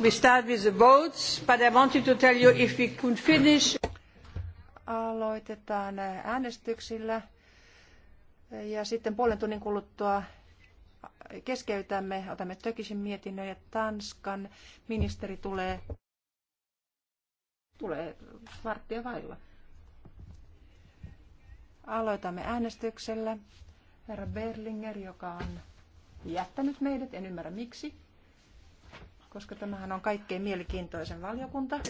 We start with the votes, but I wanted to tell you if we could finish. Aloitetaan äänestyksillä ja sitten puolen tunnin kuluttua keskeytämme, otamme Tökisin mietinnön ja Tanskan ministeri tulee, tulee varttia vailla. Aloitamme äänestyksellä. Herra Berlinger, joka on jättänyt meidät, en ymmärrä miksi koska tämähän on kaikkein mielenkiintoisen valiokunta.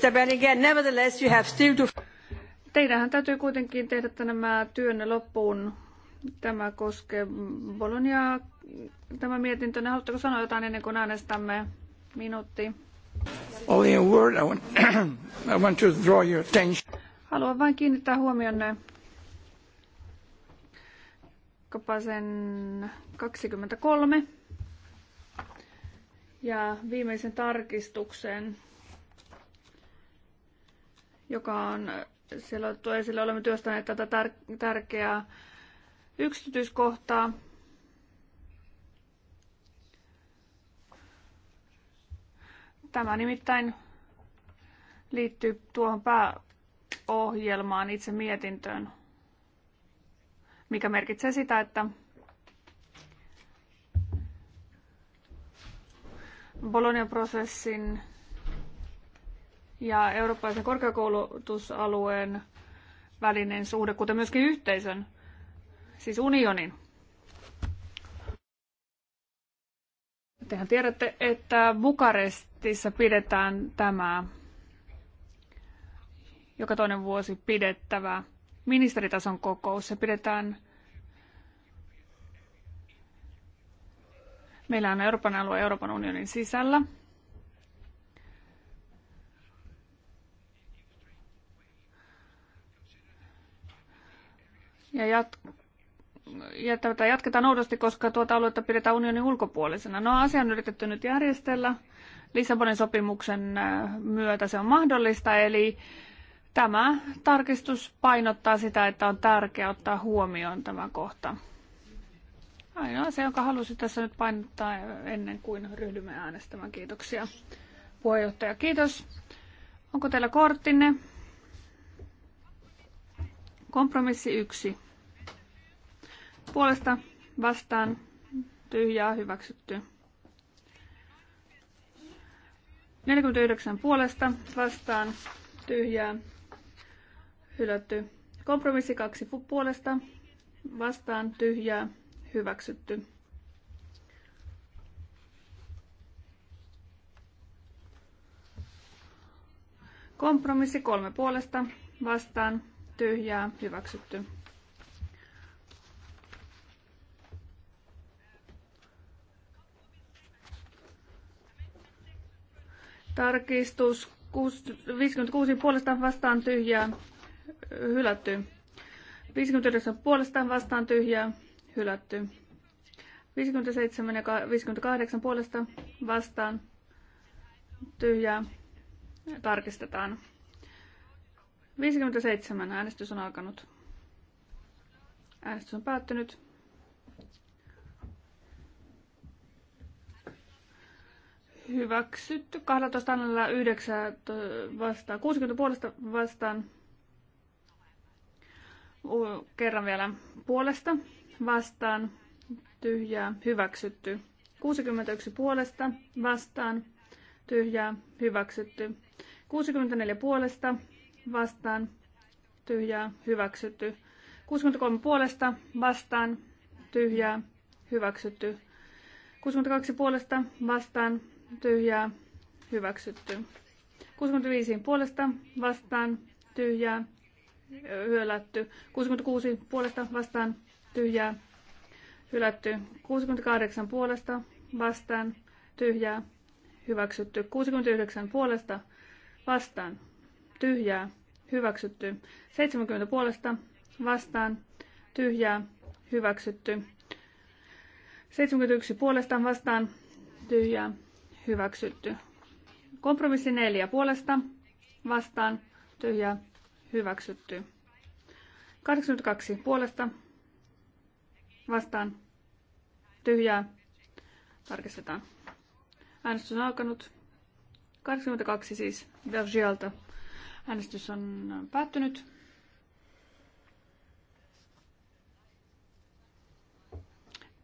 Teidän täytyy kuitenkin tehdä nämä työnne loppuun. Tämä koskee Bologna, tämä mietintö. Haluatteko sanoa jotain ennen kuin äänestämme? Minuutti. Only a word. I want, I want to draw your attention. Haluan vain kiinnittää huomionne kapasen 23 ja viimeisen tarkistuksen, joka on siellä otettu esille. Olemme työstäneet tätä tär- tärkeää yksityiskohtaa. Tämä nimittäin liittyy tuohon pääohjelmaan, itse mietintöön, mikä merkitsee sitä, että bolonia prosessin ja eurooppalaisen korkeakoulutusalueen välinen suhde, kuten myöskin yhteisön, siis unionin. Tehän tiedätte, että Bukarestissa pidetään tämä joka toinen vuosi pidettävä ministeritason kokous. Se pidetään Meillä on Euroopan alue Euroopan unionin sisällä. Ja, jat- ja tätä jatketaan oudosti, koska tuota aluetta pidetään unionin ulkopuolisena. No asia on yritetty nyt järjestellä. Lissabonin sopimuksen äh, myötä se on mahdollista, eli tämä tarkistus painottaa sitä, että on tärkeää ottaa huomioon tämä kohta. Ainoa asia, jonka halusin tässä nyt painottaa ennen kuin ryhdymme äänestämään. Kiitoksia. Puheenjohtaja, kiitos. Onko teillä korttinne? Kompromissi yksi. Puolesta vastaan tyhjää hyväksytty. 49 puolesta vastaan tyhjää hylätty. Kompromissi kaksi puolesta vastaan tyhjää hyväksytty. Kompromissi kolme puolesta vastaan tyhjää hyväksytty. Tarkistus 56 puolesta vastaan tyhjää hylätty. 59 puolesta vastaan tyhjää hylätty. 57 ja 58 puolesta vastaan tyhjää tarkistetaan. 57 äänestys on alkanut. Äänestys on päättynyt. Hyväksytty. 12 annalla 9 vastaan. 60 puolesta vastaan. Kerran vielä puolesta vastaan, tyhjää, hyväksytty. 61 puolesta vastaan, tyhjää, hyväksytty. 64 puolesta vastaan, tyhjää, hyväksytty. 63 puolesta vastaan, tyhjää, hyväksytty. 62 puolesta vastaan, tyhjää, hyväksytty. 65 puolesta vastaan, tyhjää, hyölätty. 66 puolesta vastaan, tyhjää, hylätty. 68 puolesta vastaan, tyhjää, hyväksytty. 69 puolesta vastaan, tyhjää, hyväksytty. 70 puolesta vastaan, tyhjää, hyväksytty. 71 puolesta vastaan, tyhjää, hyväksytty. Kompromissi 4 puolesta vastaan, tyhjää, hyväksytty. 82 puolesta Vastaan. Tyhjää. Tarkistetaan. Äänestys on alkanut. 82 siis Vergialta. Äänestys on päättynyt.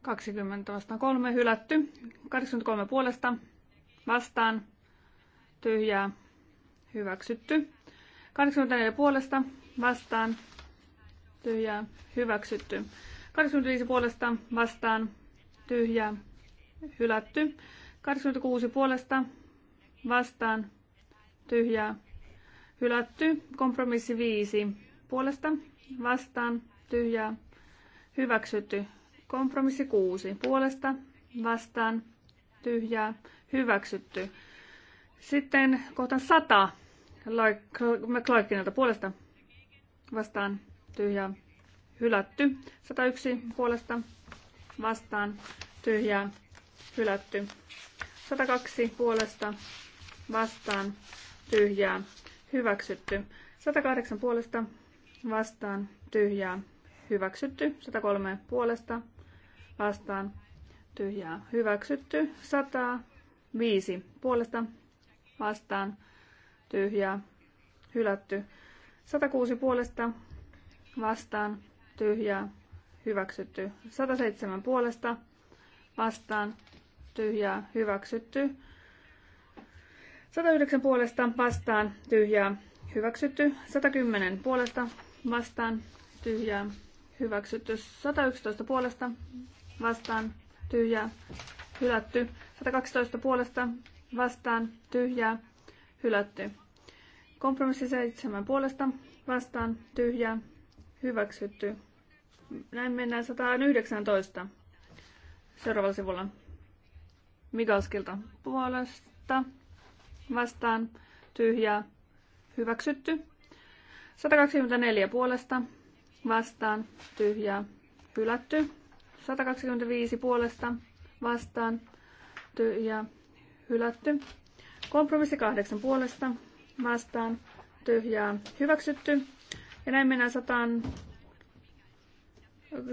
Kaksikymmentä vastaan kolme hylätty. 83 puolesta vastaan tyhjää hyväksytty. 84 puolesta vastaan tyhjää hyväksytty. 85 puolesta vastaan tyhjä hylätty. 86 puolesta vastaan tyhjä hylätty. Kompromissi 5 puolesta vastaan tyhjä hyväksytty. Kompromissi 6 puolesta vastaan tyhjä hyväksytty. Sitten kohta 100 McClarkinilta puolesta vastaan tyhjä hylätty. 101 puolesta vastaan tyhjää hylätty. 102 puolesta vastaan tyhjää hyväksytty. 108 puolesta vastaan tyhjää hyväksytty. 103 puolesta vastaan tyhjää hyväksytty. 105 puolesta vastaan tyhjää hylätty. 106 puolesta vastaan tyhjää, hyväksytty. 107 puolesta vastaan, tyhjää, hyväksytty. 109 puolesta vastaan, tyhjää, hyväksytty. 110 puolesta vastaan, tyhjää, hyväksytty. 111 puolesta vastaan, tyhjää, hylätty. 112 puolesta vastaan, tyhjää, hylätty. Kompromissi 7 puolesta vastaan, tyhjää, Hyväksytty. Näin mennään 119 seuraavalla sivulla. Mikalskilta puolesta vastaan tyhjää hyväksytty. 124 puolesta vastaan tyhjää hylätty. 125 puolesta vastaan tyhjää hylätty. Kompromissi 8 puolesta vastaan tyhjää hyväksytty. Ja näin mennään 100,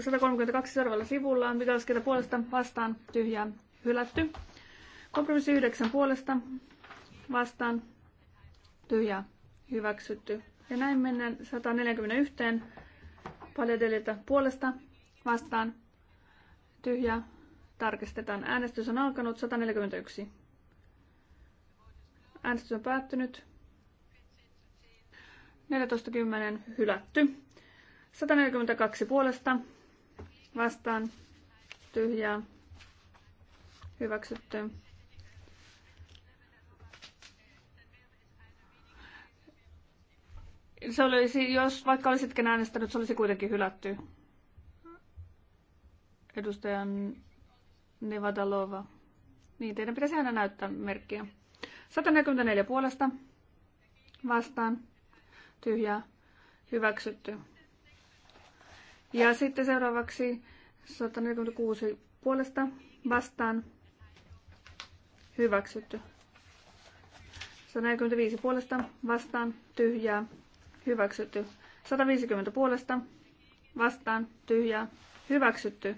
132 seuraavalla sivulla. Mitä olisi puolesta vastaan tyhjää hylätty. Kompromissi 9 puolesta vastaan tyhjää hyväksytty. Ja näin mennään 141 paljadelilta puolesta vastaan tyhjää tarkistetaan. Äänestys on alkanut 141. Äänestys on päättynyt. 14.10 hylätty. 142 puolesta vastaan tyhjää hyväksytty. Se olisi, jos vaikka olisitkin äänestänyt, se olisi kuitenkin hylätty. Edustajan Nevadalova. Niin, teidän pitäisi aina näyttää merkkiä. 144 puolesta vastaan tyhjää hyväksytty. Ja sitten seuraavaksi 146 puolesta vastaan hyväksytty. 145 puolesta vastaan tyhjää hyväksytty. 150 puolesta vastaan tyhjää hyväksytty.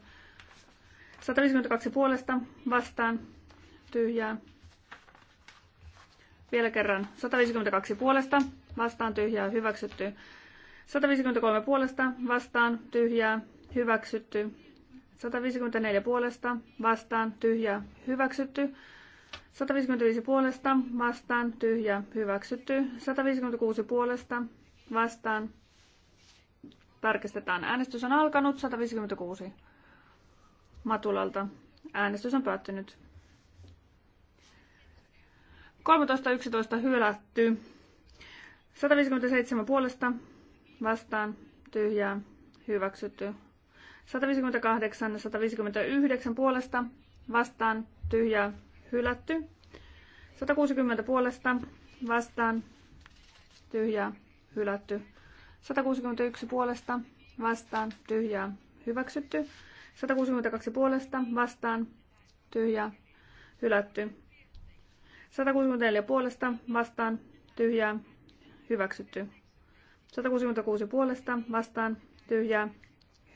152 puolesta vastaan tyhjää. Vielä kerran 152 puolesta vastaan tyhjää hyväksytty. 153 puolesta vastaan tyhjää hyväksytty. 154 puolesta vastaan tyhjää hyväksytty. 155 puolesta vastaan tyhjää hyväksytty. 156 puolesta vastaan tarkistetaan. Äänestys on alkanut 156 Matulalta. Äänestys on päättynyt. 13.11 hylätty. 157 puolesta vastaan tyhjää hyväksytty. 158 ja 159 puolesta vastaan tyhjää hylätty. 160 puolesta vastaan tyhjää hylätty. 161 puolesta vastaan tyhjää hyväksytty. 162 puolesta vastaan tyhjää hylätty. 164 puolesta vastaan tyhjää hyväksytty. 166 puolesta vastaan tyhjää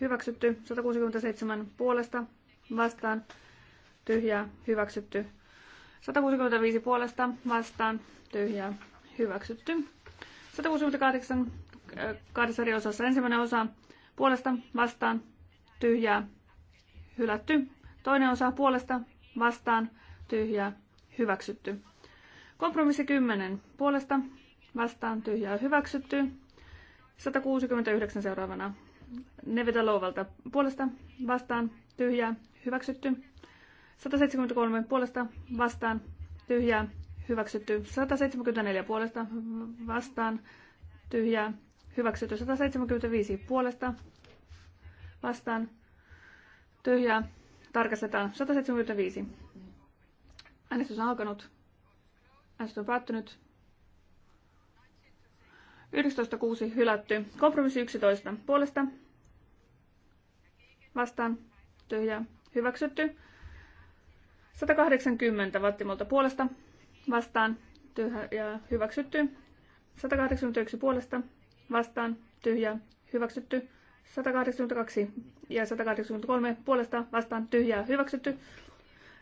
hyväksytty. 167 puolesta vastaan tyhjää hyväksytty. 165 puolesta vastaan tyhjää hyväksytty. 168 äh, kahdessa eri osassa. Ensimmäinen osa puolesta vastaan tyhjää hylätty. Toinen osa puolesta vastaan tyhjää hyväksytty. Kompromissi 10. Puolesta vastaan tyhjää hyväksytty. 169 seuraavana. Nevita Louvalta puolesta vastaan tyhjää hyväksytty. 173 puolesta vastaan tyhjää hyväksytty. 174 puolesta vastaan tyhjää hyväksytty. 175 puolesta vastaan tyhjää tarkastetaan. 175. Äänestys on alkanut. Äänestys on päättynyt. 11.6 hylätty. Kompromissi 11 puolesta. Vastaan. tyhjä, Hyväksytty. 180 Vattimolta puolesta. Vastaan. ja Hyväksytty. 181 puolesta. Vastaan. tyhjä, Hyväksytty. 182 ja 183 puolesta. Vastaan. Tyhjää. Hyväksytty.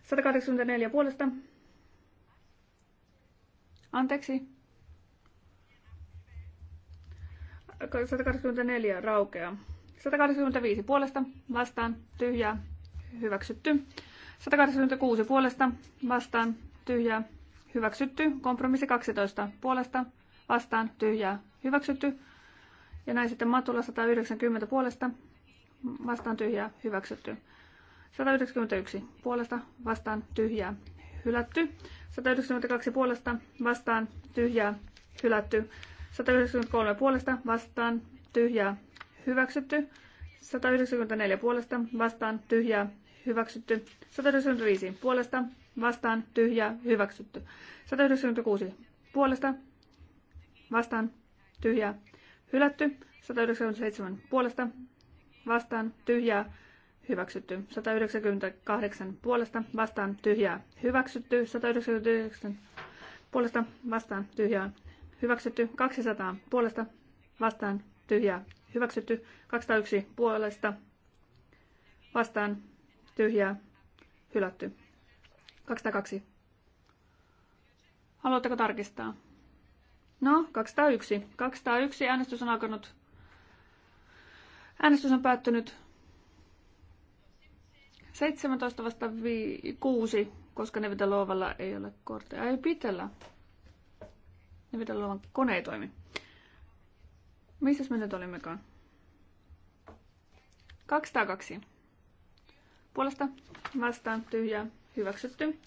184 puolesta. Anteeksi. 184 raukeaa. 185 puolesta vastaan tyhjää hyväksytty. 186 puolesta vastaan tyhjää hyväksytty. Kompromissi 12 puolesta vastaan tyhjää hyväksytty. Ja näin sitten Matula 190 puolesta vastaan tyhjää hyväksytty. 191 puolesta vastaan tyhjää hylätty. 192 puolesta vastaan tyhjää hylätty. 193 puolesta vastaan tyhjää hyväksytty. 194 puolesta vastaan tyhjää hyväksytty. 195 puolesta vastaan tyhjää hyväksytty. 196 puolesta vastaan tyhjää hylätty. 197 puolesta vastaan tyhjää hyväksytty. 198 puolesta vastaan tyhjää hyväksytty. 199 puolesta vastaan tyhjää hyväksytty 200 puolesta vastaan tyhjää hyväksytty 201 puolesta vastaan tyhjää hylätty 202. Haluatteko tarkistaa? No, 201. 201 äänestys on alkanut. Äänestys on päättynyt 17 vasta 6, koska Nevitä Loovalla ei ole kortteja. Ei pitellä. Ja vedellä kone ei toimi. Missäs me nyt olimmekaan? 202. Puolesta, vastaan, tyhjää, hyväksytty.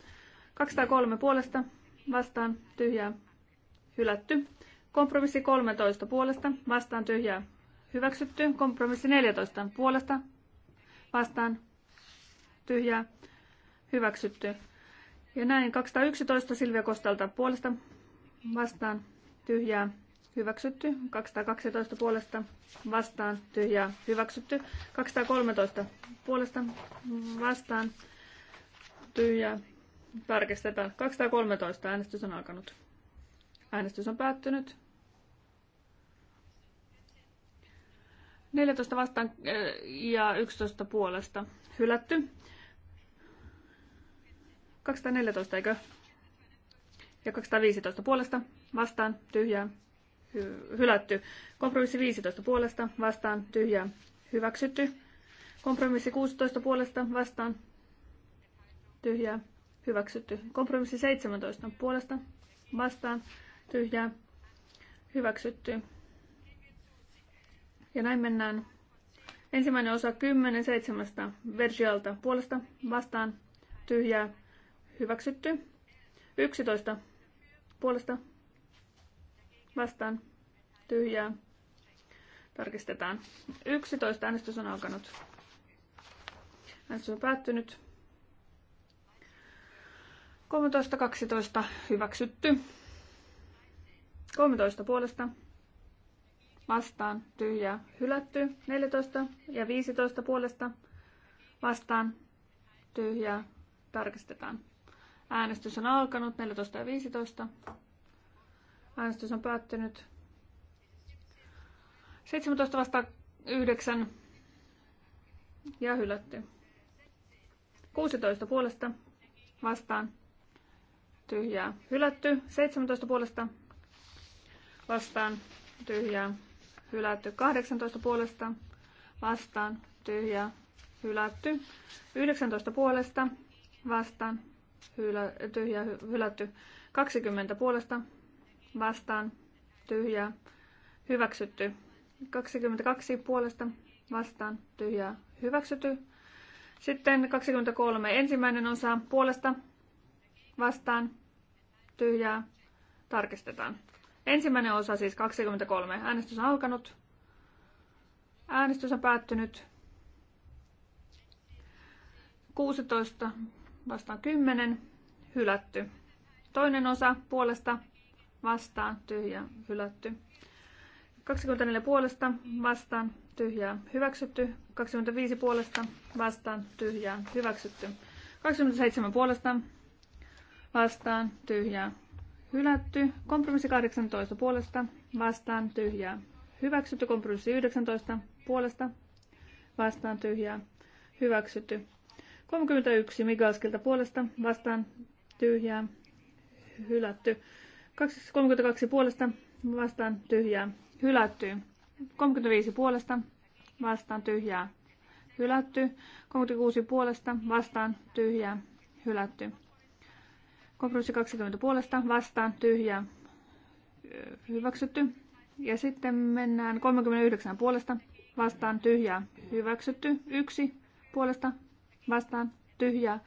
203 puolesta, vastaan, tyhjää, hylätty. Kompromissi 13 puolesta, vastaan, tyhjää, hyväksytty. Kompromissi 14 puolesta, vastaan, tyhjää, hyväksytty. Ja näin 211 Silvia Kostalta puolesta, vastaan tyhjää hyväksytty. 212 puolesta vastaan tyhjää hyväksytty. 213 puolesta vastaan tyhjää tarkistetaan. 213 äänestys on alkanut. Äänestys on päättynyt. 14 vastaan eh, ja 11 puolesta hylätty. 214, eikö? ja 215 puolesta vastaan tyhjää hylätty. Kompromissi 15 puolesta vastaan tyhjää hyväksytty. Kompromissi 16 puolesta vastaan tyhjää hyväksytty. Kompromissi 17 puolesta vastaan tyhjää hyväksytty. Ja näin mennään. Ensimmäinen osa 10 seitsemästä Vergialta puolesta vastaan tyhjää hyväksytty. 11 Puolesta vastaan tyhjää. Tarkistetaan. 11 äänestys on alkanut. Äänestys on päättynyt. 13.12 hyväksytty. 13 puolesta vastaan tyhjää hylätty. 14 ja 15 puolesta vastaan tyhjää tarkistetaan. Äänestys on alkanut 14.15. Äänestys on päättynyt. 17 vasta 9 ja hylätty. 16 puolesta vastaan tyhjää hylätty. 17 puolesta vastaan tyhjää hylätty. 18 puolesta vastaan tyhjää hylätty. 19 puolesta vastaan hylä, tyhjä, hylätty. 20 puolesta vastaan tyhjää hyväksytty. 22 puolesta vastaan tyhjää hyväksytty. Sitten 23 ensimmäinen osa puolesta vastaan tyhjää tarkistetaan. Ensimmäinen osa siis 23. Äänestys on alkanut. Äänestys on päättynyt. 16 vastaan 10, hylätty. Toinen osa puolesta vastaan tyhjää, hylätty. 24 puolesta vastaan tyhjää, hyväksytty. 25 puolesta vastaan tyhjää, hyväksytty. 27 puolesta vastaan tyhjää, hylätty. Kompromissi 18 puolesta vastaan tyhjää, hyväksytty. Kompromissi 19 puolesta vastaan tyhjää, hyväksytty. 31 Migalskilta puolesta vastaan tyhjää hylätty. 32 puolesta vastaan tyhjää hylätty. 35 puolesta vastaan tyhjää hylätty. 36 puolesta vastaan tyhjää hylätty. Kompromissi 20 puolesta vastaan tyhjää hyväksytty. Ja sitten mennään 39 puolesta vastaan tyhjää hyväksytty. 1 puolesta vastaan tyhjää,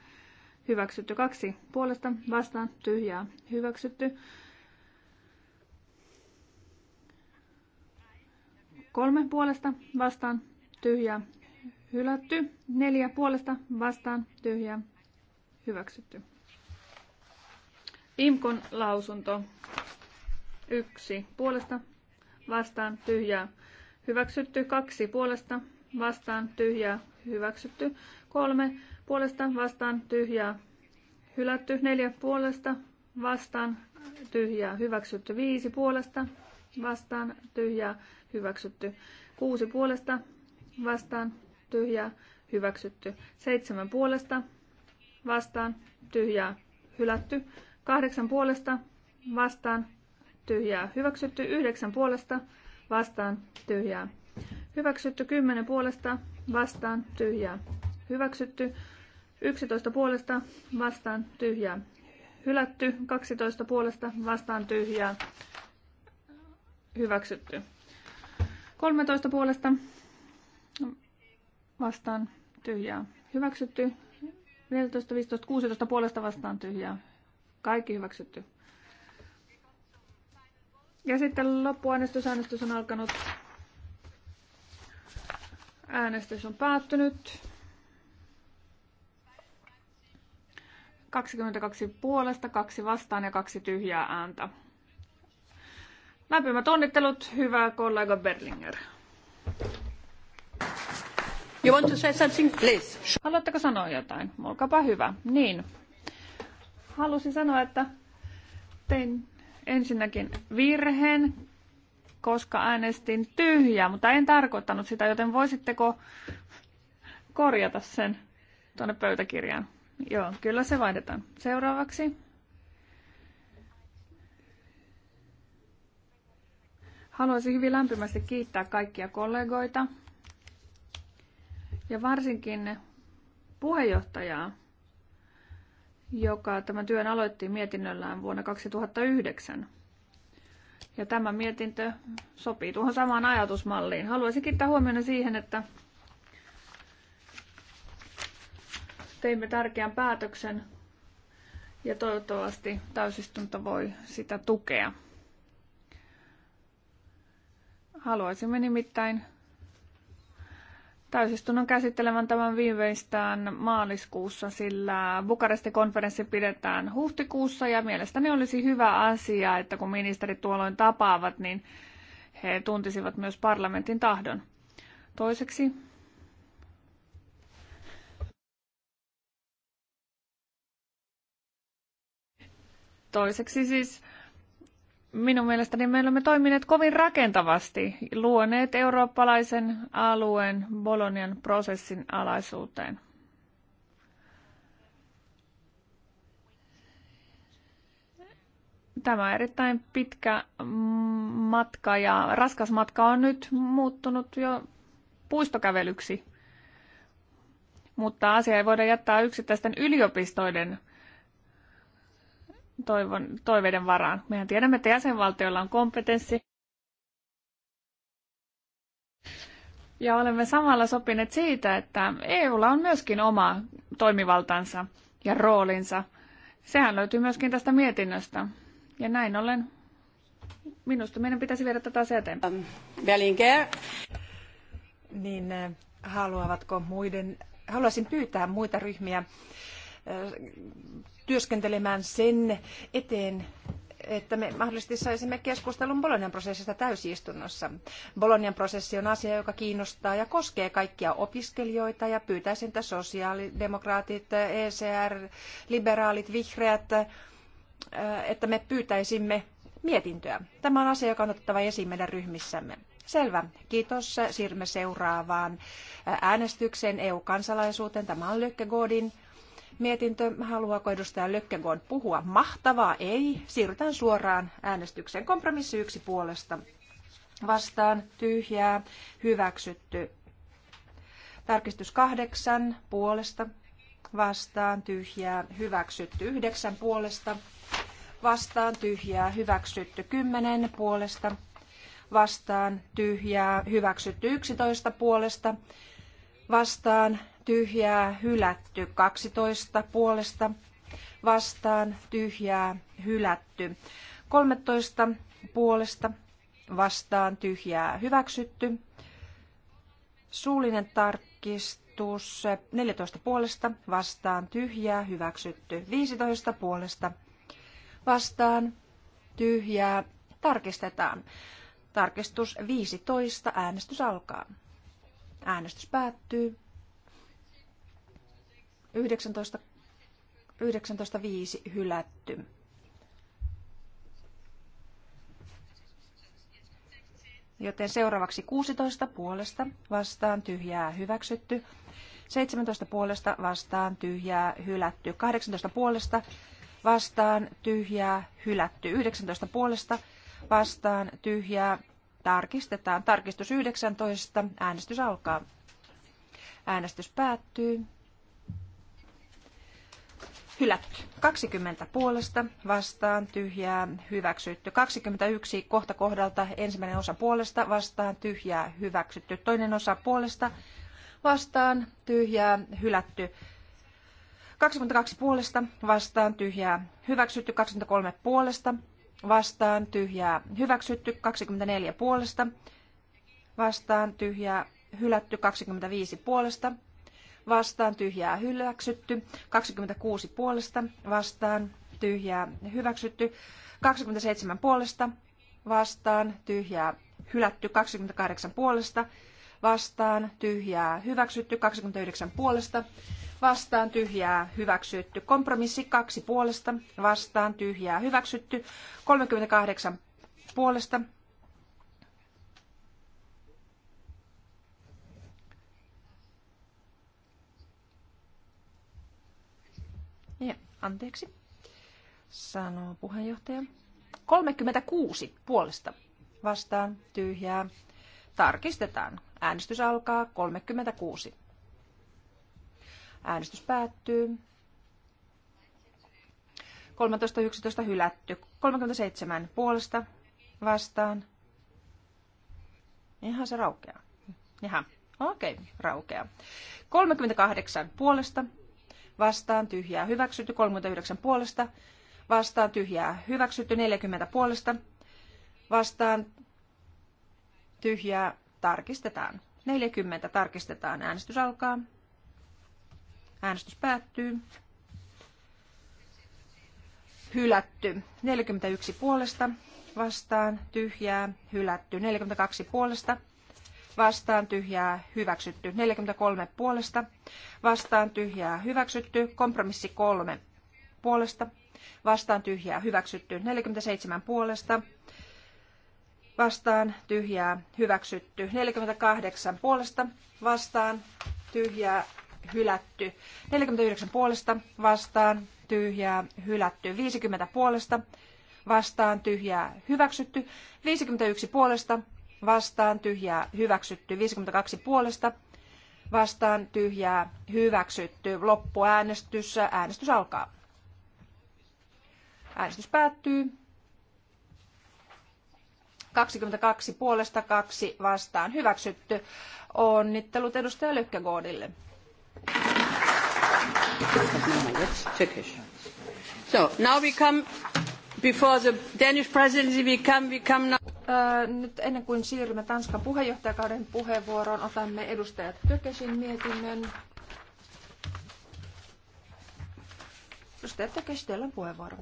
hyväksytty. Kaksi puolesta vastaan tyhjää, hyväksytty. Kolme puolesta vastaan tyhjää, hylätty. Neljä puolesta vastaan tyhjää, hyväksytty. Imkon lausunto. Yksi puolesta vastaan tyhjää, hyväksytty. Kaksi puolesta vastaan tyhjää, hyväksytty. Kolme puolesta vastaan tyhjää hylätty. Neljä puolesta vastaan tyhjää hyväksytty. Viisi puolesta vastaan tyhjää hyväksytty. Kuusi puolesta vastaan tyhjää hyväksytty. Seitsemän puolesta vastaan tyhjää hylätty. Kahdeksan puolesta vastaan tyhjää hyväksytty. Yhdeksän puolesta vastaan tyhjää hyväksytty. Kymmenen puolesta vastaan tyhjää hyväksytty, 11 puolesta vastaan tyhjää hylätty, 12 puolesta vastaan tyhjää hyväksytty. 13 puolesta vastaan tyhjää hyväksytty, 14, 15, 16 puolesta vastaan tyhjää kaikki hyväksytty. Ja sitten loppuäänestys. Äänestys on alkanut. Äänestys on päättynyt. 22 puolesta, kaksi vastaan ja kaksi tyhjää ääntä. Lämpimät onnittelut, hyvä kollega Berlinger. You want to say something, please? Haluatteko sanoa jotain? Olkaapa hyvä. Niin. Halusin sanoa, että tein ensinnäkin virheen, koska äänestin tyhjää, mutta en tarkoittanut sitä, joten voisitteko korjata sen tuonne pöytäkirjaan? Joo, kyllä se vaihdetaan. Seuraavaksi. Haluaisin hyvin lämpimästi kiittää kaikkia kollegoita ja varsinkin puheenjohtajaa, joka tämän työn aloitti mietinnöllään vuonna 2009. Ja tämä mietintö sopii tuohon samaan ajatusmalliin. Haluaisin kiittää huomioon siihen, että teimme tärkeän päätöksen ja toivottavasti täysistunto voi sitä tukea. Haluaisimme nimittäin täysistunnon käsittelevän tämän viimeistään maaliskuussa, sillä Bukarestin konferenssi pidetään huhtikuussa ja mielestäni olisi hyvä asia, että kun ministerit tuolloin tapaavat, niin he tuntisivat myös parlamentin tahdon. Toiseksi Toiseksi siis minun mielestäni me olemme toimineet kovin rakentavasti, luoneet eurooppalaisen alueen Bolonian prosessin alaisuuteen. Tämä erittäin pitkä matka ja raskas matka on nyt muuttunut jo puistokävelyksi, mutta asia ei voida jättää yksittäisten yliopistoiden – toivon, toiveiden varaan. Mehän tiedämme, että jäsenvaltioilla on kompetenssi. Ja olemme samalla sopineet siitä, että EUlla on myöskin oma toimivaltansa ja roolinsa. Sehän löytyy myöskin tästä mietinnöstä. Ja näin ollen minusta meidän pitäisi viedä tätä asiaa eteenpäin. Niin eh, haluavatko muiden, haluaisin pyytää muita ryhmiä eh, työskentelemään sen eteen, että me mahdollisesti saisimme keskustelun Bolonian prosessista täysistunnossa. Bolonian prosessi on asia, joka kiinnostaa ja koskee kaikkia opiskelijoita ja pyytäisin, että sosiaalidemokraatit, ECR, liberaalit, vihreät, että me pyytäisimme mietintöä. Tämä on asia, joka on otettava esiin meidän ryhmissämme. Selvä. Kiitos. Siirrymme seuraavaan äänestykseen EU-kansalaisuuteen. Tämä on Lykke Godin mietintö. Haluaako edustaja Lökkegoon puhua? Mahtavaa, ei. Siirrytään suoraan äänestykseen. Kompromissi yksi puolesta. Vastaan tyhjää, hyväksytty. Tarkistus kahdeksan puolesta. Vastaan tyhjää, hyväksytty. Yhdeksän puolesta. Vastaan tyhjää, hyväksytty. Kymmenen puolesta. Vastaan tyhjää, hyväksytty. Yksitoista puolesta. Vastaan tyhjää hylätty 12 puolesta vastaan tyhjää hylätty 13 puolesta vastaan tyhjää hyväksytty suullinen tarkistus 14 puolesta vastaan tyhjää hyväksytty 15 puolesta vastaan tyhjää tarkistetaan tarkistus 15 äänestys alkaa äänestys päättyy 19, 19.5 hylätty. Joten seuraavaksi 16 puolesta vastaan tyhjää hyväksytty. 17 puolesta vastaan tyhjää hylätty. 18 puolesta vastaan tyhjää hylätty. 19 puolesta vastaan tyhjää tarkistetaan. Tarkistus 19. Äänestys alkaa. Äänestys päättyy hylätty. 20 puolesta vastaan tyhjää hyväksytty. 21 kohta kohdalta ensimmäinen osa puolesta vastaan tyhjää hyväksytty. Toinen osa puolesta vastaan tyhjää hylätty. 22 puolesta vastaan tyhjää hyväksytty. 23 puolesta vastaan tyhjää hyväksytty. 24 puolesta vastaan tyhjää hylätty. 25 puolesta vastaan tyhjää hyväksytty, 26 puolesta vastaan tyhjää hyväksytty, 27 puolesta vastaan tyhjää hylätty, 28 puolesta vastaan tyhjää hyväksytty, 29 puolesta vastaan tyhjää hyväksytty, kompromissi 2 puolesta vastaan tyhjää hyväksytty, 38 puolesta Ja, anteeksi, sanoo puheenjohtaja. 36 puolesta vastaan tyhjää. Tarkistetaan. Äänestys alkaa 36. Äänestys päättyy. 13.11 hylätty. 37 puolesta vastaan. Ihan se raukeaa. Ihan. okei, okay, raukeaa. 38 puolesta vastaan tyhjää hyväksytty, 39 puolesta vastaan tyhjää hyväksytty, 40 puolesta vastaan tyhjää tarkistetaan. 40 tarkistetaan. Äänestys alkaa. Äänestys päättyy. Hylätty. 41 puolesta vastaan tyhjää hylätty. 42 puolesta vastaan tyhjää hyväksytty. 43 puolesta vastaan tyhjää hyväksytty. Kompromissi 3 puolesta vastaan tyhjää hyväksytty. 47 puolesta vastaan tyhjää hyväksytty. 48 puolesta vastaan tyhjää hylätty. 49 puolesta vastaan tyhjää hylätty. 50 puolesta vastaan tyhjää hyväksytty. 51 puolesta vastaan tyhjää hyväksytty. 52 puolesta vastaan tyhjää hyväksytty. Loppuäänestys. Äänestys alkaa. Äänestys päättyy. 22 puolesta kaksi vastaan hyväksytty. Onnittelut edustaja Lykkägoodille. So now we come before the Danish presidency we come we come now nyt ennen kuin siirrymme Tanskan puheenjohtajakauden puheenvuoroon, otamme edustajat Tökesin mietinnön. Edustaja Tökes, teillä on puheenvuoro.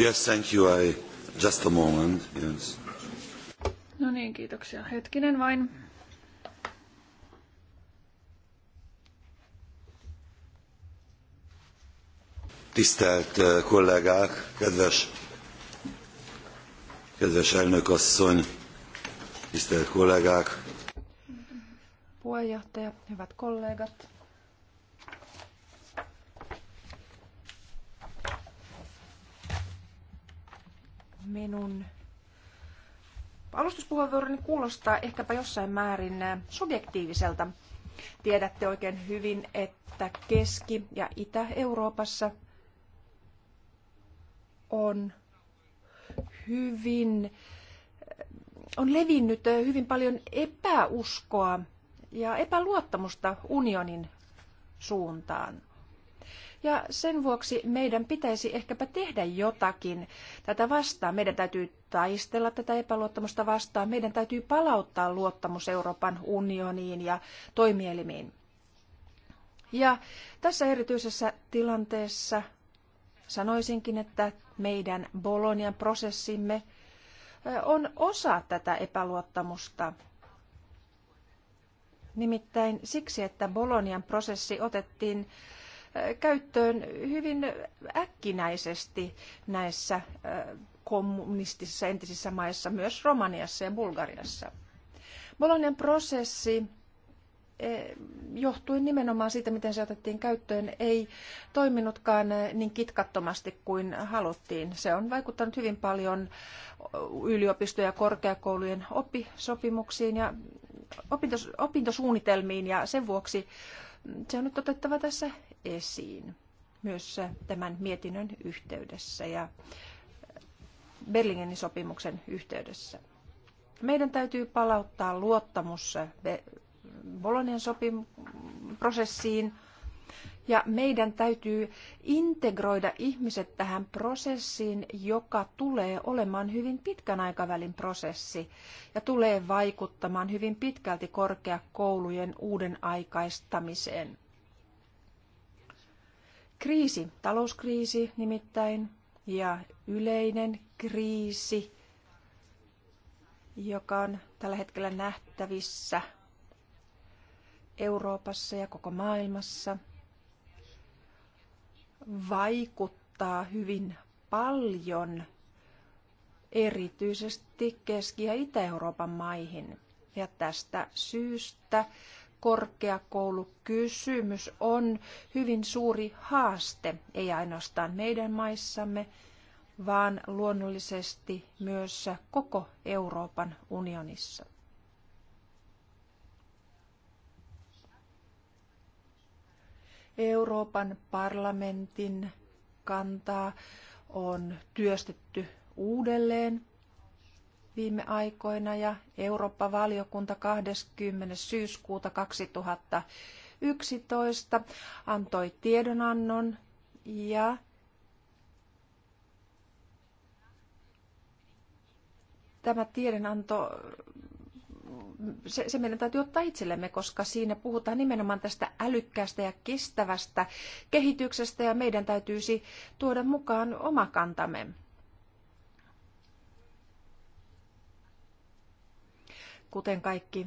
Yes, thank you. I... Just a moment, yes. No niin, kiitoksia. Hetkinen vain. Tisztelt eh, kollégák, kedves, kedves asszony, tisztelt kollégák! kuulostaa ehkäpä jossain määrin äh, subjektiiviselta. Tiedätte oikein hyvin, että Keski- ja Itä-Euroopassa on hyvin äh, on levinnyt äh, hyvin paljon epäuskoa ja epäluottamusta unionin suuntaan. Ja sen vuoksi meidän pitäisi ehkäpä tehdä jotakin tätä vastaan. Meidän täytyy taistella tätä epäluottamusta vastaan. Meidän täytyy palauttaa luottamus Euroopan unioniin ja toimielimiin. Ja tässä erityisessä tilanteessa sanoisinkin, että meidän Bolonian prosessimme on osa tätä epäluottamusta. Nimittäin siksi, että Bolonian prosessi otettiin käyttöön hyvin äkkinäisesti näissä kommunistisissa entisissä maissa, myös Romaniassa ja Bulgariassa. Bolognan prosessi e, johtui nimenomaan siitä, miten se otettiin käyttöön, ei toiminutkaan e, niin kitkattomasti kuin haluttiin. Se on vaikuttanut hyvin paljon yliopistojen ja korkeakoulujen oppisopimuksiin ja opintosuunnitelmiin ja sen vuoksi se on nyt otettava tässä esiin myös tämän mietinnön yhteydessä ja Berlingenin sopimuksen yhteydessä. Meidän täytyy palauttaa luottamus Bolonian prosessiin ja meidän täytyy integroida ihmiset tähän prosessiin, joka tulee olemaan hyvin pitkän aikavälin prosessi ja tulee vaikuttamaan hyvin pitkälti korkeakoulujen uuden aikaistamiseen. Kriisi, talouskriisi nimittäin ja yleinen kriisi, joka on tällä hetkellä nähtävissä Euroopassa ja koko maailmassa, vaikuttaa hyvin paljon erityisesti Keski- ja Itä-Euroopan maihin. Ja tästä syystä korkeakoulukysymys on hyvin suuri haaste, ei ainoastaan meidän maissamme, vaan luonnollisesti myös koko Euroopan unionissa. Euroopan parlamentin kantaa on työstetty uudelleen viime aikoina ja Eurooppa-valiokunta 20. syyskuuta 2011 antoi tiedonannon ja tämä tiedonanto se, se meidän täytyy ottaa itsellemme, koska siinä puhutaan nimenomaan tästä älykkäästä ja kestävästä kehityksestä ja meidän täytyisi tuoda mukaan oma kantamme kuten kaikki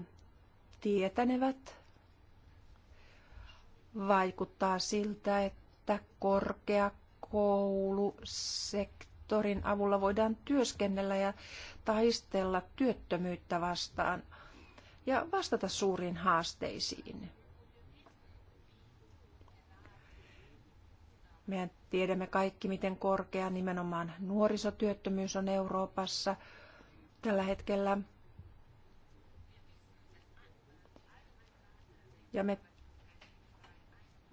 tietänevät, vaikuttaa siltä, että korkeakoulusektorin avulla voidaan työskennellä ja taistella työttömyyttä vastaan ja vastata suuriin haasteisiin. Me tiedämme kaikki, miten korkea nimenomaan nuorisotyöttömyys on Euroopassa tällä hetkellä – Ja me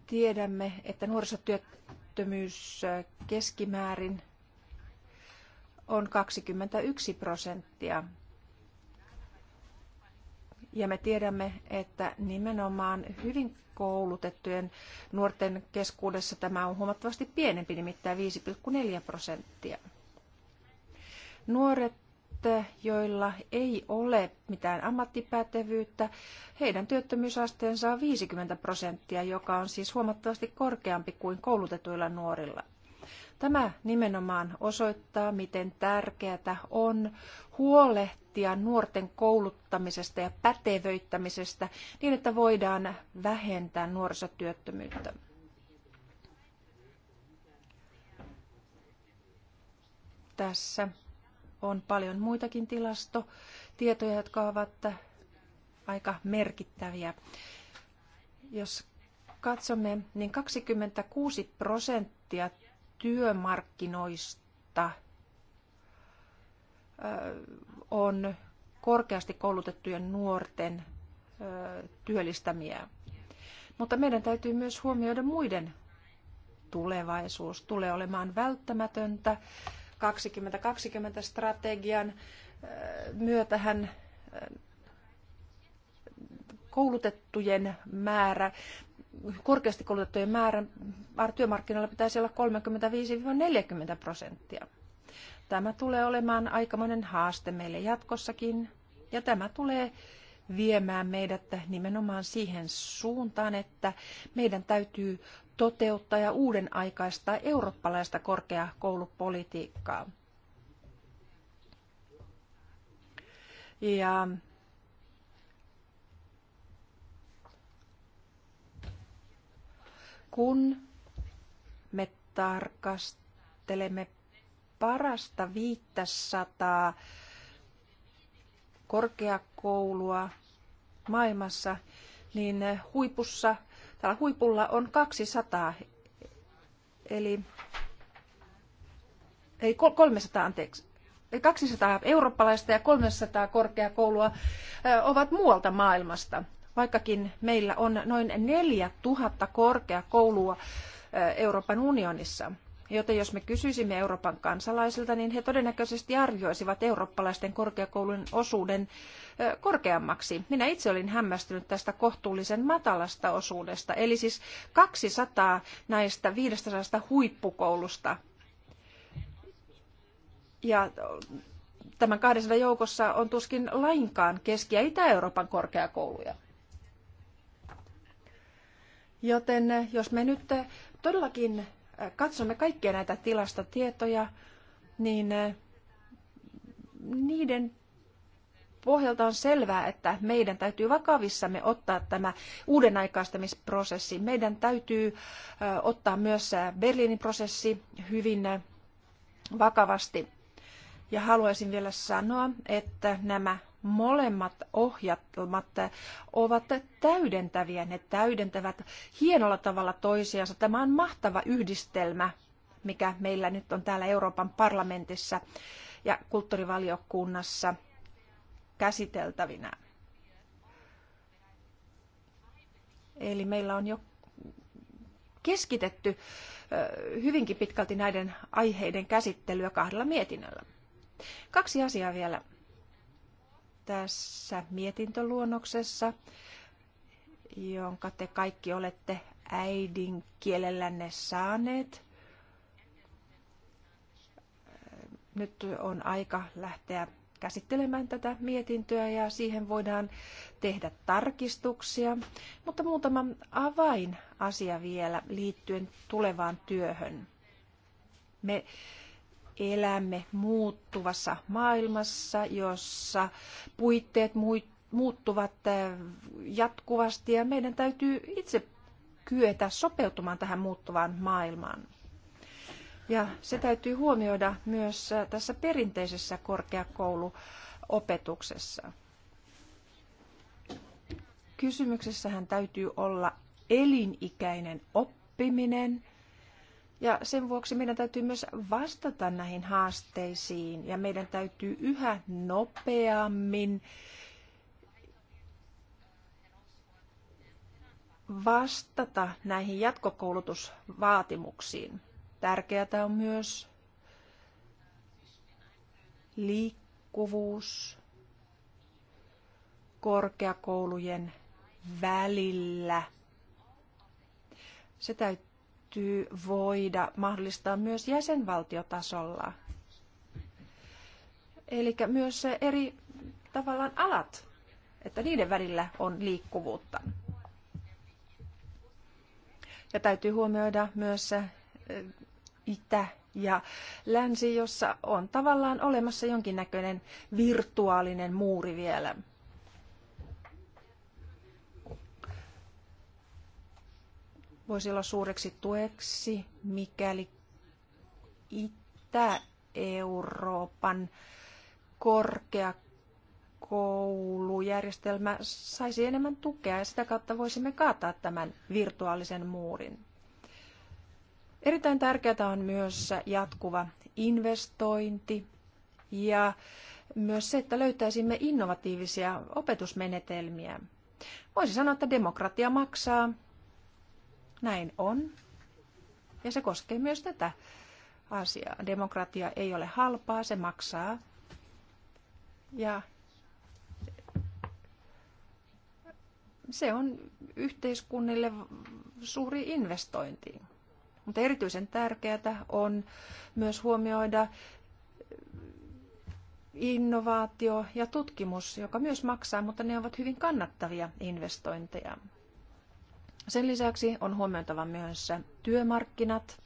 tiedämme, että nuorisotyöttömyys keskimäärin on 21 prosenttia. Ja me tiedämme, että nimenomaan hyvin koulutettujen nuorten keskuudessa tämä on huomattavasti pienempi, nimittäin 5,4 prosenttia. Nuoret joilla ei ole mitään ammattipätevyyttä, heidän työttömyysasteensa on 50 prosenttia, joka on siis huomattavasti korkeampi kuin koulutetuilla nuorilla. Tämä nimenomaan osoittaa, miten tärkeätä on huolehtia nuorten kouluttamisesta ja pätevöittämisestä niin, että voidaan vähentää nuorisotyöttömyyttä. Tässä on paljon muitakin tilastotietoja, jotka ovat aika merkittäviä. Jos katsomme, niin 26 prosenttia työmarkkinoista on korkeasti koulutettujen nuorten työllistämiä. Mutta meidän täytyy myös huomioida muiden tulevaisuus. Tulee olemaan välttämätöntä 2020-strategian äh, myötähän äh, koulutettujen määrä, korkeasti koulutettujen määrä työmarkkinoilla pitäisi olla 35-40 prosenttia. Tämä tulee olemaan aikamoinen haaste meille jatkossakin ja tämä tulee viemään meidät nimenomaan siihen suuntaan, että meidän täytyy toteuttaa ja uuden aikaistaa eurooppalaista korkeakoulupolitiikkaa. Ja kun me tarkastelemme parasta 500 korkeakoulua maailmassa, niin huipussa Täällä huipulla on 200, eli ei 300, anteeksi, 200 eurooppalaista ja 300 korkeakoulua ovat muualta maailmasta, vaikkakin meillä on noin 4000 korkeakoulua Euroopan unionissa. Joten jos me kysyisimme Euroopan kansalaisilta, niin he todennäköisesti arvioisivat eurooppalaisten korkeakoulujen osuuden korkeammaksi. Minä itse olin hämmästynyt tästä kohtuullisen matalasta osuudesta, eli siis 200 näistä 500 huippukoulusta. Ja tämän 200 joukossa on tuskin lainkaan Keski- ja Itä-Euroopan korkeakouluja. Joten jos me nyt todellakin katsomme kaikkia näitä tilastotietoja, niin niiden pohjalta on selvää, että meidän täytyy vakavissamme ottaa tämä uuden aikaistamisprosessi. Meidän täytyy ottaa myös Berliinin prosessi hyvin vakavasti. Ja haluaisin vielä sanoa, että nämä molemmat ohjelmat ovat täydentäviä. Ne täydentävät hienolla tavalla toisiansa. Tämä on mahtava yhdistelmä, mikä meillä nyt on täällä Euroopan parlamentissa ja kulttuurivaliokunnassa – käsiteltävinä. Eli meillä on jo keskitetty hyvinkin pitkälti näiden aiheiden käsittelyä kahdella mietinnöllä. Kaksi asiaa vielä tässä mietintöluonnoksessa, jonka te kaikki olette kielellänne saaneet. Nyt on aika lähteä käsittelemään tätä mietintöä ja siihen voidaan tehdä tarkistuksia, mutta muutama avainasia vielä liittyen tulevaan työhön. Me elämme muuttuvassa maailmassa, jossa puitteet muuttuvat äh, jatkuvasti ja meidän täytyy itse kyetä sopeutumaan tähän muuttuvaan maailmaan. Ja se täytyy huomioida myös äh, tässä perinteisessä korkeakouluopetuksessa. Kysymyksessähän täytyy olla elinikäinen oppiminen. Ja sen vuoksi meidän täytyy myös vastata näihin haasteisiin ja meidän täytyy yhä nopeammin vastata näihin jatkokoulutusvaatimuksiin. Tärkeää on myös liikkuvuus korkeakoulujen välillä. Se täytyy voida mahdollistaa myös jäsenvaltiotasolla. Eli myös eri tavallaan alat, että niiden välillä on liikkuvuutta. Ja täytyy huomioida myös itä ja länsi, jossa on tavallaan olemassa jonkinnäköinen virtuaalinen muuri vielä. Voisi olla suureksi tueksi, mikäli Itä-Euroopan korkeakoulujärjestelmä saisi enemmän tukea ja sitä kautta voisimme kaataa tämän virtuaalisen muurin. Erittäin tärkeää on myös jatkuva investointi ja myös se, että löytäisimme innovatiivisia opetusmenetelmiä. Voisi sanoa, että demokratia maksaa. Näin on. Ja se koskee myös tätä asiaa. Demokratia ei ole halpaa, se maksaa. Ja se on yhteiskunnille suuri investointi. Mutta erityisen tärkeää on myös huomioida innovaatio ja tutkimus, joka myös maksaa, mutta ne ovat hyvin kannattavia investointeja. Sen lisäksi on huomioitava myös työmarkkinat.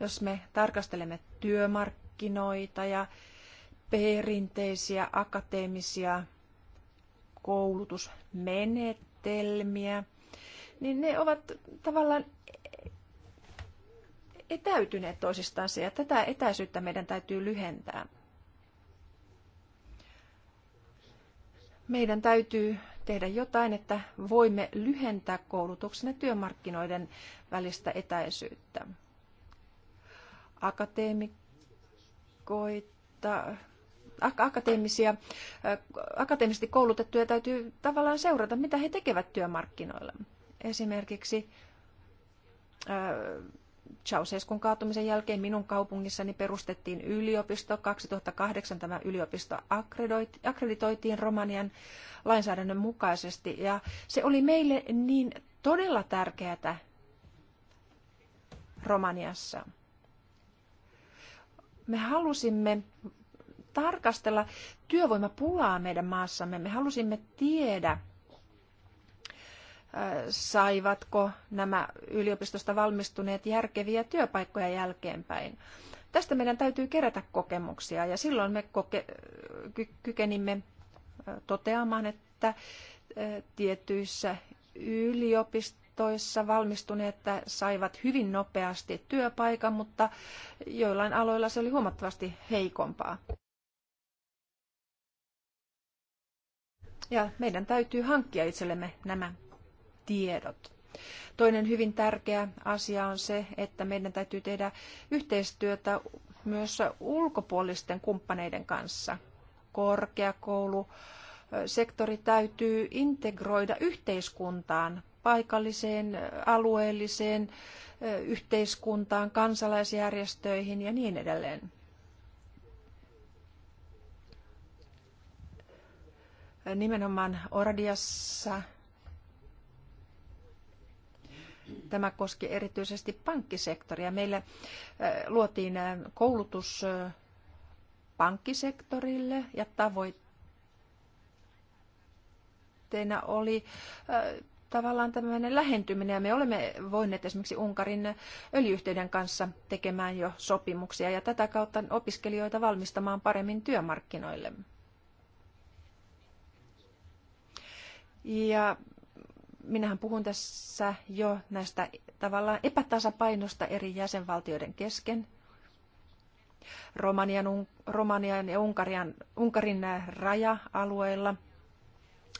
Jos me tarkastelemme työmarkkinoita ja perinteisiä akateemisia koulutusmenetelmiä, niin ne ovat tavallaan etäytyneet toisistaan ja tätä etäisyyttä meidän täytyy lyhentää. Meidän täytyy tehdä jotain, että voimme lyhentää koulutuksen ja työmarkkinoiden välistä etäisyyttä. Akateemikoita, akateemisia, äh, akateemisesti koulutettuja täytyy tavallaan seurata, mitä he tekevät työmarkkinoilla. Esimerkiksi äh, Ceausescun kaatumisen jälkeen minun kaupungissani perustettiin yliopisto. 2008 tämä yliopisto akkreditoitiin Romanian lainsäädännön mukaisesti ja se oli meille niin todella tärkeää Romaniassa. Me halusimme tarkastella työvoimapulaa meidän maassamme. Me halusimme tiedä, saivatko nämä yliopistosta valmistuneet järkeviä työpaikkoja jälkeenpäin. Tästä meidän täytyy kerätä kokemuksia ja silloin me koke- ky- kykenimme toteamaan, että tietyissä yliopistoissa valmistuneet saivat hyvin nopeasti työpaikan, mutta joillain aloilla se oli huomattavasti heikompaa. Ja meidän täytyy hankkia itsellemme nämä tiedot. Toinen hyvin tärkeä asia on se, että meidän täytyy tehdä yhteistyötä myös ulkopuolisten kumppaneiden kanssa. Korkeakoulu, sektori täytyy integroida yhteiskuntaan, paikalliseen, alueelliseen yhteiskuntaan, kansalaisjärjestöihin ja niin edelleen. Nimenomaan Oradiassa Tämä koski erityisesti pankkisektoria. Meillä luotiin koulutus pankkisektorille ja tavoitteena oli tavallaan tämmöinen lähentyminen ja me olemme voineet esimerkiksi Unkarin öljyyhteyden kanssa tekemään jo sopimuksia ja tätä kautta opiskelijoita valmistamaan paremmin työmarkkinoille. Ja minähän puhun tässä jo näistä tavallaan epätasapainosta eri jäsenvaltioiden kesken. Romanian, Romanian ja Unkarian, Unkarin äh, raja-alueilla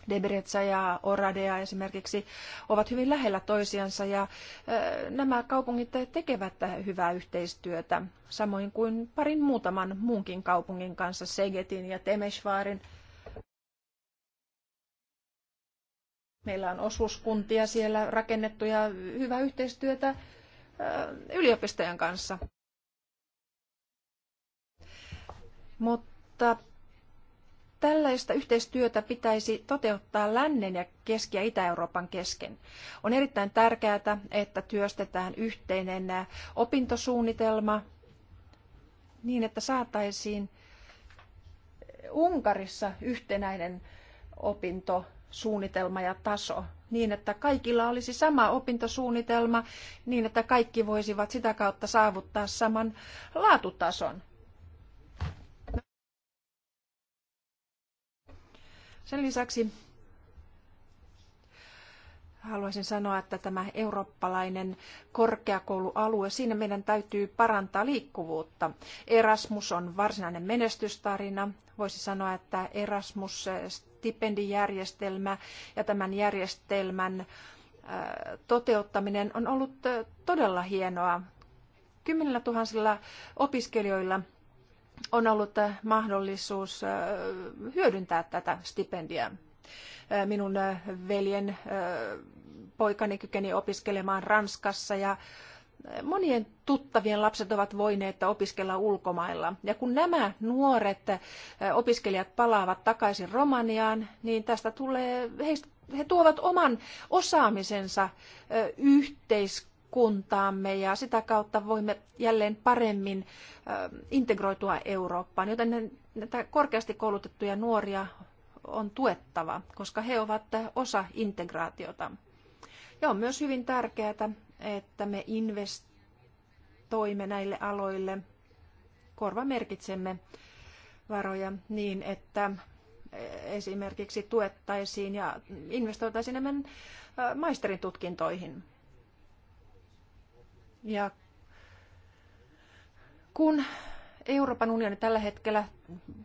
Debrecen ja Oradea esimerkiksi ovat hyvin lähellä toisiansa ja äh, nämä kaupungit tekevät äh, hyvää yhteistyötä, samoin kuin parin muutaman muunkin kaupungin kanssa, Segetin ja Temesvaarin Meillä on osuuskuntia siellä rakennettu ja hyvää yhteistyötä yliopistojen kanssa. Mutta tällaista yhteistyötä pitäisi toteuttaa lännen ja keski- ja itä-Euroopan kesken. On erittäin tärkeää, että työstetään yhteinen opintosuunnitelma niin, että saataisiin Unkarissa yhtenäinen opinto opintosuunnitelma ja taso niin, että kaikilla olisi sama opintosuunnitelma, niin että kaikki voisivat sitä kautta saavuttaa saman laatutason. Sen lisäksi haluaisin sanoa, että tämä eurooppalainen korkeakoulualue, siinä meidän täytyy parantaa liikkuvuutta. Erasmus on varsinainen menestystarina. Voisi sanoa, että Erasmus stipendijärjestelmä ja tämän järjestelmän äh, toteuttaminen on ollut äh, todella hienoa. Kymmenillä tuhansilla opiskelijoilla on ollut äh, mahdollisuus hyödyntää tätä stipendiä. Minun veljen poikani kykeni opiskelemaan Ranskassa ja monien tuttavien lapset ovat voineet opiskella ulkomailla. Ja kun nämä nuoret opiskelijat palaavat takaisin Romaniaan, niin tästä tulee, he tuovat oman osaamisensa yhteiskuntaamme ja sitä kautta voimme jälleen paremmin integroitua Eurooppaan. Joten näitä korkeasti koulutettuja nuoria on tuettava, koska he ovat osa integraatiota. Ja on myös hyvin tärkeää, että me investoimme näille aloille, korvamerkitsemme varoja niin, että esimerkiksi tuettaisiin ja investoitaisiin enemmän äh, maisterin tutkintoihin. Ja kun Euroopan unioni tällä hetkellä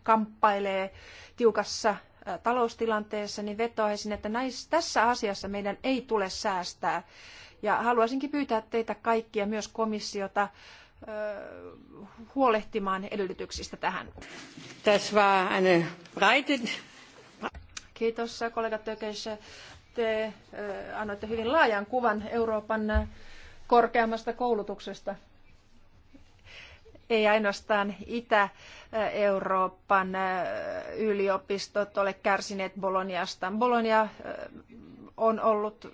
kamppailee tiukassa äh, taloustilanteessa, niin vetoaisin, että näissä, tässä asiassa meidän ei tule säästää. Ja haluaisinkin pyytää teitä kaikkia, myös komissiota, huolehtimaan edellytyksistä tähän. Das war eine breite... Kiitos kollega Tökes. Te annoitte hyvin laajan kuvan Euroopan korkeammasta koulutuksesta. Ei ainoastaan Itä-Euroopan yliopistot ole kärsineet Boloniasta. Bolonia on ollut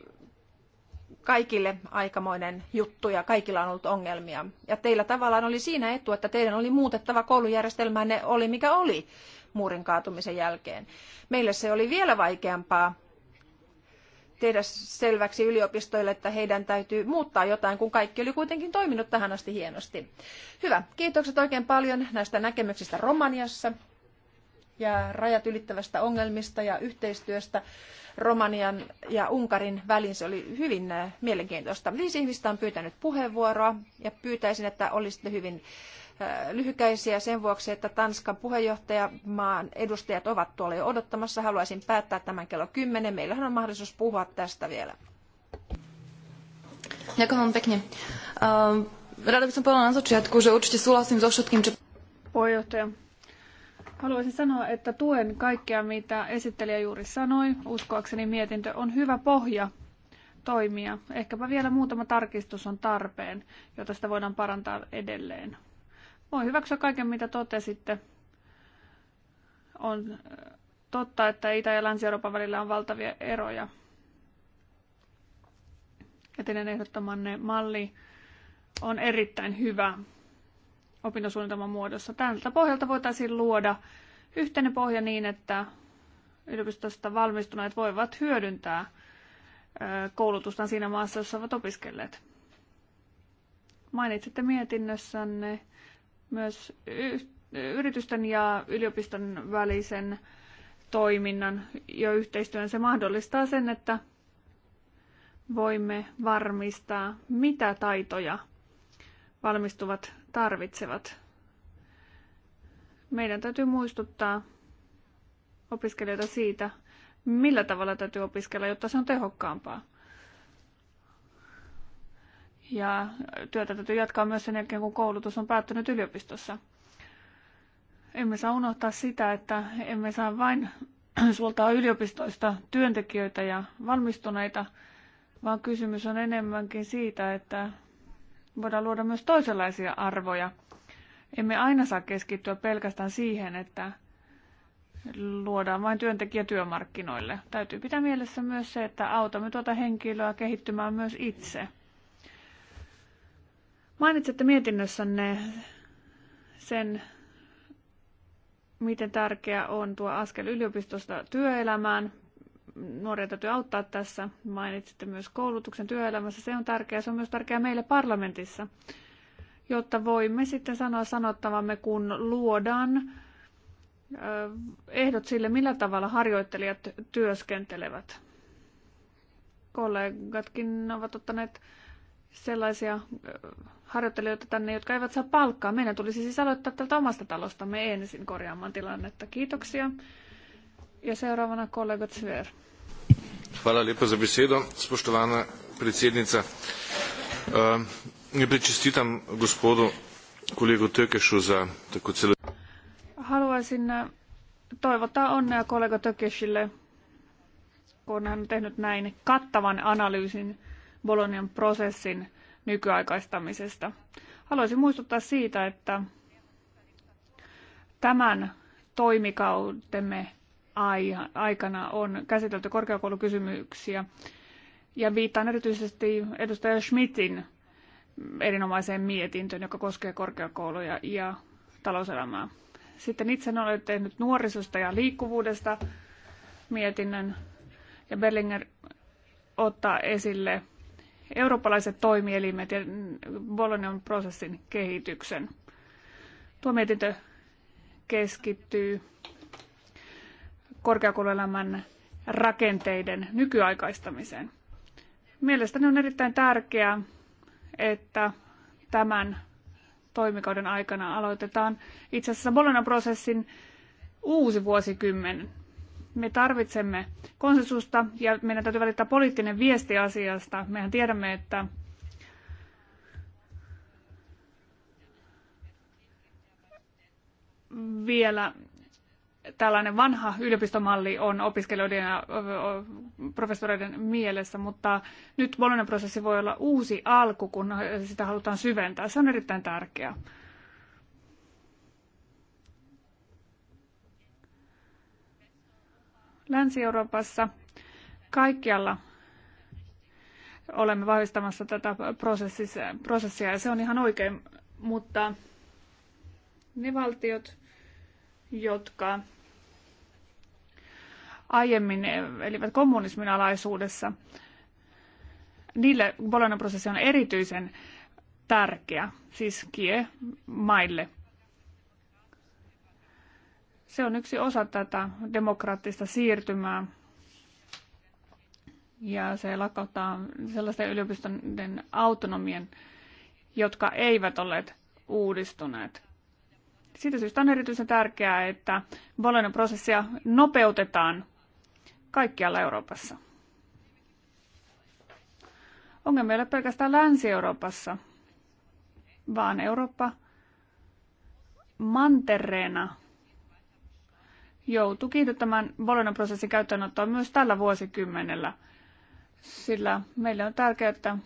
kaikille aikamoinen juttu ja kaikilla on ollut ongelmia. Ja teillä tavallaan oli siinä etu, että teidän oli muutettava koulujärjestelmänne oli mikä oli muurin kaatumisen jälkeen. Meille se oli vielä vaikeampaa tehdä selväksi yliopistoille, että heidän täytyy muuttaa jotain, kun kaikki oli kuitenkin toiminut tähän asti hienosti. Hyvä. Kiitokset oikein paljon näistä näkemyksistä Romaniassa ja rajat ylittävästä ongelmista ja yhteistyöstä Romanian ja Unkarin välin. Se oli hyvin äh, mielenkiintoista. Viisi ihmistä on pyytänyt puheenvuoroa ja pyytäisin, että olisitte hyvin äh, lyhykäisiä sen vuoksi, että Tanskan puheenjohtajamaan edustajat ovat tuolla jo odottamassa. Haluaisin päättää tämän kello 10. Meillähän on mahdollisuus puhua tästä vielä. Ďakujem vám pekne. Ehm, rada by som povedala na začiatku, že určite súhlasím so všetkým, čo... Puheenjohtaja Haluaisin sanoa, että tuen kaikkea, mitä esittelijä juuri sanoi. Uskoakseni mietintö on hyvä pohja toimia. Ehkäpä vielä muutama tarkistus on tarpeen, jota sitä voidaan parantaa edelleen. Voi hyväksyä kaiken, mitä totesitte. On totta, että Itä- ja Länsi-Euroopan välillä on valtavia eroja. Ja teidän ehdottamanne malli on erittäin hyvä opintosuunnitelman muodossa. Tältä pohjalta voitaisiin luoda yhteinen pohja niin, että yliopistosta valmistuneet voivat hyödyntää koulutusta siinä maassa, jossa ovat opiskelleet. Mainitsitte mietinnössänne myös yritysten ja yliopiston välisen toiminnan ja yhteistyön. Se mahdollistaa sen, että voimme varmistaa, mitä taitoja valmistuvat tarvitsevat. Meidän täytyy muistuttaa opiskelijoita siitä, millä tavalla täytyy opiskella, jotta se on tehokkaampaa. Ja työtä täytyy jatkaa myös sen jälkeen, kun koulutus on päättynyt yliopistossa. Emme saa unohtaa sitä, että emme saa vain suoltaa yliopistoista työntekijöitä ja valmistuneita, vaan kysymys on enemmänkin siitä, että voidaan luoda myös toisenlaisia arvoja. Emme aina saa keskittyä pelkästään siihen, että luodaan vain työntekijä työmarkkinoille. Täytyy pitää mielessä myös se, että autamme tuota henkilöä kehittymään myös itse. Mainitsette mietinnössänne sen, miten tärkeä on tuo askel yliopistosta työelämään nuoria täytyy auttaa tässä. Mainitsitte myös koulutuksen työelämässä. Se on tärkeää. Se on myös tärkeää meille parlamentissa, jotta voimme sitten sanoa sanottavamme, kun luodaan ehdot sille, millä tavalla harjoittelijat työskentelevät. Kollegatkin ovat ottaneet sellaisia harjoittelijoita tänne, jotka eivät saa palkkaa. Meidän tulisi siis aloittaa tältä omasta talostamme ensin korjaamaan tilannetta. Kiitoksia. Ja seuraavana Cver. Hvala lepa za besedo, spoštovana predsednica. Ehm, Najprej čestitam gospodu kolegu Tökešu za tako celo... Haluaisin äh, toivottaa onnea kollega Tökesille, kun hän on tehnyt näin kattavan analyysin Bolonian prosessin nykyaikaistamisesta. Haluaisin muistuttaa siitä, että tämän toimikautemme aikana on käsitelty korkeakoulukysymyksiä. Ja viittaan erityisesti edustaja Schmidtin erinomaiseen mietintöön, joka koskee korkeakouluja ja talouselämää. Sitten itse olen tehnyt nuorisosta ja liikkuvuudesta mietinnön, ja Berlinger ottaa esille eurooppalaiset toimielimet ja Bolognan prosessin kehityksen. Tuo mietintö keskittyy korkeakouluelämän rakenteiden nykyaikaistamiseen. Mielestäni on erittäin tärkeää, että tämän toimikauden aikana aloitetaan itse asiassa Bologna-prosessin uusi vuosikymmen. Me tarvitsemme konsensusta ja meidän täytyy välittää poliittinen viesti asiasta. Mehän tiedämme, että vielä tällainen vanha yliopistomalli on opiskelijoiden ja professoreiden mielessä, mutta nyt Bolognan prosessi voi olla uusi alku, kun sitä halutaan syventää. Se on erittäin tärkeää. Länsi-Euroopassa kaikkialla olemme vahvistamassa tätä prosessia ja se on ihan oikein, mutta ne valtiot, jotka aiemmin elivät kommunismin alaisuudessa, niille Bolognan prosessi on erityisen tärkeä, siis kie-maille. Se on yksi osa tätä demokraattista siirtymää ja se lakottaa sellaisten yliopistojen autonomien, jotka eivät olleet uudistuneet. Siitä syystä on erityisen tärkeää, että Bolognan prosessia nopeutetaan kaikkialla Euroopassa. Ongelmia ei ole pelkästään Länsi-Euroopassa, vaan Eurooppa mantereena joutui kiihdyttämään Bolognan prosessin käyttöönottoa myös tällä vuosikymmenellä, sillä meille on tärkeää, että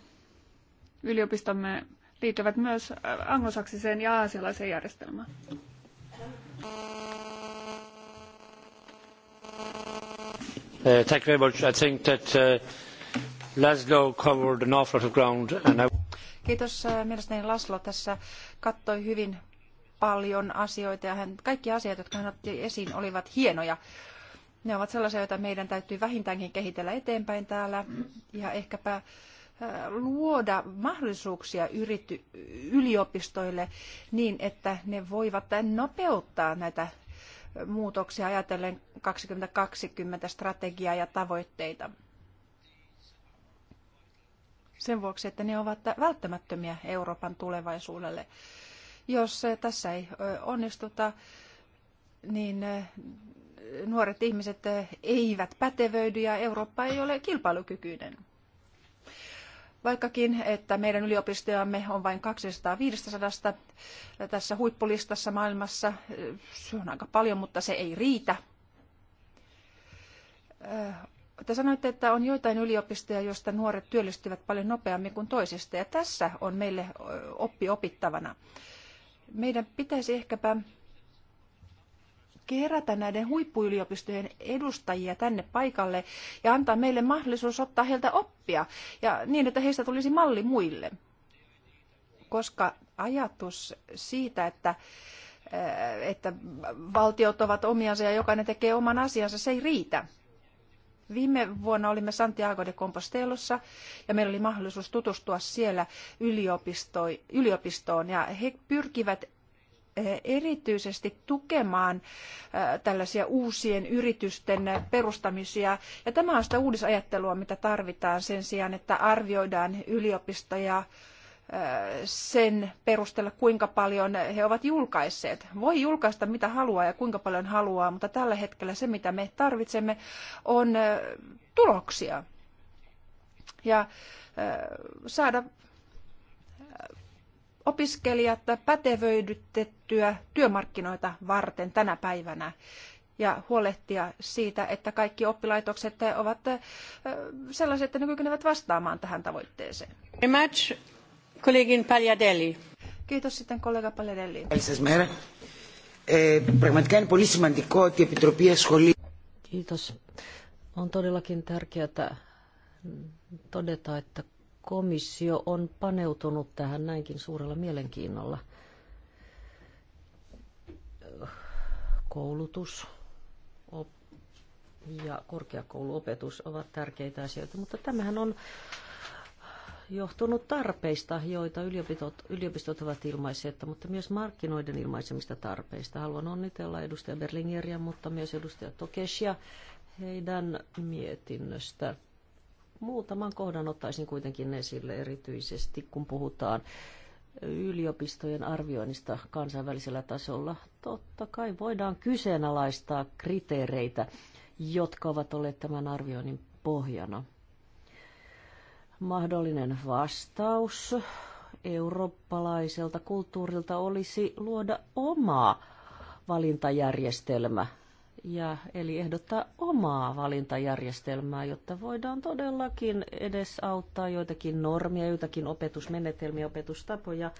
yliopistomme liittyvät myös äh, anglosaksiseen ja aasialaiseen järjestelmään. Uh, uh, Laszlo Kiitos. Uh, Laslo tässä kattoi hyvin paljon asioita ja hän, kaikki asiat, jotka hän otti esiin, olivat hienoja. Ne ovat sellaisia, joita meidän täytyy vähintäänkin kehitellä eteenpäin täällä ja ehkäpä uh, luoda mahdollisuuksia yliopistoille niin, että ne voivat nopeuttaa näitä muutoksia ajatellen 2020 strategiaa ja tavoitteita. Sen vuoksi, että ne ovat välttämättömiä Euroopan tulevaisuudelle. Jos tässä ei onnistuta, niin nuoret ihmiset eivät pätevöidy ja Eurooppa ei ole kilpailukykyinen. Vaikkakin, että meidän yliopistojamme on vain 200-500 tässä huippulistassa maailmassa, se on aika paljon, mutta se ei riitä. Te sanoitte, että on joitain yliopistoja, joista nuoret työllistyvät paljon nopeammin kuin toisista, ja tässä on meille oppi opittavana. Meidän pitäisi ehkäpä kerätä näiden huippuyliopistojen edustajia tänne paikalle ja antaa meille mahdollisuus ottaa heiltä oppia ja niin, että heistä tulisi malli muille. Koska ajatus siitä, että eh, että valtiot ovat omiansa ja jokainen tekee oman asiansa, se ei riitä. Viime vuonna olimme Santiago de Compostelossa ja meillä oli mahdollisuus tutustua siellä yliopistoon ja he pyrkivät erityisesti tukemaan äh, tällaisia uusien yritysten perustamisia. Ja tämä on sitä uudisajattelua, mitä tarvitaan sen sijaan, että arvioidaan yliopistoja äh, sen perusteella, kuinka paljon he ovat julkaisseet. Voi julkaista mitä haluaa ja kuinka paljon haluaa, mutta tällä hetkellä se, mitä me tarvitsemme, on äh, tuloksia. Ja saada opiskelijat pätevöidytettyä työmarkkinoita varten tänä päivänä ja huolehtia siitä, että kaikki oppilaitokset ovat sellaiset, että ne kykenevät vastaamaan tähän tavoitteeseen. kollegin Kiitos sitten kollega Pagliadelli. Kiitos. On todellakin tärkeää todeta, että komissio on paneutunut tähän näinkin suurella mielenkiinnolla. Koulutus ja korkeakouluopetus ovat tärkeitä asioita, mutta tämähän on johtunut tarpeista, joita yliopistot, yliopistot ovat ilmaisseet, mutta myös markkinoiden ilmaisemista tarpeista. Haluan onnitella edustaja Berlingeria, mutta myös edustaja Tokesia heidän mietinnöstä. Muutaman kohdan ottaisin kuitenkin esille erityisesti, kun puhutaan yliopistojen arvioinnista kansainvälisellä tasolla. Totta kai voidaan kyseenalaistaa kriteereitä, jotka ovat olleet tämän arvioinnin pohjana. Mahdollinen vastaus eurooppalaiselta kulttuurilta olisi luoda oma valintajärjestelmä ja eli ehdottaa omaa valintajärjestelmää, jotta voidaan todellakin edes auttaa joitakin normia, joitakin opetusmenetelmiä, opetustapoja,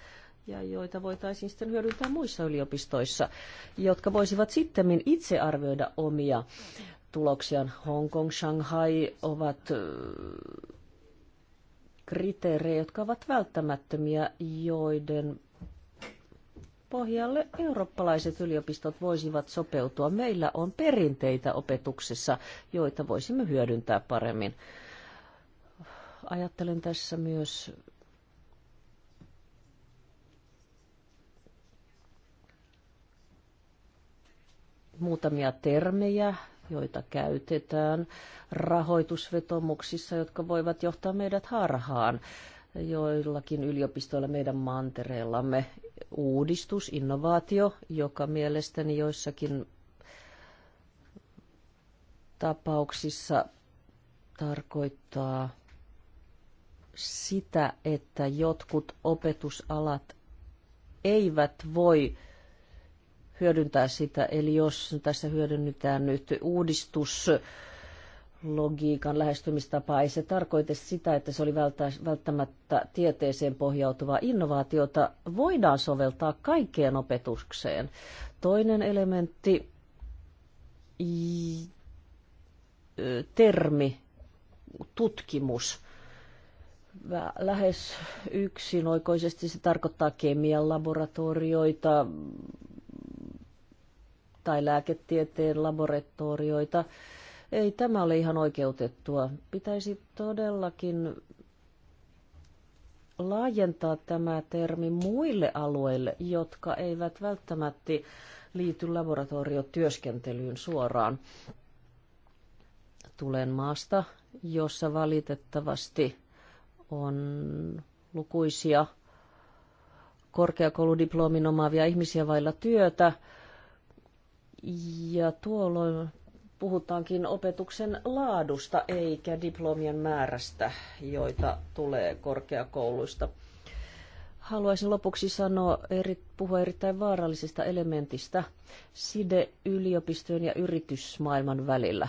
ja joita voitaisiin sitten hyödyntää muissa yliopistoissa, jotka voisivat sitten itse arvioida omia tuloksiaan. Hongkong, Shanghai ovat kriteerejä, jotka ovat välttämättömiä, joiden pohjalle eurooppalaiset yliopistot voisivat sopeutua. Meillä on perinteitä opetuksessa, joita voisimme hyödyntää paremmin. Ajattelen tässä myös muutamia termejä, joita käytetään rahoitusvetomuksissa, jotka voivat johtaa meidät harhaan joillakin yliopistoilla meidän mantereellamme uudistus, innovaatio, joka mielestäni joissakin tapauksissa tarkoittaa sitä, että jotkut opetusalat eivät voi hyödyntää sitä. Eli jos tässä hyödynnetään nyt uudistus, logiikan lähestymistapa ei se tarkoita sitä, että se oli välttämättä tieteeseen pohjautuvaa innovaatiota. Voidaan soveltaa kaikkeen opetukseen. Toinen elementti, termi, tutkimus. Lähes yksin oikoisesti se tarkoittaa kemian laboratorioita tai lääketieteen laboratorioita ei tämä ole ihan oikeutettua. Pitäisi todellakin laajentaa tämä termi muille alueille, jotka eivät välttämättä liity laboratoriotyöskentelyyn suoraan. Tulen maasta, jossa valitettavasti on lukuisia korkeakouludiplomin omaavia ihmisiä vailla työtä. Ja tuolloin puhutaankin opetuksen laadusta eikä diplomien määrästä, joita tulee korkeakouluista. Haluaisin lopuksi sanoa, eri, puhua erittäin vaarallisesta elementistä, side yliopistojen ja yritysmaailman välillä.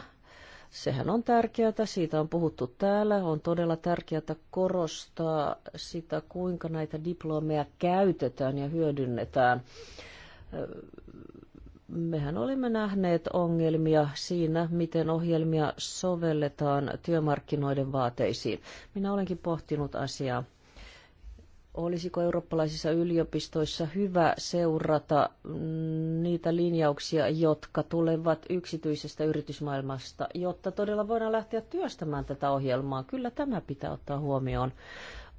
Sehän on tärkeää, siitä on puhuttu täällä, on todella tärkeää korostaa sitä, kuinka näitä diplomeja käytetään ja hyödynnetään mehän olemme nähneet ongelmia siinä, miten ohjelmia sovelletaan työmarkkinoiden vaateisiin. Minä olenkin pohtinut asiaa. Olisiko eurooppalaisissa yliopistoissa hyvä seurata niitä linjauksia, jotka tulevat yksityisestä yritysmaailmasta, jotta todella voidaan lähteä työstämään tätä ohjelmaa? Kyllä tämä pitää ottaa huomioon.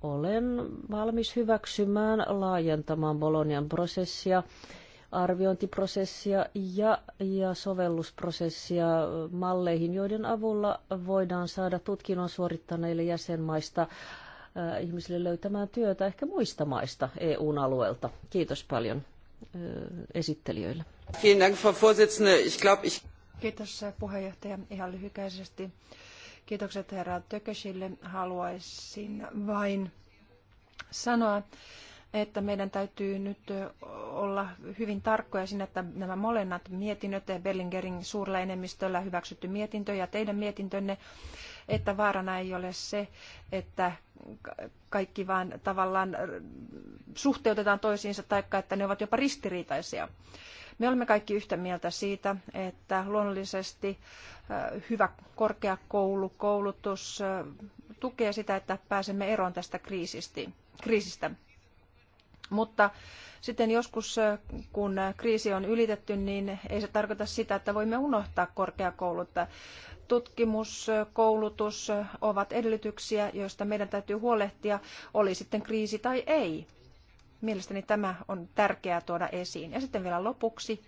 Olen valmis hyväksymään laajentamaan Bolonian prosessia arviointiprosessia ja, ja sovellusprosessia malleihin, joiden avulla voidaan saada tutkinnon suorittaneille jäsenmaista äh, ihmisille löytämään työtä ehkä muista maista eu alueelta. Kiitos paljon äh, esittelijöille. Kiitos äh, puheenjohtaja ihan lyhykäisesti. Kiitokset herra Tökösille. Haluaisin vain sanoa, että meidän täytyy nyt olla hyvin tarkkoja siinä, että nämä molemmat mietinnöt, Bellingerin suurella enemmistöllä hyväksytty mietintö ja teidän mietintönne, että vaarana ei ole se, että kaikki vaan tavallaan suhteutetaan toisiinsa tai että ne ovat jopa ristiriitaisia. Me olemme kaikki yhtä mieltä siitä, että luonnollisesti hyvä koulutus tukee sitä, että pääsemme eroon tästä kriisistä mutta sitten joskus, äh, kun kriisi on ylitetty, niin ei se tarkoita sitä, että voimme unohtaa korkeakoulut. Tutkimus, koulutus ovat edellytyksiä, joista meidän täytyy huolehtia, oli sitten kriisi tai ei. Mielestäni tämä on tärkeää tuoda esiin. Ja sitten vielä lopuksi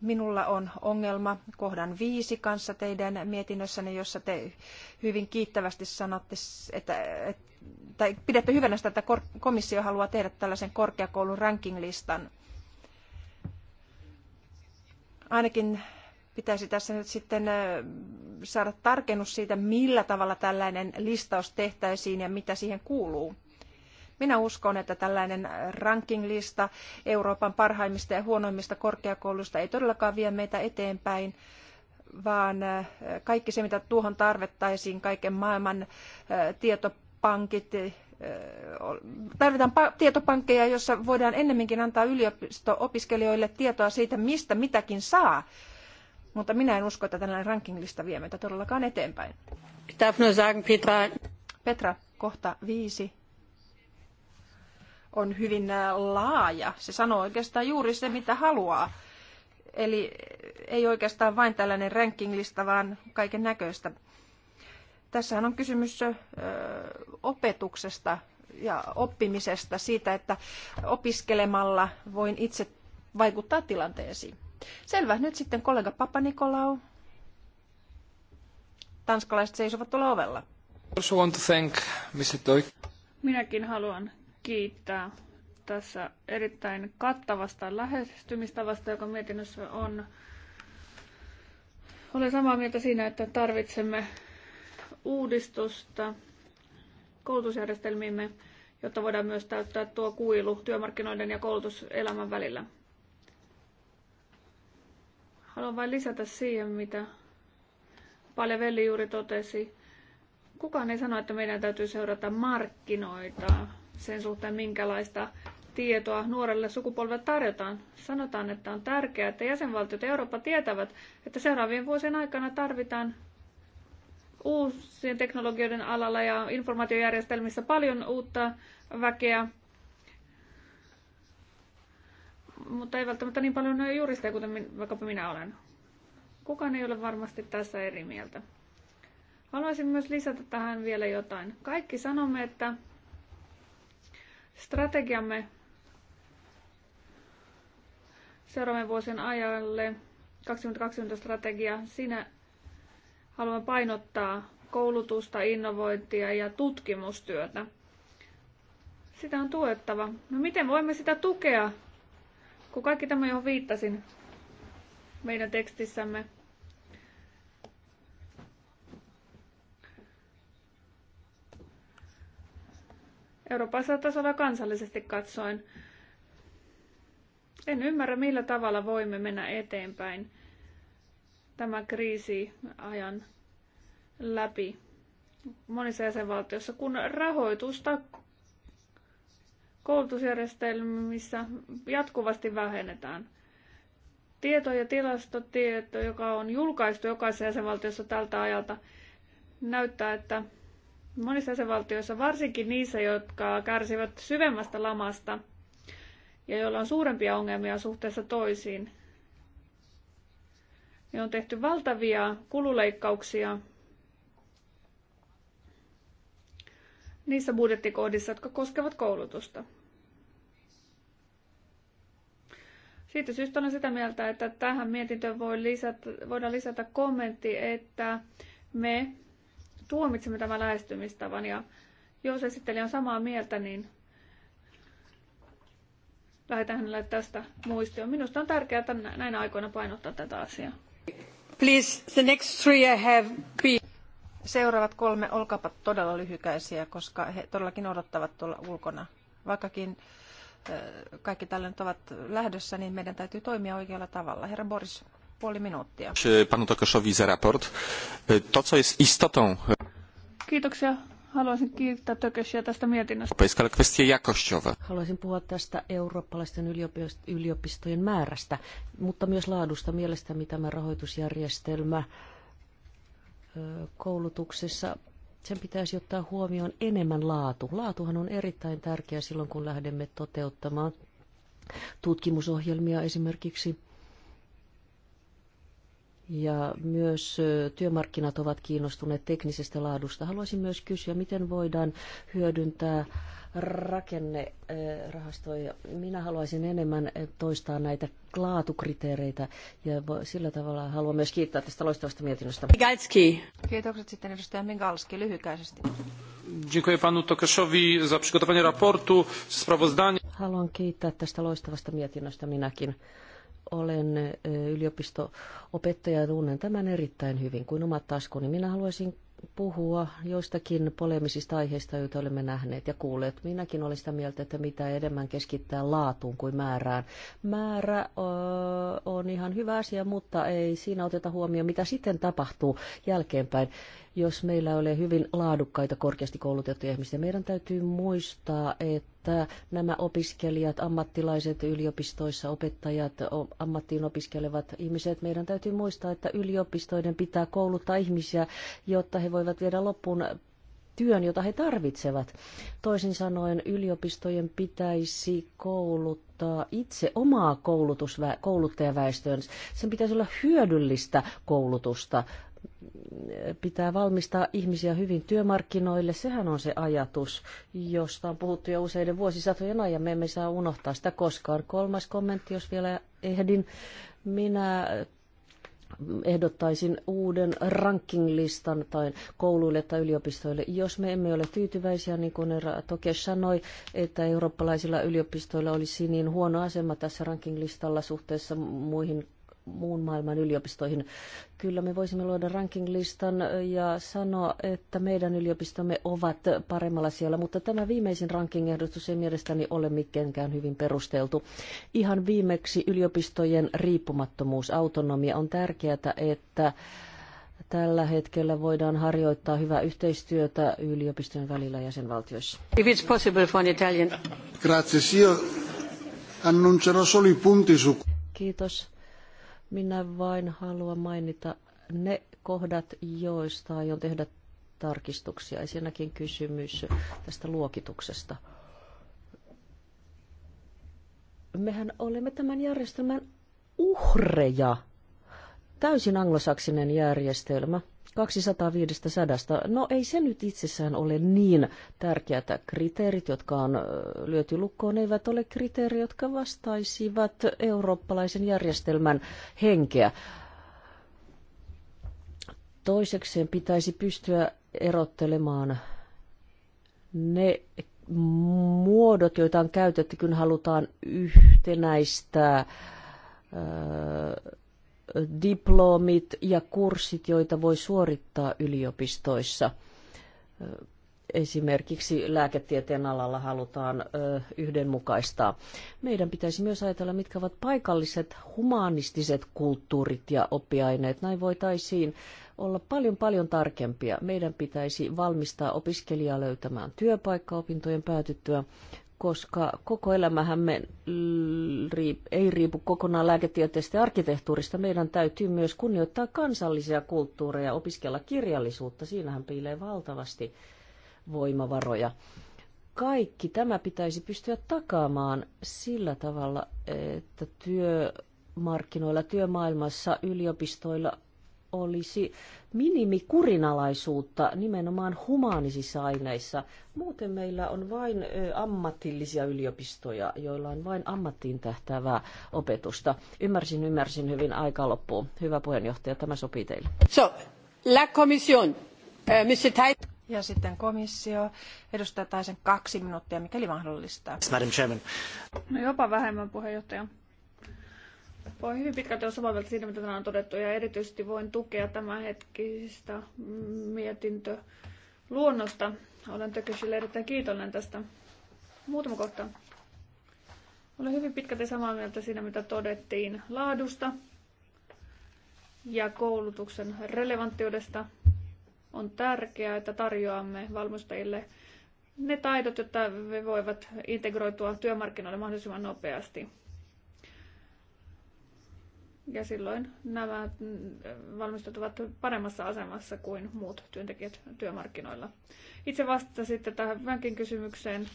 Minulla on ongelma kohdan viisi kanssa teidän mietinnössänne, jossa te hyvin kiittävästi sanotte, että, tai pidätte hyvänä sitä, että komissio haluaa tehdä tällaisen korkeakoulun rankinglistan. Ainakin pitäisi tässä nyt sitten saada tarkennus siitä, millä tavalla tällainen listaus tehtäisiin ja mitä siihen kuuluu. Minä uskon, että tällainen rankinglista Euroopan parhaimmista ja huonoimmista korkeakouluista ei todellakaan vie meitä eteenpäin, vaan äh, kaikki se, mitä tuohon tarvittaisiin, kaiken maailman äh, tietopankit, äh, tarvitaan tietopankkeja, joissa voidaan ennemminkin antaa yliopisto-opiskelijoille tietoa siitä, mistä mitäkin saa. Mutta minä en usko, että tällainen rankinglista vie meitä todellakaan eteenpäin. Petra, kohta viisi on hyvin äh, laaja. Se sanoo oikeastaan juuri se, mitä haluaa. Eli ei oikeastaan vain tällainen rankinglista, vaan kaiken näköistä. Tässähän on kysymys äh, opetuksesta ja oppimisesta siitä, että opiskelemalla voin itse vaikuttaa tilanteesi. Selvä. Nyt sitten kollega Papa Nikolau. Tanskalaiset seisovat tuolla ovella. Minäkin haluan kiittää tässä erittäin kattavasta lähestymistavasta, joka mietinnössä on. Olen samaa mieltä siinä, että tarvitsemme uudistusta koulutusjärjestelmiimme, jotta voidaan myös täyttää tuo kuilu työmarkkinoiden ja koulutuselämän välillä. Haluan vain lisätä siihen, mitä Velli juuri totesi. Kukaan ei sano, että meidän täytyy seurata markkinoita sen suhteen, minkälaista tietoa nuorelle sukupolvelle tarjotaan. Sanotaan, että on tärkeää, että jäsenvaltiot ja Eurooppa tietävät, että seuraavien vuosien aikana tarvitaan uusien teknologioiden alalla ja informaatiojärjestelmissä paljon uutta väkeä, mutta ei välttämättä niin paljon juristeja, kuten vaikkapa minä olen. Kukaan ei ole varmasti tässä eri mieltä. Haluaisin myös lisätä tähän vielä jotain. Kaikki sanomme, että Strategiamme seuraavien vuosien ajalle 2020-strategia, siinä haluamme painottaa koulutusta, innovointia ja tutkimustyötä. Sitä on tuettava. No miten voimme sitä tukea, kun kaikki tämä johon viittasin meidän tekstissämme – Euroopassa tasolla kansallisesti katsoen. En ymmärrä, millä tavalla voimme mennä eteenpäin kriisi kriisiajan läpi monissa jäsenvaltioissa, kun rahoitusta koulutusjärjestelmissä jatkuvasti vähennetään. Tieto- ja tilastotieto, joka on julkaistu jokaisessa jäsenvaltiossa tältä ajalta, näyttää, että monissa jäsenvaltioissa, varsinkin niissä, jotka kärsivät syvemmästä lamasta ja joilla on suurempia ongelmia suhteessa toisiin, niin on tehty valtavia kululeikkauksia niissä budjettikohdissa, jotka koskevat koulutusta. Siitä syystä olen sitä mieltä, että tähän mietintöön voi lisätä, voidaan lisätä kommentti, että me tuomitsemme tämän lähestymistavan ja jos esittelijä on samaa mieltä, niin lähetän hänelle tästä muistioon. Minusta on tärkeää että näinä aikoina painottaa tätä asiaa. Please, the next three I have been. Seuraavat kolme, olkaapa todella lyhykäisiä, koska he todellakin odottavat tuolla ulkona. Vaikkakin kaikki tällöin ovat lähdössä, niin meidän täytyy toimia oikealla tavalla. Herra Boris puoli minuuttia. Panu Tokoszowi za raport. To, co jest istotą... Kiitoksia. Haluaisin kiittää Tökesiä tästä mietinnöstä. Haluaisin puhua tästä eurooppalaisten yliopistojen määrästä, mutta myös laadusta. Mielestäni tämä rahoitusjärjestelmä koulutuksessa sen pitäisi ottaa huomioon enemmän laatu. Laatuhan on erittäin tärkeä silloin, kun lähdemme toteuttamaan tutkimusohjelmia esimerkiksi ja myös työmarkkinat ovat kiinnostuneet teknisestä laadusta. Haluaisin myös kysyä, miten voidaan hyödyntää rakennerahastoja. Minä haluaisin enemmän toistaa näitä laatukriteereitä ja sillä tavalla haluan myös kiittää tästä loistavasta mietinnöstä. Migalski. Kiitokset sitten edustaja Mingalski lyhykäisesti. Dziękuję panu Tokeszowi za przygotowanie raportu, sprawozdanie. Haluan kiittää tästä loistavasta mietinnöstä minäkin olen yliopistoopettaja ja tunnen tämän erittäin hyvin kuin omat taskuni. Minä haluaisin puhua joistakin polemisista aiheista, joita olemme nähneet ja kuulleet. Minäkin olen sitä mieltä, että mitä enemmän keskittää laatuun kuin määrään. Määrä on ihan hyvä asia, mutta ei siinä oteta huomioon, mitä sitten tapahtuu jälkeenpäin jos meillä ole hyvin laadukkaita, korkeasti koulutettuja ihmisiä. Meidän täytyy muistaa, että nämä opiskelijat, ammattilaiset yliopistoissa, opettajat, ammattiin opiskelevat ihmiset, meidän täytyy muistaa, että yliopistoiden pitää kouluttaa ihmisiä, jotta he voivat viedä loppuun työn, jota he tarvitsevat. Toisin sanoen yliopistojen pitäisi kouluttaa itse omaa koulutusvä- kouluttajaväestöön. Sen pitäisi olla hyödyllistä koulutusta, pitää valmistaa ihmisiä hyvin työmarkkinoille. Sehän on se ajatus, josta on puhuttu jo useiden vuosisatojen ajan. Me emme saa unohtaa sitä koskaan. Kolmas kommentti, jos vielä ehdin. Minä ehdottaisin uuden rankinglistan tai kouluille tai yliopistoille. Jos me emme ole tyytyväisiä, niin kuin Toke sanoi, että eurooppalaisilla yliopistoilla olisi niin huono asema tässä rankinglistalla suhteessa muihin muun maailman yliopistoihin. Kyllä me voisimme luoda rankinglistan ja sanoa, että meidän yliopistomme ovat paremmalla siellä, mutta tämä viimeisin rankingehdotus ei mielestäni ole mitenkään hyvin perusteltu. Ihan viimeksi yliopistojen riippumattomuus, autonomia on tärkeää, että tällä hetkellä voidaan harjoittaa hyvää yhteistyötä yliopistojen välillä jäsenvaltioissa. If it's possible for an Italian. Grazie, sì, annuncerò solo i punti su... Kiitos. Minä vain haluan mainita ne kohdat, joista aion tehdä tarkistuksia. Ensinnäkin kysymys tästä luokituksesta. Mehän olemme tämän järjestelmän uhreja. Täysin anglosaksinen järjestelmä – 200-500. No ei se nyt itsessään ole niin tärkeätä. Kriteerit, jotka on lyöty lukkoon, eivät ole kriteerit, jotka vastaisivat eurooppalaisen järjestelmän henkeä. Toisekseen pitäisi pystyä erottelemaan ne muodot, joita on käytetty, kun halutaan yhtenäistää öö, diplomit ja kurssit, joita voi suorittaa yliopistoissa. Esimerkiksi lääketieteen alalla halutaan yhdenmukaistaa. Meidän pitäisi myös ajatella, mitkä ovat paikalliset humanistiset kulttuurit ja oppiaineet. Näin voitaisiin olla paljon paljon tarkempia. Meidän pitäisi valmistaa opiskelijaa löytämään työpaikka opintojen päätyttyä koska koko elämähän me ei riipu kokonaan lääketieteestä arkkitehtuurista. Meidän täytyy myös kunnioittaa kansallisia kulttuureja, opiskella kirjallisuutta. Siinähän piilee valtavasti voimavaroja. Kaikki tämä pitäisi pystyä takaamaan sillä tavalla, että työmarkkinoilla, työmaailmassa, yliopistoilla olisi minimikurinalaisuutta nimenomaan humaanisissa aineissa. Muuten meillä on vain ammatillisia yliopistoja, joilla on vain ammattiin tähtäävää opetusta. Ymmärsin, ymmärsin hyvin. Aika loppuun. Hyvä puheenjohtaja, tämä sopii teille. So, la commission, uh, Mr. Tait. Ja sitten komissio edustaa taisen kaksi minuuttia, mikäli mahdollista. Madam Chairman. No jopa vähemmän puheenjohtaja. Voin hyvin pitkälti olla samaa mieltä siinä, mitä tänään on todettu, ja erityisesti voin tukea tämänhetkistä mietintöluonnosta. Olen Tökösille erittäin kiitollinen tästä. Muutama kohta. Olen hyvin pitkälti samaa mieltä siinä, mitä todettiin laadusta ja koulutuksen relevanttiudesta. On tärkeää, että tarjoamme valmistajille ne taidot, jotta he voivat integroitua työmarkkinoille mahdollisimman nopeasti ja silloin nämä valmistut ovat paremmassa asemassa kuin muut työntekijät työmarkkinoilla. Itse sitten tähän vänkin kysymykseen.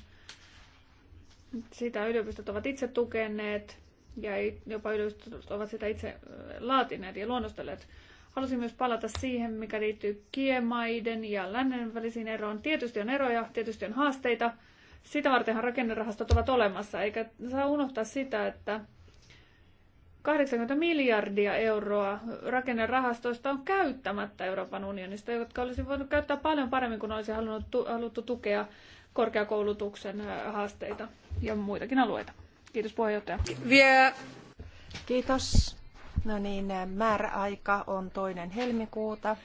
Sitä yliopistot ovat itse tukeneet ja jopa yliopistot ovat sitä itse laatineet ja luonnostelleet. Halusin myös palata siihen, mikä liittyy kiemaiden ja lännen välisiin eroon. Tietysti on eroja, tietysti on haasteita. Sitä vartenhan rakennerahastot ovat olemassa, eikä saa unohtaa sitä, että 80 miljardia euroa rakennerahastoista on käyttämättä Euroopan unionista, jotka olisi voinut käyttää paljon paremmin, kun olisi halunnut, haluttu tukea korkeakoulutuksen haasteita ja muitakin alueita. Kiitos puheenjohtaja. Vie. Kiitos. No niin, määräaika on toinen helmikuuta.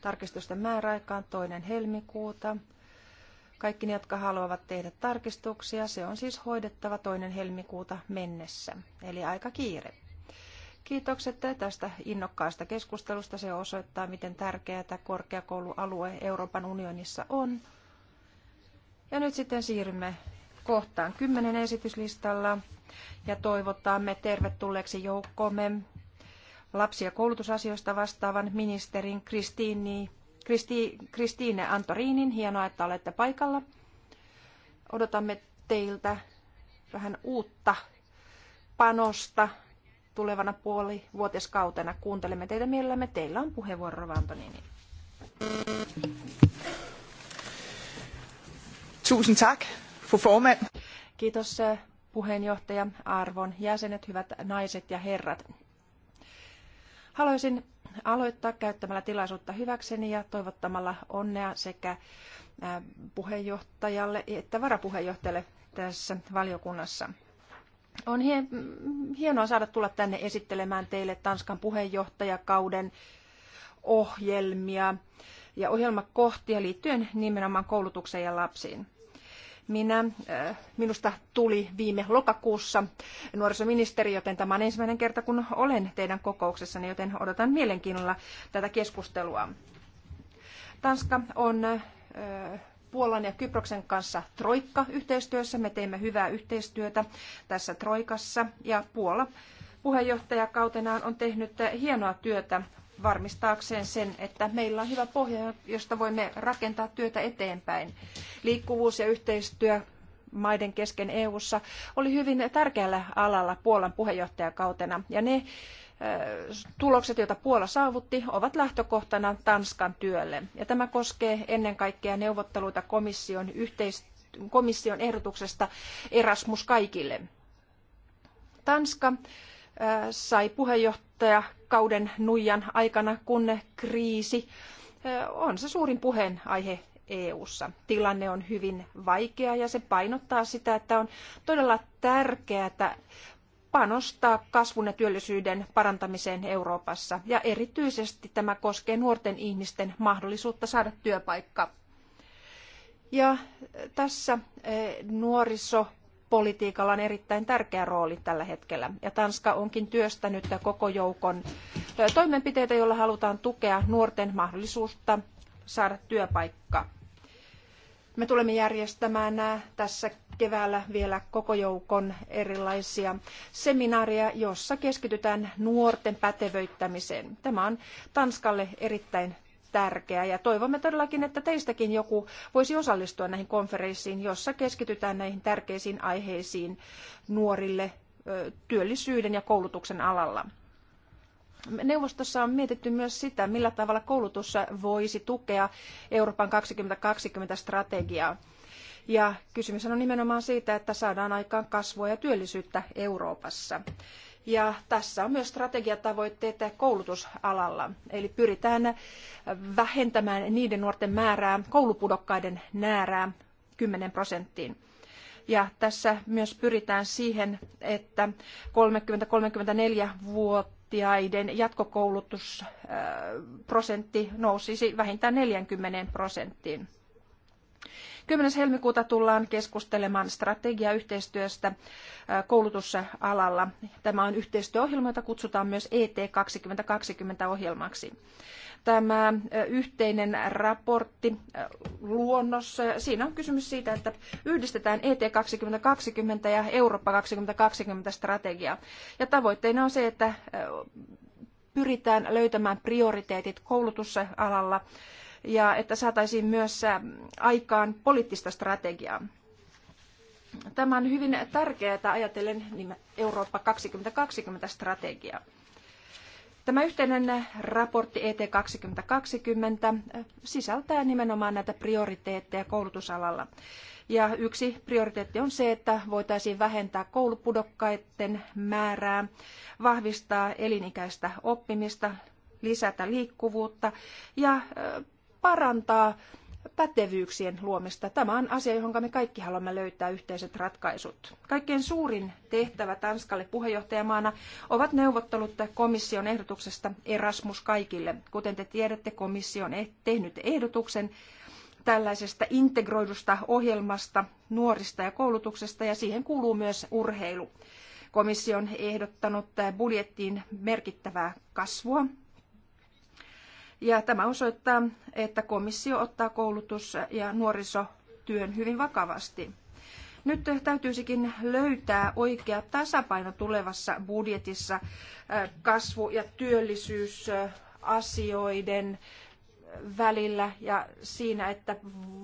Tarkistusten määräaika on toinen helmikuuta. Kaikki ne, jotka haluavat tehdä tarkistuksia, se on siis hoidettava toinen helmikuuta mennessä, eli aika kiire. Kiitokset tästä innokkaasta keskustelusta. Se osoittaa, miten tärkeää tämä korkeakoulualue Euroopan unionissa on. Ja nyt sitten siirrymme kohtaan kymmenen esityslistalla ja toivotamme tervetulleeksi joukkomme lapsi- ja koulutusasioista vastaavan ministerin Kristiini Kristi, Kristiine Antoriinin, hienoa, että olette paikalla. Odotamme teiltä vähän uutta panosta tulevana puolivuotiskautena. Kuuntelemme teitä mielellämme. Teillä on puheenvuoro, Rova Antonini. Tusen tack, fru formand. Kiitos eh, puheenjohtaja, arvon jäsenet, hyvät naiset ja herrat. Haluaisin aloittaa käyttämällä tilaisuutta hyväkseni ja toivottamalla onnea sekä puheenjohtajalle että varapuheenjohtajalle tässä valiokunnassa. On hienoa saada tulla tänne esittelemään teille Tanskan puheenjohtajakauden ohjelmia ja ohjelmakohtia liittyen nimenomaan koulutukseen ja lapsiin. Minä, äh, minusta tuli viime lokakuussa nuorisoministeri, joten tämä on ensimmäinen kerta, kun olen teidän kokouksessanne, joten odotan mielenkiinnolla tätä keskustelua. Tanska on äh, Puolan ja Kyproksen kanssa Troikka-yhteistyössä. Me teemme hyvää yhteistyötä tässä Troikassa ja Puola puheenjohtajakautenaan on tehnyt hienoa työtä varmistaakseen sen, että meillä on hyvä pohja, josta voimme rakentaa työtä eteenpäin. Liikkuvuus ja yhteistyö maiden kesken EU:ssa oli hyvin tärkeällä alalla Puolan puheenjohtajakautena ja ne tulokset, joita Puola saavutti, ovat lähtökohtana Tanskan työlle. Ja tämä koskee ennen kaikkea neuvotteluita komission, yhteist- komission ehdotuksesta Erasmus kaikille. Tanska sai puheenjohtaja Kauden nuijan aikana, kun kriisi on se suurin puheenaihe EU:ssa. Tilanne on hyvin vaikea ja se painottaa sitä, että on todella tärkeää panostaa kasvun ja työllisyyden parantamiseen Euroopassa. Ja erityisesti tämä koskee nuorten ihmisten mahdollisuutta saada työpaikka. Ja tässä nuoriso politiikalla on erittäin tärkeä rooli tällä hetkellä. Ja Tanska onkin työstänyt koko joukon toimenpiteitä, joilla halutaan tukea nuorten mahdollisuutta saada työpaikka. Me tulemme järjestämään tässä keväällä vielä koko joukon erilaisia seminaareja, jossa keskitytään nuorten pätevöittämiseen. Tämä on Tanskalle erittäin tärkeä ja toivomme todellakin, että teistäkin joku voisi osallistua näihin konferenssiin, jossa keskitytään näihin tärkeisiin aiheisiin nuorille työllisyyden ja koulutuksen alalla. Neuvostossa on mietitty myös sitä, millä tavalla koulutus voisi tukea Euroopan 2020-strategiaa. Ja kysymys on nimenomaan siitä, että saadaan aikaan kasvua ja työllisyyttä Euroopassa. Ja tässä on myös strategiatavoitteet koulutusalalla. Eli pyritään vähentämään niiden nuorten määrää, koulupudokkaiden määrää 10 prosenttiin. Ja tässä myös pyritään siihen, että 30-34-vuotiaiden jatkokoulutusprosentti nousisi vähintään 40 prosenttiin. 10. helmikuuta tullaan keskustelemaan strategiayhteistyöstä koulutusalalla. Tämä on yhteistyöohjelma, jota kutsutaan myös ET 2020-ohjelmaksi. Tämä yhteinen raportti luonnos, siinä on kysymys siitä, että yhdistetään ET 2020 ja Eurooppa 2020 strategia. Ja tavoitteena on se, että pyritään löytämään prioriteetit koulutusalalla alalla ja että saataisiin myös aikaan poliittista strategiaa. Tämä on hyvin tärkeää ajatellen niin Eurooppa 2020-strategiaa. Tämä yhteinen raportti ET2020 sisältää nimenomaan näitä prioriteetteja koulutusalalla. Ja yksi prioriteetti on se, että voitaisiin vähentää koulupudokkaiden määrää, vahvistaa elinikäistä oppimista, lisätä liikkuvuutta ja parantaa pätevyyksien luomista. Tämä on asia, johon me kaikki haluamme löytää yhteiset ratkaisut. Kaikkein suurin tehtävä Tanskalle puheenjohtajamaana ovat neuvottelut komission ehdotuksesta Erasmus kaikille. Kuten te tiedätte, komissio on e- tehnyt ehdotuksen tällaisesta integroidusta ohjelmasta nuorista ja koulutuksesta ja siihen kuuluu myös urheilu. Komissio on ehdottanut budjettiin merkittävää kasvua ja tämä osoittaa, että komissio ottaa koulutus- ja nuorisotyön hyvin vakavasti. Nyt täytyisikin löytää oikea tasapaino tulevassa budjetissa äh, kasvu- ja työllisyysasioiden äh, välillä ja siinä, että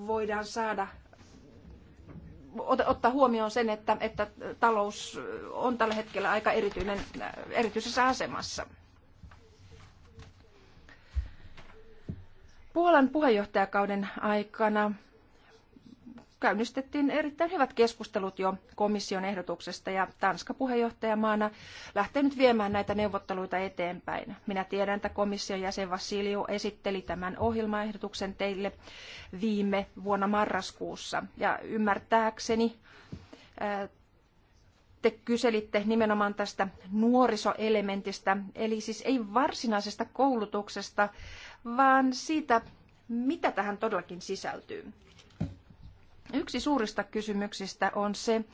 voidaan saada ottaa huomioon sen, että, että talous on tällä hetkellä aika erityinen, äh, erityisessä asemassa. Puolan puheenjohtajakauden aikana käynnistettiin erittäin hyvät keskustelut jo komission ehdotuksesta ja Tanska puheenjohtajamaana lähtee nyt viemään näitä neuvotteluita eteenpäin. Minä tiedän, että komission jäsen Vassiliu esitteli tämän ohjelmaehdotuksen teille viime vuonna marraskuussa ja ymmärtääkseni te kyselitte nimenomaan tästä nuorisoelementistä, eli siis ei varsinaisesta koulutuksesta, vaan siitä, mitä tähän todellakin sisältyy. Yksi suurista kysymyksistä on se,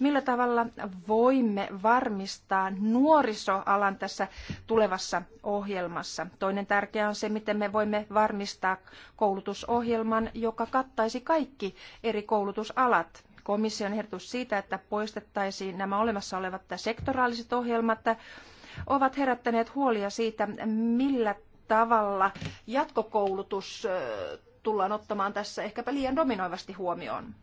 millä tavalla voimme varmistaa nuorisoalan tässä tulevassa ohjelmassa. Toinen tärkeä on se, miten me voimme varmistaa koulutusohjelman, joka kattaisi kaikki eri koulutusalat. Komission ehdotus siitä, että poistettaisiin nämä olemassa olevat sektoraaliset ohjelmat, ovat herättäneet huolia siitä, millä tavalla jatkokoulutus tullaan ottamaan tässä ehkäpä liian dominoivasti huomioon.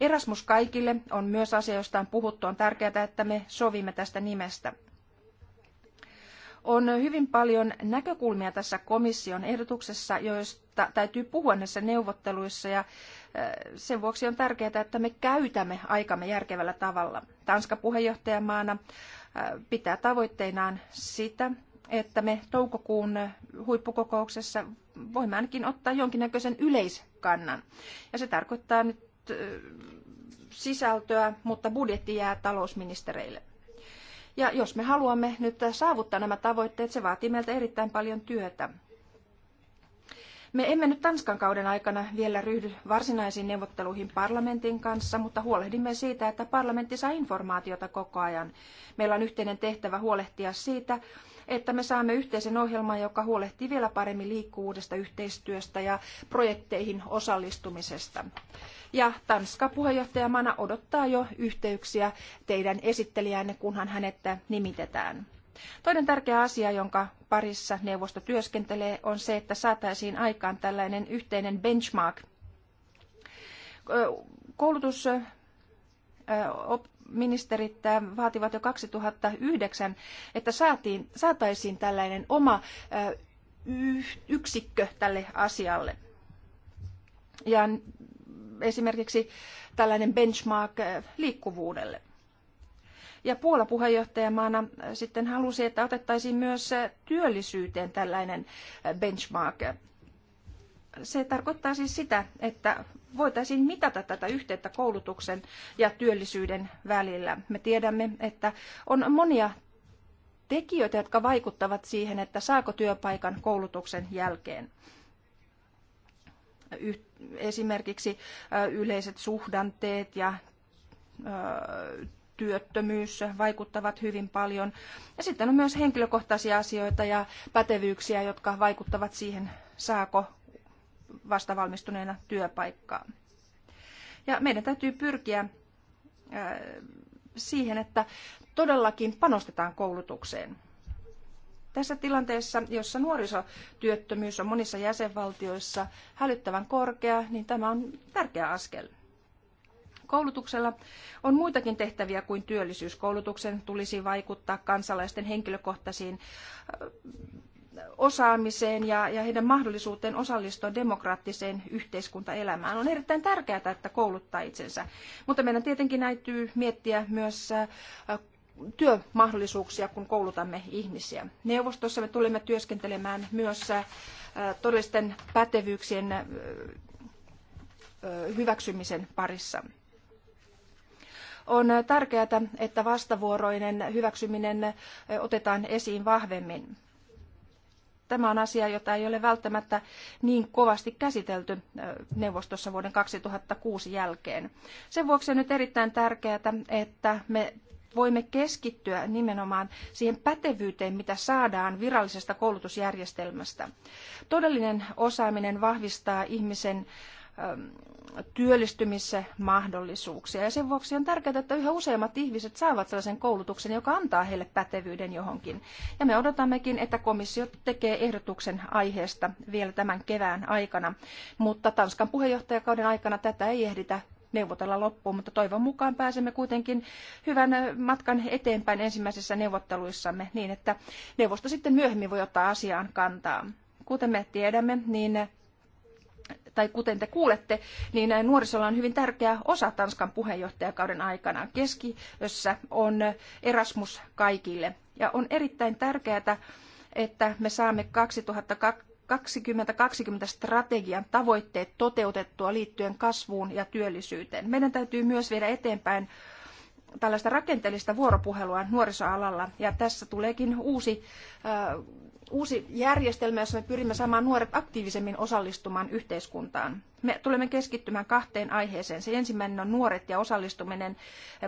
Erasmus kaikille on myös asia, josta on puhuttu. On tärkeää, että me sovimme tästä nimestä. On hyvin paljon näkökulmia tässä komission ehdotuksessa, joista täytyy puhua näissä neuvotteluissa ja sen vuoksi on tärkeää, että me käytämme aikamme järkevällä tavalla. Tanska puheenjohtajamaana pitää tavoitteinaan sitä, että me toukokuun huippukokouksessa voimme ainakin ottaa jonkinnäköisen yleiskannan. Ja se tarkoittaa nyt sisältöä, mutta budjetti jää talousministereille. Ja jos me haluamme nyt saavuttaa nämä tavoitteet, se vaatii meiltä erittäin paljon työtä. Me emme nyt Tanskan kauden aikana vielä ryhdy varsinaisiin neuvotteluihin parlamentin kanssa, mutta huolehdimme siitä, että parlamentti saa informaatiota koko ajan. Meillä on yhteinen tehtävä huolehtia siitä, että me saamme yhteisen ohjelman, joka huolehtii vielä paremmin liikkuvuudesta, yhteistyöstä ja projekteihin osallistumisesta. Ja Tanska puheenjohtajamana odottaa jo yhteyksiä teidän esittelijänne, kunhan hänet nimitetään. Toinen tärkeä asia, jonka parissa neuvosto työskentelee, on se, että saataisiin aikaan tällainen yhteinen benchmark. Koulutus ministerit äh, vaativat jo 2009, että saatiin, saataisiin tällainen oma äh, yksikkö tälle asialle. Ja esimerkiksi tällainen benchmark äh, liikkuvuudelle. Ja Puola puheenjohtajamaana sitten halusi, että otettaisiin myös työllisyyteen tällainen benchmark se tarkoittaa siis sitä, että voitaisiin mitata tätä yhteyttä koulutuksen ja työllisyyden välillä. Me tiedämme, että on monia tekijöitä, jotka vaikuttavat siihen, että saako työpaikan koulutuksen jälkeen. Esimerkiksi yleiset suhdanteet ja työttömyys vaikuttavat hyvin paljon. Ja sitten on myös henkilökohtaisia asioita ja pätevyyksiä, jotka vaikuttavat siihen, saako vastavalmistuneena työpaikkaa. Ja meidän täytyy pyrkiä äh, siihen, että todellakin panostetaan koulutukseen. Tässä tilanteessa, jossa nuorisotyöttömyys on monissa jäsenvaltioissa hälyttävän korkea, niin tämä on tärkeä askel. Koulutuksella on muitakin tehtäviä kuin työllisyyskoulutuksen tulisi vaikuttaa kansalaisten henkilökohtaisiin äh, osaamiseen ja, ja heidän mahdollisuuteen osallistua demokraattiseen yhteiskuntaelämään. On erittäin tärkeää, että kouluttaa itsensä, mutta meidän tietenkin täytyy miettiä myös äh, työmahdollisuuksia, kun koulutamme ihmisiä. Neuvostossa me tulemme työskentelemään myös äh, todellisten pätevyyksien äh, hyväksymisen parissa. On tärkeää, että vastavuoroinen hyväksyminen otetaan esiin vahvemmin tämä on asia, jota ei ole välttämättä niin kovasti käsitelty neuvostossa vuoden 2006 jälkeen. Sen vuoksi on nyt erittäin tärkeää, että me voimme keskittyä nimenomaan siihen pätevyyteen, mitä saadaan virallisesta koulutusjärjestelmästä. Todellinen osaaminen vahvistaa ihmisen mahdollisuuksia. Ja sen vuoksi on tärkeää, että yhä useammat ihmiset saavat sellaisen koulutuksen, joka antaa heille pätevyyden johonkin. Ja me odotammekin, että komissio tekee ehdotuksen aiheesta vielä tämän kevään aikana. Mutta Tanskan puheenjohtajakauden aikana tätä ei ehditä neuvotella loppuun, mutta toivon mukaan pääsemme kuitenkin hyvän äh, matkan eteenpäin ensimmäisissä neuvotteluissamme niin, että neuvosto sitten myöhemmin voi ottaa asiaan kantaa. Kuten me tiedämme, niin tai kuten te kuulette, niin nuorisolla on hyvin tärkeä osa Tanskan puheenjohtajakauden aikana. Keskiössä on Erasmus kaikille. Ja on erittäin tärkeää, että me saamme 2020 strategian tavoitteet toteutettua liittyen kasvuun ja työllisyyteen. Meidän täytyy myös viedä eteenpäin tällaista rakenteellista vuoropuhelua nuorisoalalla ja tässä tuleekin uusi äh, uusi järjestelmä, jossa me pyrimme saamaan nuoret aktiivisemmin osallistumaan yhteiskuntaan. Me tulemme keskittymään kahteen aiheeseen. Se ensimmäinen on nuoret ja osallistuminen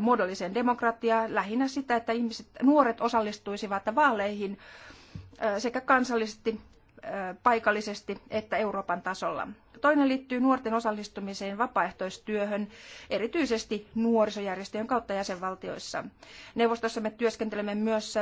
muodolliseen demokratiaan, lähinnä sitä, että ihmiset, nuoret osallistuisivat vaaleihin sekä kansallisesti, paikallisesti että Euroopan tasolla. Toinen liittyy nuorten osallistumiseen vapaaehtoistyöhön, erityisesti nuorisojärjestöjen kautta jäsenvaltioissa. Neuvostossa me työskentelemme myös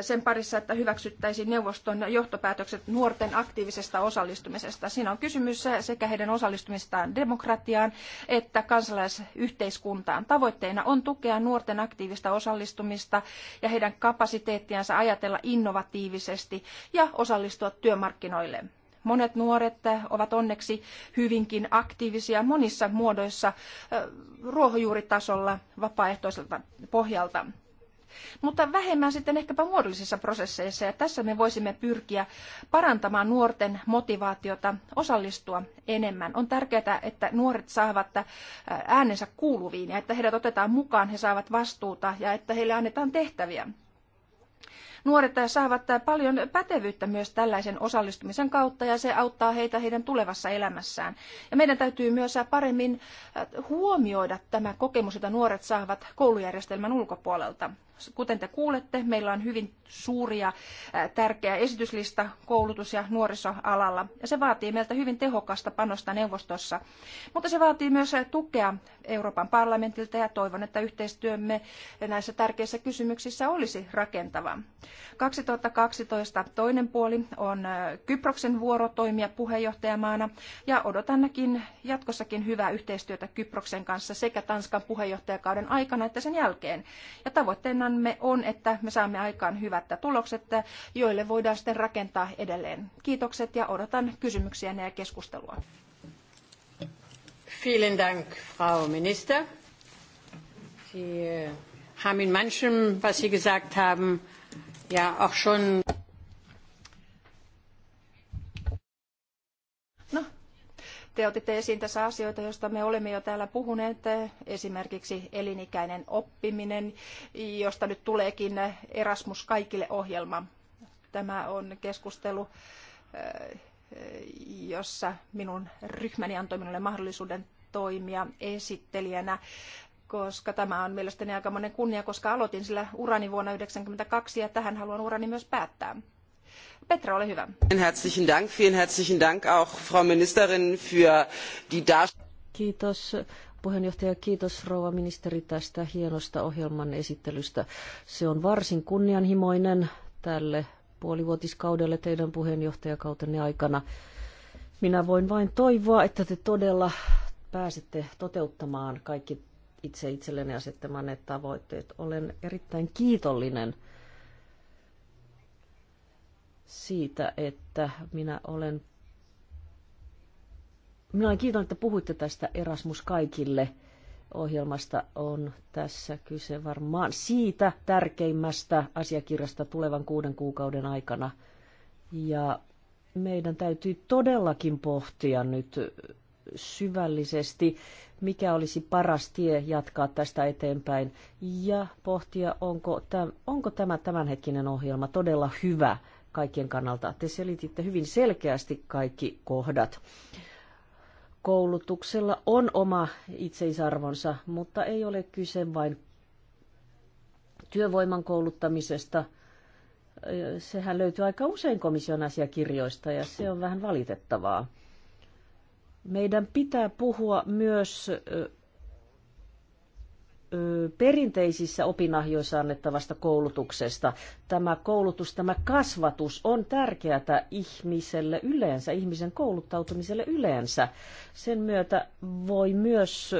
sen parissa, että hyväksyttäisiin neuvoston johtopäätökset nuorten aktiivisesta osallistumisesta. Siinä on kysymys sekä heidän osallistumistaan demokratiaan että kansalaisyhteiskuntaan. Tavoitteena on tukea nuorten aktiivista osallistumista ja heidän kapasiteettiansa ajatella innovatiivisesti ja osallistua työmarkkinoille. Monet nuoret ovat onneksi hyvinkin aktiivisia monissa muodoissa ruohonjuuritasolla vapaaehtoiselta pohjalta mutta vähemmän sitten ehkäpä muodollisissa prosesseissa. Ja tässä me voisimme pyrkiä parantamaan nuorten motivaatiota osallistua enemmän. On tärkeää, että nuoret saavat äh, äänensä kuuluviin ja että heidät otetaan mukaan, he saavat vastuuta ja että heille annetaan tehtäviä. Nuoret saavat paljon pätevyyttä myös tällaisen osallistumisen kautta ja se auttaa heitä heidän tulevassa elämässään. Ja meidän täytyy myös paremmin äh, huomioida tämä kokemus, jota nuoret saavat koulujärjestelmän ulkopuolelta. Kuten te kuulette, meillä on hyvin suuria tärkeä esityslista koulutus- ja nuorisoalalla. Ja se vaatii meiltä hyvin tehokasta panosta neuvostossa, mutta se vaatii myös tukea Euroopan parlamentilta ja toivon, että yhteistyömme näissä tärkeissä kysymyksissä olisi rakentava. 2012 toinen puoli on Kyproksen vuoro toimia puheenjohtajamaana ja odotannakin jatkossakin hyvää yhteistyötä Kyproksen kanssa sekä Tanskan puheenjohtajakauden aikana että sen jälkeen. Ja tavoitteena tavoitteenamme on, että me saamme aikaan hyvät tulokset, joille voidaan sitten rakentaa edelleen. Kiitokset ja odotan kysymyksiä ja keskustelua. Vielen Dank, Frau Minister. Sie äh, haben in manchem, was Sie gesagt haben, ja auch schon Te otitte esiin tässä asioita, joista me olemme jo täällä puhuneet, esimerkiksi elinikäinen oppiminen, josta nyt tuleekin Erasmus kaikille ohjelma. Tämä on keskustelu, eh, jossa minun ryhmäni antoi minulle mahdollisuuden toimia esittelijänä koska tämä on mielestäni aika monen kunnia, koska aloitin sillä urani vuonna 1992 ja tähän haluan urani myös päättää. Petra, ole hyvä. Herzlichen Dank, vielen herzlichen Dank auch Frau Ministerin für die Kiitos puheenjohtaja, kiitos rouva ministeri tästä hienosta ohjelman esittelystä. Se on varsin kunnianhimoinen tälle puolivuotiskaudelle teidän puheenjohtajakautenne aikana. Minä voin vain toivoa, että te todella pääsette toteuttamaan kaikki itse itselleni asettamanne tavoitteet. Olen erittäin kiitollinen siitä, että minä olen... Minä olen kiitollinen, että puhuitte tästä Erasmus kaikille ohjelmasta. On tässä kyse varmaan siitä tärkeimmästä asiakirjasta tulevan kuuden kuukauden aikana. Ja meidän täytyy todellakin pohtia nyt syvällisesti, mikä olisi paras tie jatkaa tästä eteenpäin ja pohtia, onko onko tämä tämänhetkinen ohjelma todella hyvä – kaikkien kannalta. Te selititte hyvin selkeästi kaikki kohdat. Koulutuksella on oma itseisarvonsa, mutta ei ole kyse vain työvoiman kouluttamisesta. Sehän löytyy aika usein komission asiakirjoista ja se on vähän valitettavaa. Meidän pitää puhua myös perinteisissä opinahjoissa annettavasta koulutuksesta. Tämä koulutus, tämä kasvatus on tärkeää ihmiselle yleensä, ihmisen kouluttautumiselle yleensä. Sen myötä voi myös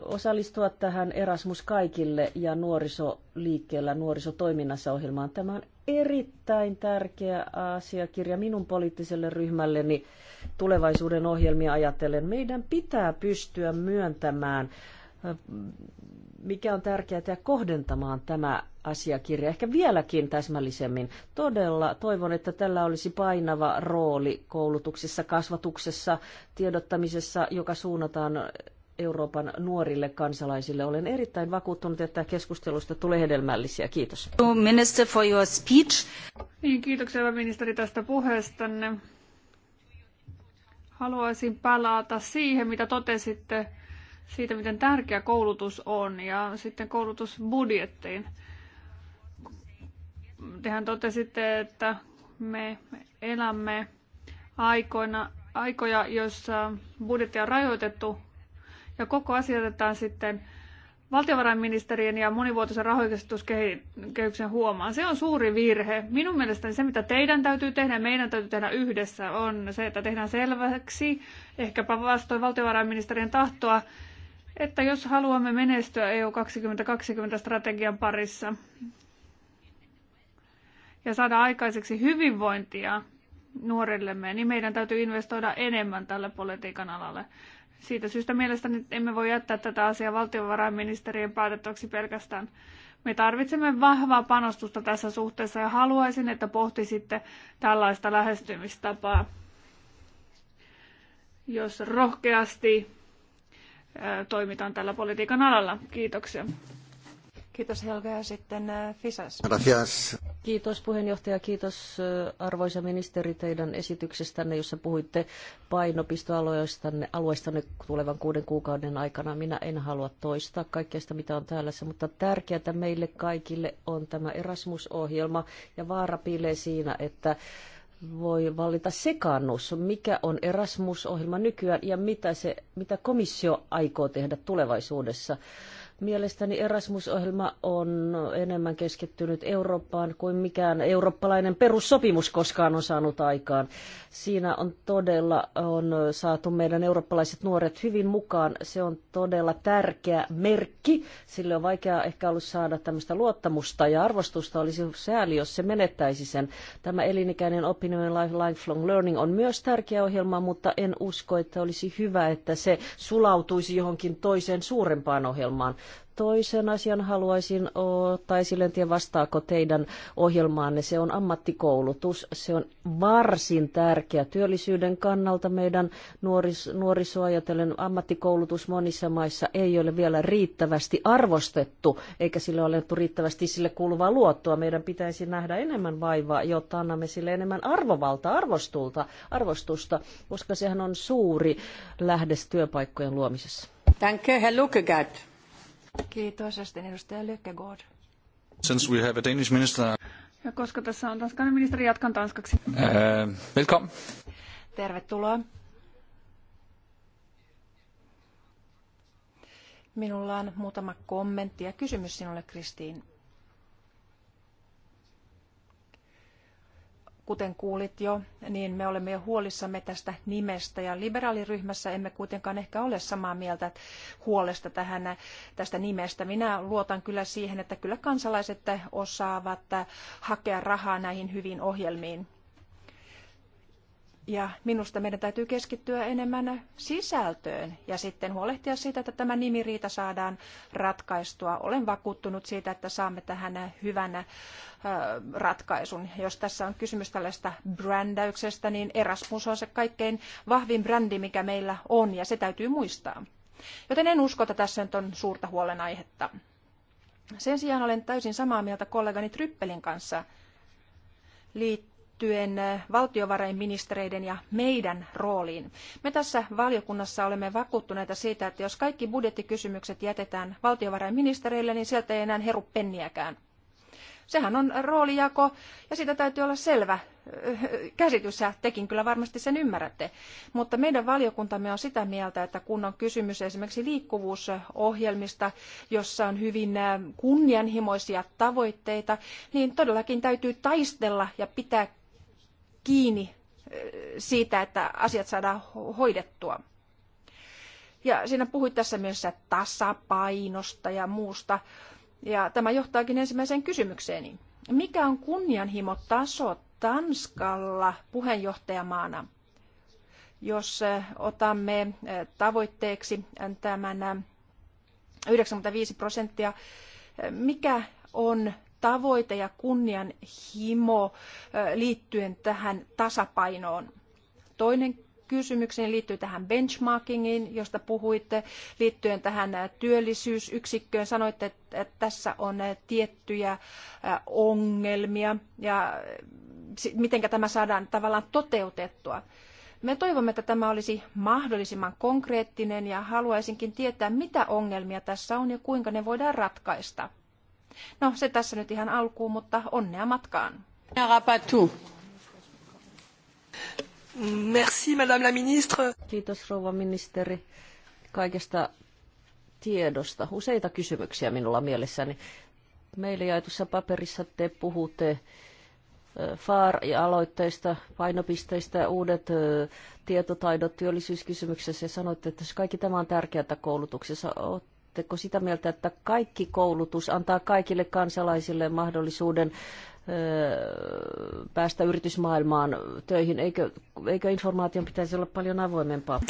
osallistua tähän Erasmus kaikille ja nuorisoliikkeellä nuorisotoiminnassa ohjelmaan. Tämä on erittäin tärkeä asiakirja minun poliittiselle ryhmälleni tulevaisuuden ohjelmia ajatellen. Meidän pitää pystyä myöntämään, mikä on tärkeää, ja kohdentamaan tämä asiakirja ehkä vieläkin täsmällisemmin. Todella toivon, että tällä olisi painava rooli koulutuksessa, kasvatuksessa, tiedottamisessa, joka suunnataan Euroopan nuorille kansalaisille. Olen erittäin vakuuttunut, että keskustelusta tulee hedelmällisiä. Kiitos. Minister for your speech. Niin, kiitoksia hyvä ministeri tästä puheestanne. Haluaisin palata siihen, mitä totesitte siitä, miten tärkeä koulutus on ja sitten koulutusbudjettiin. Tehän totesitte, että me elämme aikoina, aikoja, joissa budjettia on rajoitettu ja koko asia otetaan sitten valtiovarainministerien ja monivuotisen rahoituskehyksen huomaan. Se on suuri virhe. Minun mielestäni se, mitä teidän täytyy tehdä ja meidän täytyy tehdä yhdessä, on se, että tehdään selväksi, ehkäpä vastoin valtiovarainministerien tahtoa, että jos haluamme menestyä EU 2020-strategian parissa ja saada aikaiseksi hyvinvointia nuorillemme, niin meidän täytyy investoida enemmän tälle politiikan alalle. Siitä syystä mielestäni emme voi jättää tätä asiaa valtiovarainministeriön päätettäväksi pelkästään. Me tarvitsemme vahvaa panostusta tässä suhteessa ja haluaisin, että pohtisitte tällaista lähestymistapaa. Jos rohkeasti toimitaan tällä politiikan alalla. Kiitoksia. Kiitos Helga ja sitten äh, Fisas. Gracias. Kiitos puheenjohtaja, kiitos äh, arvoisa ministeri teidän esityksestänne, jossa puhuitte painopistoalueistanne alueistanne tulevan kuuden kuukauden aikana. Minä en halua toistaa kaikkea sitä, mitä on täällä, mutta tärkeää meille kaikille on tämä Erasmus-ohjelma ja vaara piilee siinä, että voi vallita sekaannus, mikä on Erasmus-ohjelma nykyään ja mitä, se, mitä komissio aikoo tehdä tulevaisuudessa. Mielestäni Erasmus-ohjelma on enemmän keskittynyt Eurooppaan kuin mikään eurooppalainen perussopimus koskaan on saanut aikaan. Siinä on todella on saatu meidän eurooppalaiset nuoret hyvin mukaan. Se on todella tärkeä merkki. Sille on vaikea ehkä ollut saada tämmöistä luottamusta ja arvostusta. Olisi sääli, jos se menettäisi sen. Tämä elinikäinen oppiminen life Lifelong Learning on myös tärkeä ohjelma, mutta en usko, että olisi hyvä, että se sulautuisi johonkin toiseen suurempaan ohjelmaan toisen asian haluaisin ottaa esille, en tiedä vastaako teidän ohjelmaanne. Se on ammattikoulutus. Se on varsin tärkeä työllisyyden kannalta meidän nuoris, nuorisoa ajatellen. Ammattikoulutus monissa maissa ei ole vielä riittävästi arvostettu, eikä sille ole annettu riittävästi sille kuuluvaa luottoa. Meidän pitäisi nähdä enemmän vaivaa, jotta annamme sille enemmän arvovalta, arvostulta, arvostusta, koska sehän on suuri lähdes työpaikkojen luomisessa. Danke, Herr Lukegaard. Kiitos. Ja sitten edustaja Lökkegaard. Since we have a Danish minister... Ja koska tässä on tanskainen ministeri, jatkan tanskaksi. Uh, welcome. Tervetuloa. Minulla on muutama kommentti ja kysymys sinulle, Kristiin. Kuten kuulit jo, niin me olemme jo huolissamme tästä nimestä ja liberaaliryhmässä emme kuitenkaan ehkä ole samaa mieltä huolesta tähän, tästä nimestä. Minä luotan kyllä siihen, että kyllä kansalaiset osaavat hakea rahaa näihin hyviin ohjelmiin. Ja minusta meidän täytyy keskittyä enemmän sisältöön ja sitten huolehtia siitä, että tämä nimiriita saadaan ratkaistua. Olen vakuuttunut siitä, että saamme tähän hyvän ratkaisun. Jos tässä on kysymys tällaista brändäyksestä, niin Erasmus on se kaikkein vahvin brändi, mikä meillä on ja se täytyy muistaa. Joten en usko, että tässä nyt on suurta huolenaihetta. Sen sijaan olen täysin samaa mieltä kollegani Tryppelin kanssa liittyen liittyen eh, valtiovarainministereiden ja meidän rooliin. Me tässä valiokunnassa olemme vakuuttuneita siitä, että jos kaikki budjettikysymykset jätetään valtiovarainministereille, niin sieltä ei enää heru penniäkään. Sehän on roolijako ja siitä täytyy olla selvä eh, käsitys ja tekin kyllä varmasti sen ymmärrätte. Mutta meidän valiokuntamme on sitä mieltä, että kun on kysymys esimerkiksi liikkuvuusohjelmista, jossa on hyvin eh, kunnianhimoisia tavoitteita, niin todellakin täytyy taistella ja pitää kiinni äh, siitä, että asiat saadaan hoidettua. Ja siinä puhuit tässä myös tasapainosta ja muusta. Ja tämä johtaakin ensimmäiseen kysymykseeni. Mikä on kunnianhimotaso Tanskalla puheenjohtajamaana, jos äh, otamme äh, tavoitteeksi tämän 95 prosenttia? Mikä on tavoite ja kunnianhimo liittyen tähän tasapainoon. Toinen kysymykseni liittyy tähän benchmarkingiin, josta puhuitte, liittyen tähän työllisyysyksikköön. Sanoitte, että tässä on tiettyjä ongelmia ja miten tämä saadaan tavallaan toteutettua. Me toivomme, että tämä olisi mahdollisimman konkreettinen ja haluaisinkin tietää, mitä ongelmia tässä on ja kuinka ne voidaan ratkaista. No se tässä nyt ihan alkuun, mutta onnea matkaan. Merci, Madame la Ministre. Kiitos, rouva ministeri, kaikesta tiedosta. Useita kysymyksiä minulla mielessäni. Meille jaetussa paperissa te puhutte FAR-aloitteista, ja painopisteistä, uudet tietotaidot työllisyyskysymyksessä ja sanoitte, että kaikki tämä on tärkeää koulutuksessa oletteko sitä mieltä, että kaikki koulutus antaa kaikille kansalaisille mahdollisuuden päästä yritysmaailmaan töihin. Eikö, eikö informaation pitäisi olla paljon avoimempaa?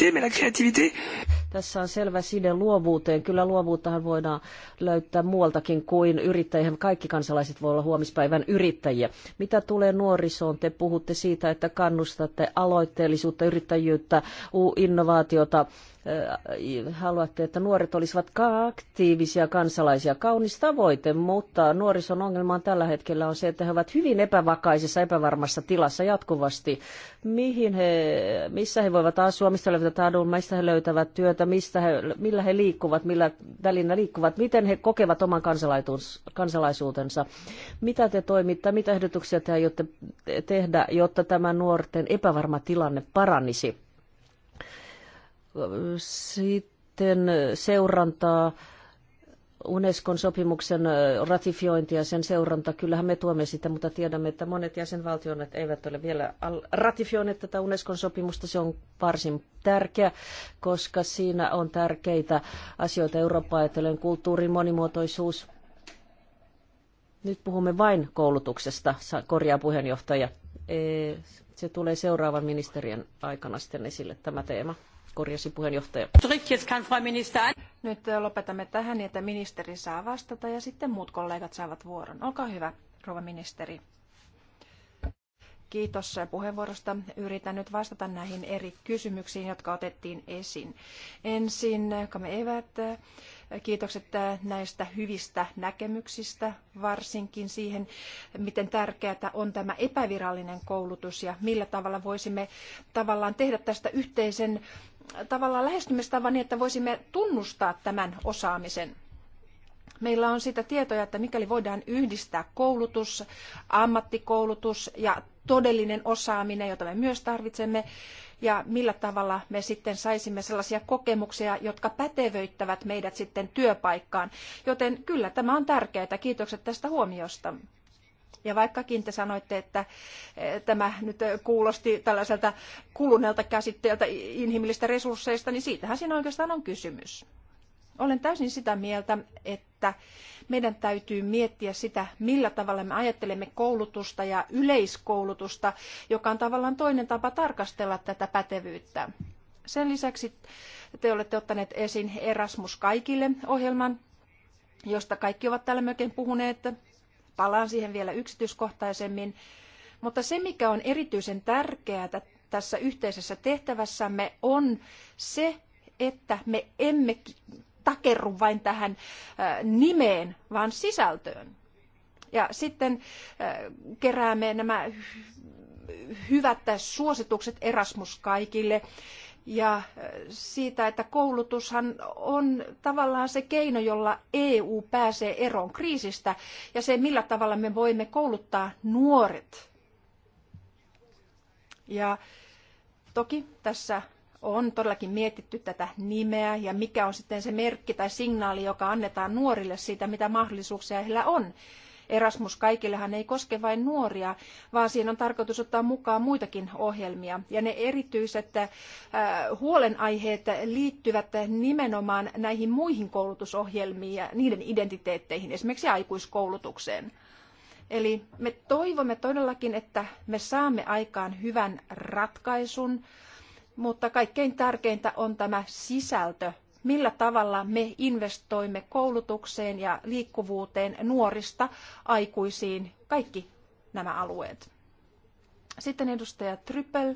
Tässä on selvä side luovuuteen. Kyllä luovuuttahan voidaan löytää muualtakin kuin yrittäjien. Kaikki kansalaiset voivat olla huomispäivän yrittäjiä. Mitä tulee nuorisoon? Te puhutte siitä, että kannustatte aloitteellisuutta, yrittäjyyttä, innovaatiota haluatte, että nuoret olisivat aktiivisia kansalaisia. Kaunis tavoite, mutta nuorison ongelma on tällä hetkellä on se, että he ovat hyvin epävakaisessa, epävarmassa tilassa jatkuvasti. Mihin he, missä he voivat asua, mistä he löytävät adun, mistä he löytävät työtä, mistä he, millä he liikkuvat, millä välinä liikkuvat, miten he kokevat oman kansalaisuutensa. Mitä te toimitte, mitä ehdotuksia te aiotte tehdä, jotta tämä nuorten epävarma tilanne paranisi? Sitten seurantaa Unescon sopimuksen ratifiointi ja sen seuranta, kyllähän me tuomme sitä, mutta tiedämme, että monet jäsenvaltiot eivät ole vielä ratifioineet tätä Unescon sopimusta. Se on varsin tärkeä, koska siinä on tärkeitä asioita Eurooppaa ajatellen kulttuurin monimuotoisuus. Nyt puhumme vain koulutuksesta, korjaa puheenjohtaja. E, se tulee seuraavan ministeriön aikana sitten esille tämä teema korjasi puheenjohtaja. Nyt lopetamme tähän, niin että ministeri saa vastata ja sitten muut kollegat saavat vuoron. Olkaa hyvä, rouva ministeri. Kiitos puheenvuorosta. Yritän nyt vastata näihin eri kysymyksiin, jotka otettiin esiin. Ensin me Evät, kiitokset näistä hyvistä näkemyksistä, varsinkin siihen, miten tärkeää on tämä epävirallinen koulutus ja millä tavalla voisimme tavallaan tehdä tästä yhteisen tavallaan lähestymistavan niin, että voisimme tunnustaa tämän osaamisen. Meillä on siitä tietoja, että mikäli voidaan yhdistää koulutus, ammattikoulutus ja todellinen osaaminen, jota me myös tarvitsemme, ja millä tavalla me sitten saisimme sellaisia kokemuksia, jotka pätevöittävät meidät sitten työpaikkaan. Joten kyllä tämä on tärkeää. Kiitokset tästä huomiosta. Ja vaikkakin te sanoitte, että eh, tämä nyt kuulosti tällaiselta kuluneelta käsitteeltä inhimillistä resursseista, niin siitähän siinä oikeastaan on kysymys. Olen täysin sitä mieltä, että meidän täytyy miettiä sitä, millä tavalla me ajattelemme koulutusta ja yleiskoulutusta, joka on tavallaan toinen tapa tarkastella tätä pätevyyttä. Sen lisäksi te olette ottaneet esiin Erasmus kaikille ohjelman, josta kaikki ovat täällä melkein puhuneet. Palaan siihen vielä yksityiskohtaisemmin. Mutta se, mikä on erityisen tärkeää tässä yhteisessä tehtävässämme, on se, että me emme takerru vain tähän nimeen, vaan sisältöön. Ja sitten keräämme nämä hyvät suositukset Erasmus kaikille ja äh, siitä, että koulutushan on tavallaan se keino, jolla EU pääsee eroon kriisistä ja se, millä tavalla me voimme kouluttaa nuoret. Ja toki tässä on todellakin mietitty tätä nimeä ja mikä on sitten se merkki tai signaali, joka annetaan nuorille siitä, mitä mahdollisuuksia heillä on. Erasmus kaikillehan ei koske vain nuoria, vaan siinä on tarkoitus ottaa mukaan muitakin ohjelmia. Ja ne erityiset äh, huolenaiheet liittyvät nimenomaan näihin muihin koulutusohjelmiin ja niiden identiteetteihin, esimerkiksi aikuiskoulutukseen. Eli me toivomme todellakin, että me saamme aikaan hyvän ratkaisun, mutta kaikkein tärkeintä on tämä sisältö millä tavalla me investoimme koulutukseen ja liikkuvuuteen nuorista aikuisiin, kaikki nämä alueet. Sitten edustaja Trypel.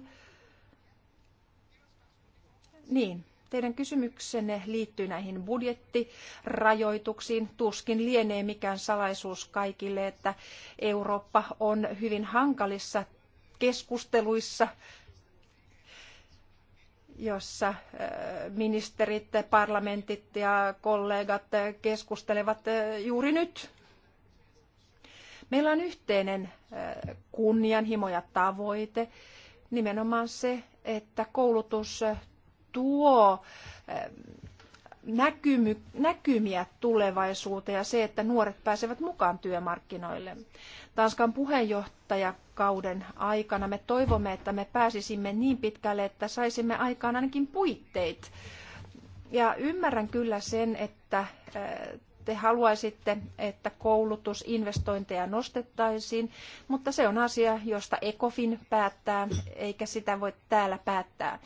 Niin, teidän kysymyksenne liittyy näihin budjettirajoituksiin. Tuskin lienee mikään salaisuus kaikille, että Eurooppa on hyvin hankalissa keskusteluissa jossa äh, ministerit, parlamentit ja kollegat äh, keskustelevat äh, juuri nyt. Meillä on yhteinen kunnianhimo ja tavoite, nimenomaan se, että koulutus tuo näkymy, näkymiä tulevaisuuteen ja se, että nuoret pääsevät mukaan työmarkkinoille. Tanskan puheenjohtajakauden aikana me toivomme, että me pääsisimme niin pitkälle, että saisimme aikaan ainakin puitteet. Ja ymmärrän kyllä sen, että te haluaisitte, että koulutusinvestointeja nostettaisiin, mutta se on asia, josta ECOFIN päättää, eikä sitä voi täällä päättää.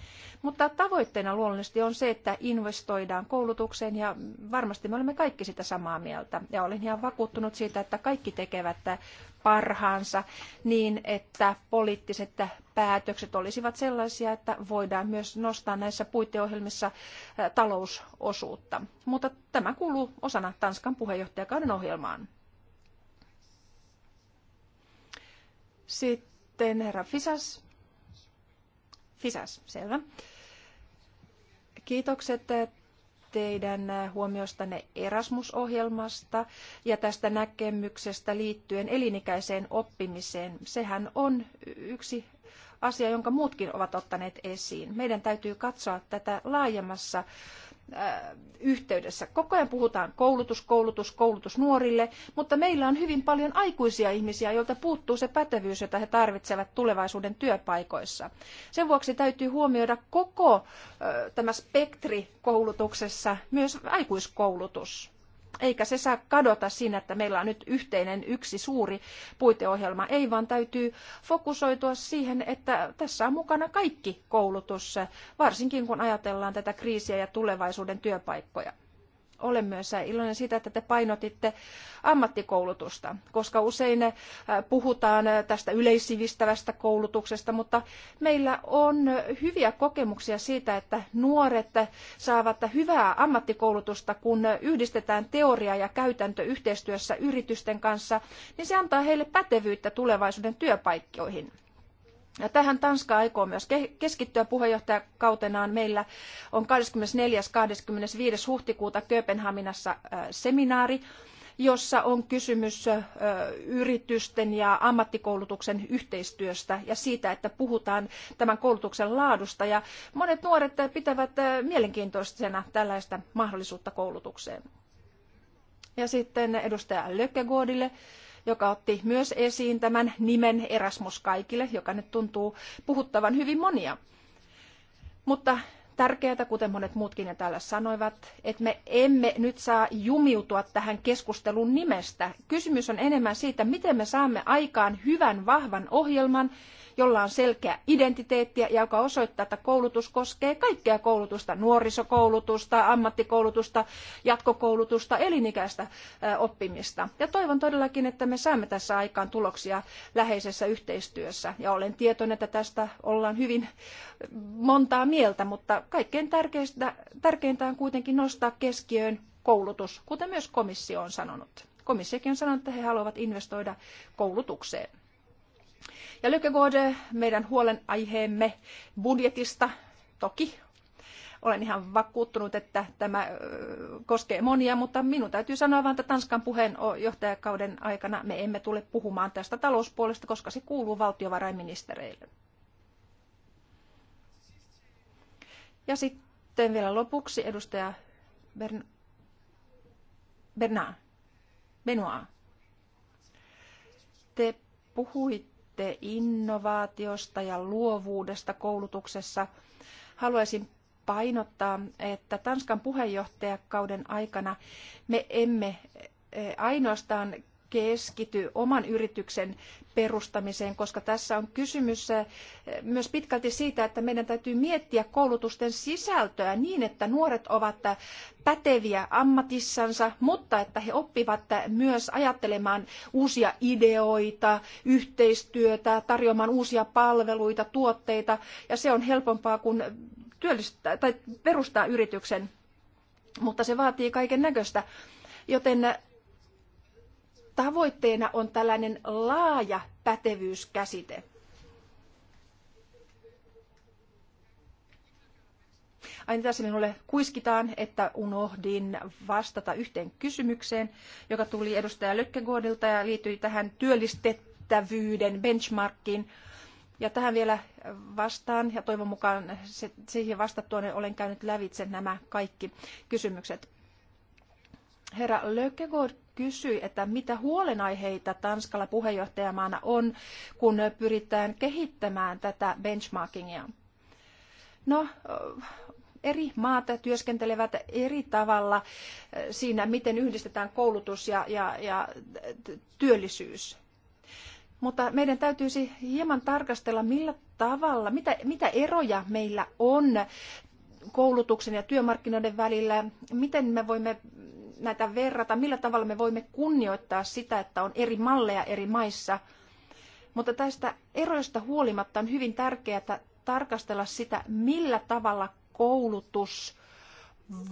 Mutta tavoitteena luonnollisesti on se, että investoidaan koulutukseen ja varmasti me olemme kaikki sitä samaa mieltä. Ja olen ihan vakuuttunut siitä, että kaikki tekevät parhaansa niin, että poliittiset päätökset olisivat sellaisia, että voidaan myös nostaa näissä puiteohjelmissa talousosuutta. Mutta tämä kuuluu osana Tanskan puheenjohtajakauden ohjelmaan. Sitten herra Fisas. Fisas, selvä. Kiitokset teidän huomiostanne Erasmus-ohjelmasta ja tästä näkemyksestä liittyen elinikäiseen oppimiseen. Sehän on yksi asia, jonka muutkin ovat ottaneet esiin. Meidän täytyy katsoa tätä laajemmassa yhteydessä. Koko ajan puhutaan koulutus, koulutus, koulutus nuorille, mutta meillä on hyvin paljon aikuisia ihmisiä, joilta puuttuu se pätevyys, jota he tarvitsevat tulevaisuuden työpaikoissa. Sen vuoksi täytyy huomioida koko tämä spektri koulutuksessa, myös aikuiskoulutus. Eikä se saa kadota siinä, että meillä on nyt yhteinen yksi suuri puiteohjelma. Ei vaan täytyy fokusoitua siihen, että tässä on mukana kaikki koulutus, varsinkin kun ajatellaan tätä kriisiä ja tulevaisuuden työpaikkoja. Olen myös iloinen siitä, että te painotitte ammattikoulutusta, koska usein puhutaan tästä yleissivistävästä koulutuksesta, mutta meillä on hyviä kokemuksia siitä, että nuoret saavat hyvää ammattikoulutusta, kun yhdistetään teoria ja käytäntö yhteistyössä yritysten kanssa, niin se antaa heille pätevyyttä tulevaisuuden työpaikkoihin ja tähän Tanska aikoo myös keskittyä puheenjohtajakautenaan. Meillä on 24.–25. huhtikuuta Kööpenhaminassa äh, seminaari, jossa on kysymys äh, yritysten ja ammattikoulutuksen yhteistyöstä ja siitä, että puhutaan tämän koulutuksen laadusta. Ja monet nuoret pitävät äh, mielenkiintoisena tällaista mahdollisuutta koulutukseen. Ja sitten edustaja Lökkegoodille joka otti myös esiin tämän nimen Erasmus kaikille, joka nyt tuntuu puhuttavan hyvin monia. Mutta tärkeää, kuten monet muutkin jo täällä sanoivat, että me emme nyt saa jumiutua tähän keskustelun nimestä. Kysymys on enemmän siitä, miten me saamme aikaan hyvän, vahvan ohjelman, jolla on selkeä identiteetti ja joka osoittaa, että koulutus koskee kaikkea koulutusta, nuorisokoulutusta, ammattikoulutusta, jatkokoulutusta, elinikäistä oppimista. Ja toivon todellakin, että me saamme tässä aikaan tuloksia läheisessä yhteistyössä. Ja olen tietoinen, että tästä ollaan hyvin montaa mieltä, mutta kaikkein tärkeintä on kuitenkin nostaa keskiöön koulutus, kuten myös komissio on sanonut. Komissiokin on sanonut, että he haluavat investoida koulutukseen. Ja Lykkegård, meidän huolenaiheemme budjetista toki olen ihan vakuuttunut, että tämä koskee monia, mutta minun täytyy sanoa vain, että Tanskan puheenjohtajakauden aikana me emme tule puhumaan tästä talouspuolesta, koska se kuuluu valtiovarainministereille. Ja sitten vielä lopuksi edustaja Bern... Bernard. Benoit. Te puhuitte puhuitte innovaatiosta ja luovuudesta koulutuksessa. Haluaisin painottaa, että Tanskan puheenjohtajakauden aikana me emme eh, ainoastaan keskity oman yrityksen perustamiseen, koska tässä on kysymys eh, myös pitkälti siitä, että meidän täytyy miettiä koulutusten sisältöä niin, että nuoret ovat eh, päteviä ammatissansa, mutta että he oppivat eh, myös ajattelemaan uusia ideoita, yhteistyötä, tarjoamaan uusia palveluita, tuotteita, ja se on helpompaa kuin työllistää tai perustaa yrityksen, mutta se vaatii kaiken näköistä. Joten tavoitteena on tällainen laaja pätevyyskäsite. Aina tässä minulle kuiskitaan, että unohdin vastata yhteen kysymykseen, joka tuli edustaja Lökkegoodilta ja liittyi tähän työllistettävyyden benchmarkkiin. Ja tähän vielä vastaan ja toivon mukaan se, siihen vastattuani olen käynyt lävitse nämä kaikki kysymykset. Herra Lökegård kysyi, että mitä huolenaiheita Tanskalla puheenjohtajamaana on, kun pyritään kehittämään tätä benchmarkingia. No, eri maat työskentelevät eri tavalla eh, siinä, miten yhdistetään koulutus ja, ja, ja työllisyys. Mutta meidän täytyisi hieman tarkastella, millä tavalla, mitä, mitä eroja meillä on koulutuksen ja työmarkkinoiden välillä, miten me voimme näitä verrata, millä tavalla me voimme kunnioittaa sitä, että on eri malleja eri maissa. Mutta tästä eroista huolimatta on hyvin tärkeää tarkastella sitä, millä tavalla koulutus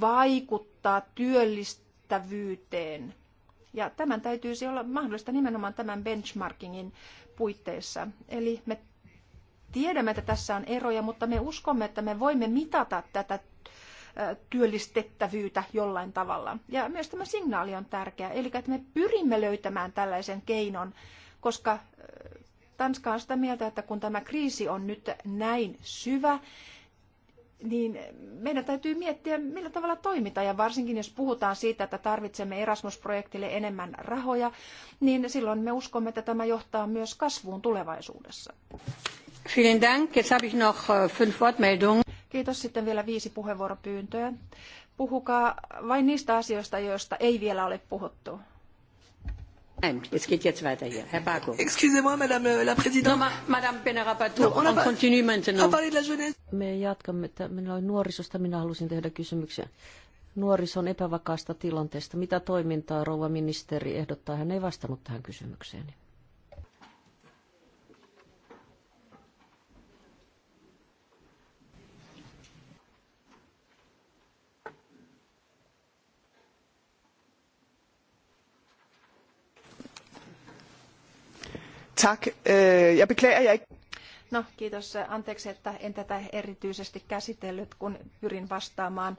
vaikuttaa työllistävyyteen. Ja tämän täytyisi olla mahdollista nimenomaan tämän benchmarkingin puitteissa. Eli me tiedämme, että tässä on eroja, mutta me uskomme, että me voimme mitata tätä työllistettävyyttä jollain tavalla. Ja myös tämä signaali on tärkeä, eli että me pyrimme löytämään tällaisen keinon, koska Tanska on sitä mieltä, että kun tämä kriisi on nyt näin syvä, niin meidän täytyy miettiä, millä tavalla toimita Ja varsinkin jos puhutaan siitä, että tarvitsemme Erasmus-projektille enemmän rahoja, niin silloin me uskomme, että tämä johtaa myös kasvuun tulevaisuudessa. Vielen Dank. Jetzt habe ich noch äh, fünf Wortmeldungen. Kiitos. Sitten vielä viisi puheenvuoropyyntöä. Puhukaa vain niistä asioista, joista ei vielä ole puhuttu. Excusez-moi, Madame euh, la Présidente. Madame on, Me jatkamme. minä olen nuorisosta, minä halusin tehdä kysymyksiä. on epävakaasta tilanteesta. Mitä toimintaa rouva ministeri ehdottaa? Hän ei vastannut tähän kysymykseeni. Tak. Øh, no, kiitos. Anteeksi, että en tätä erityisesti käsitellyt, kun pyrin vastaamaan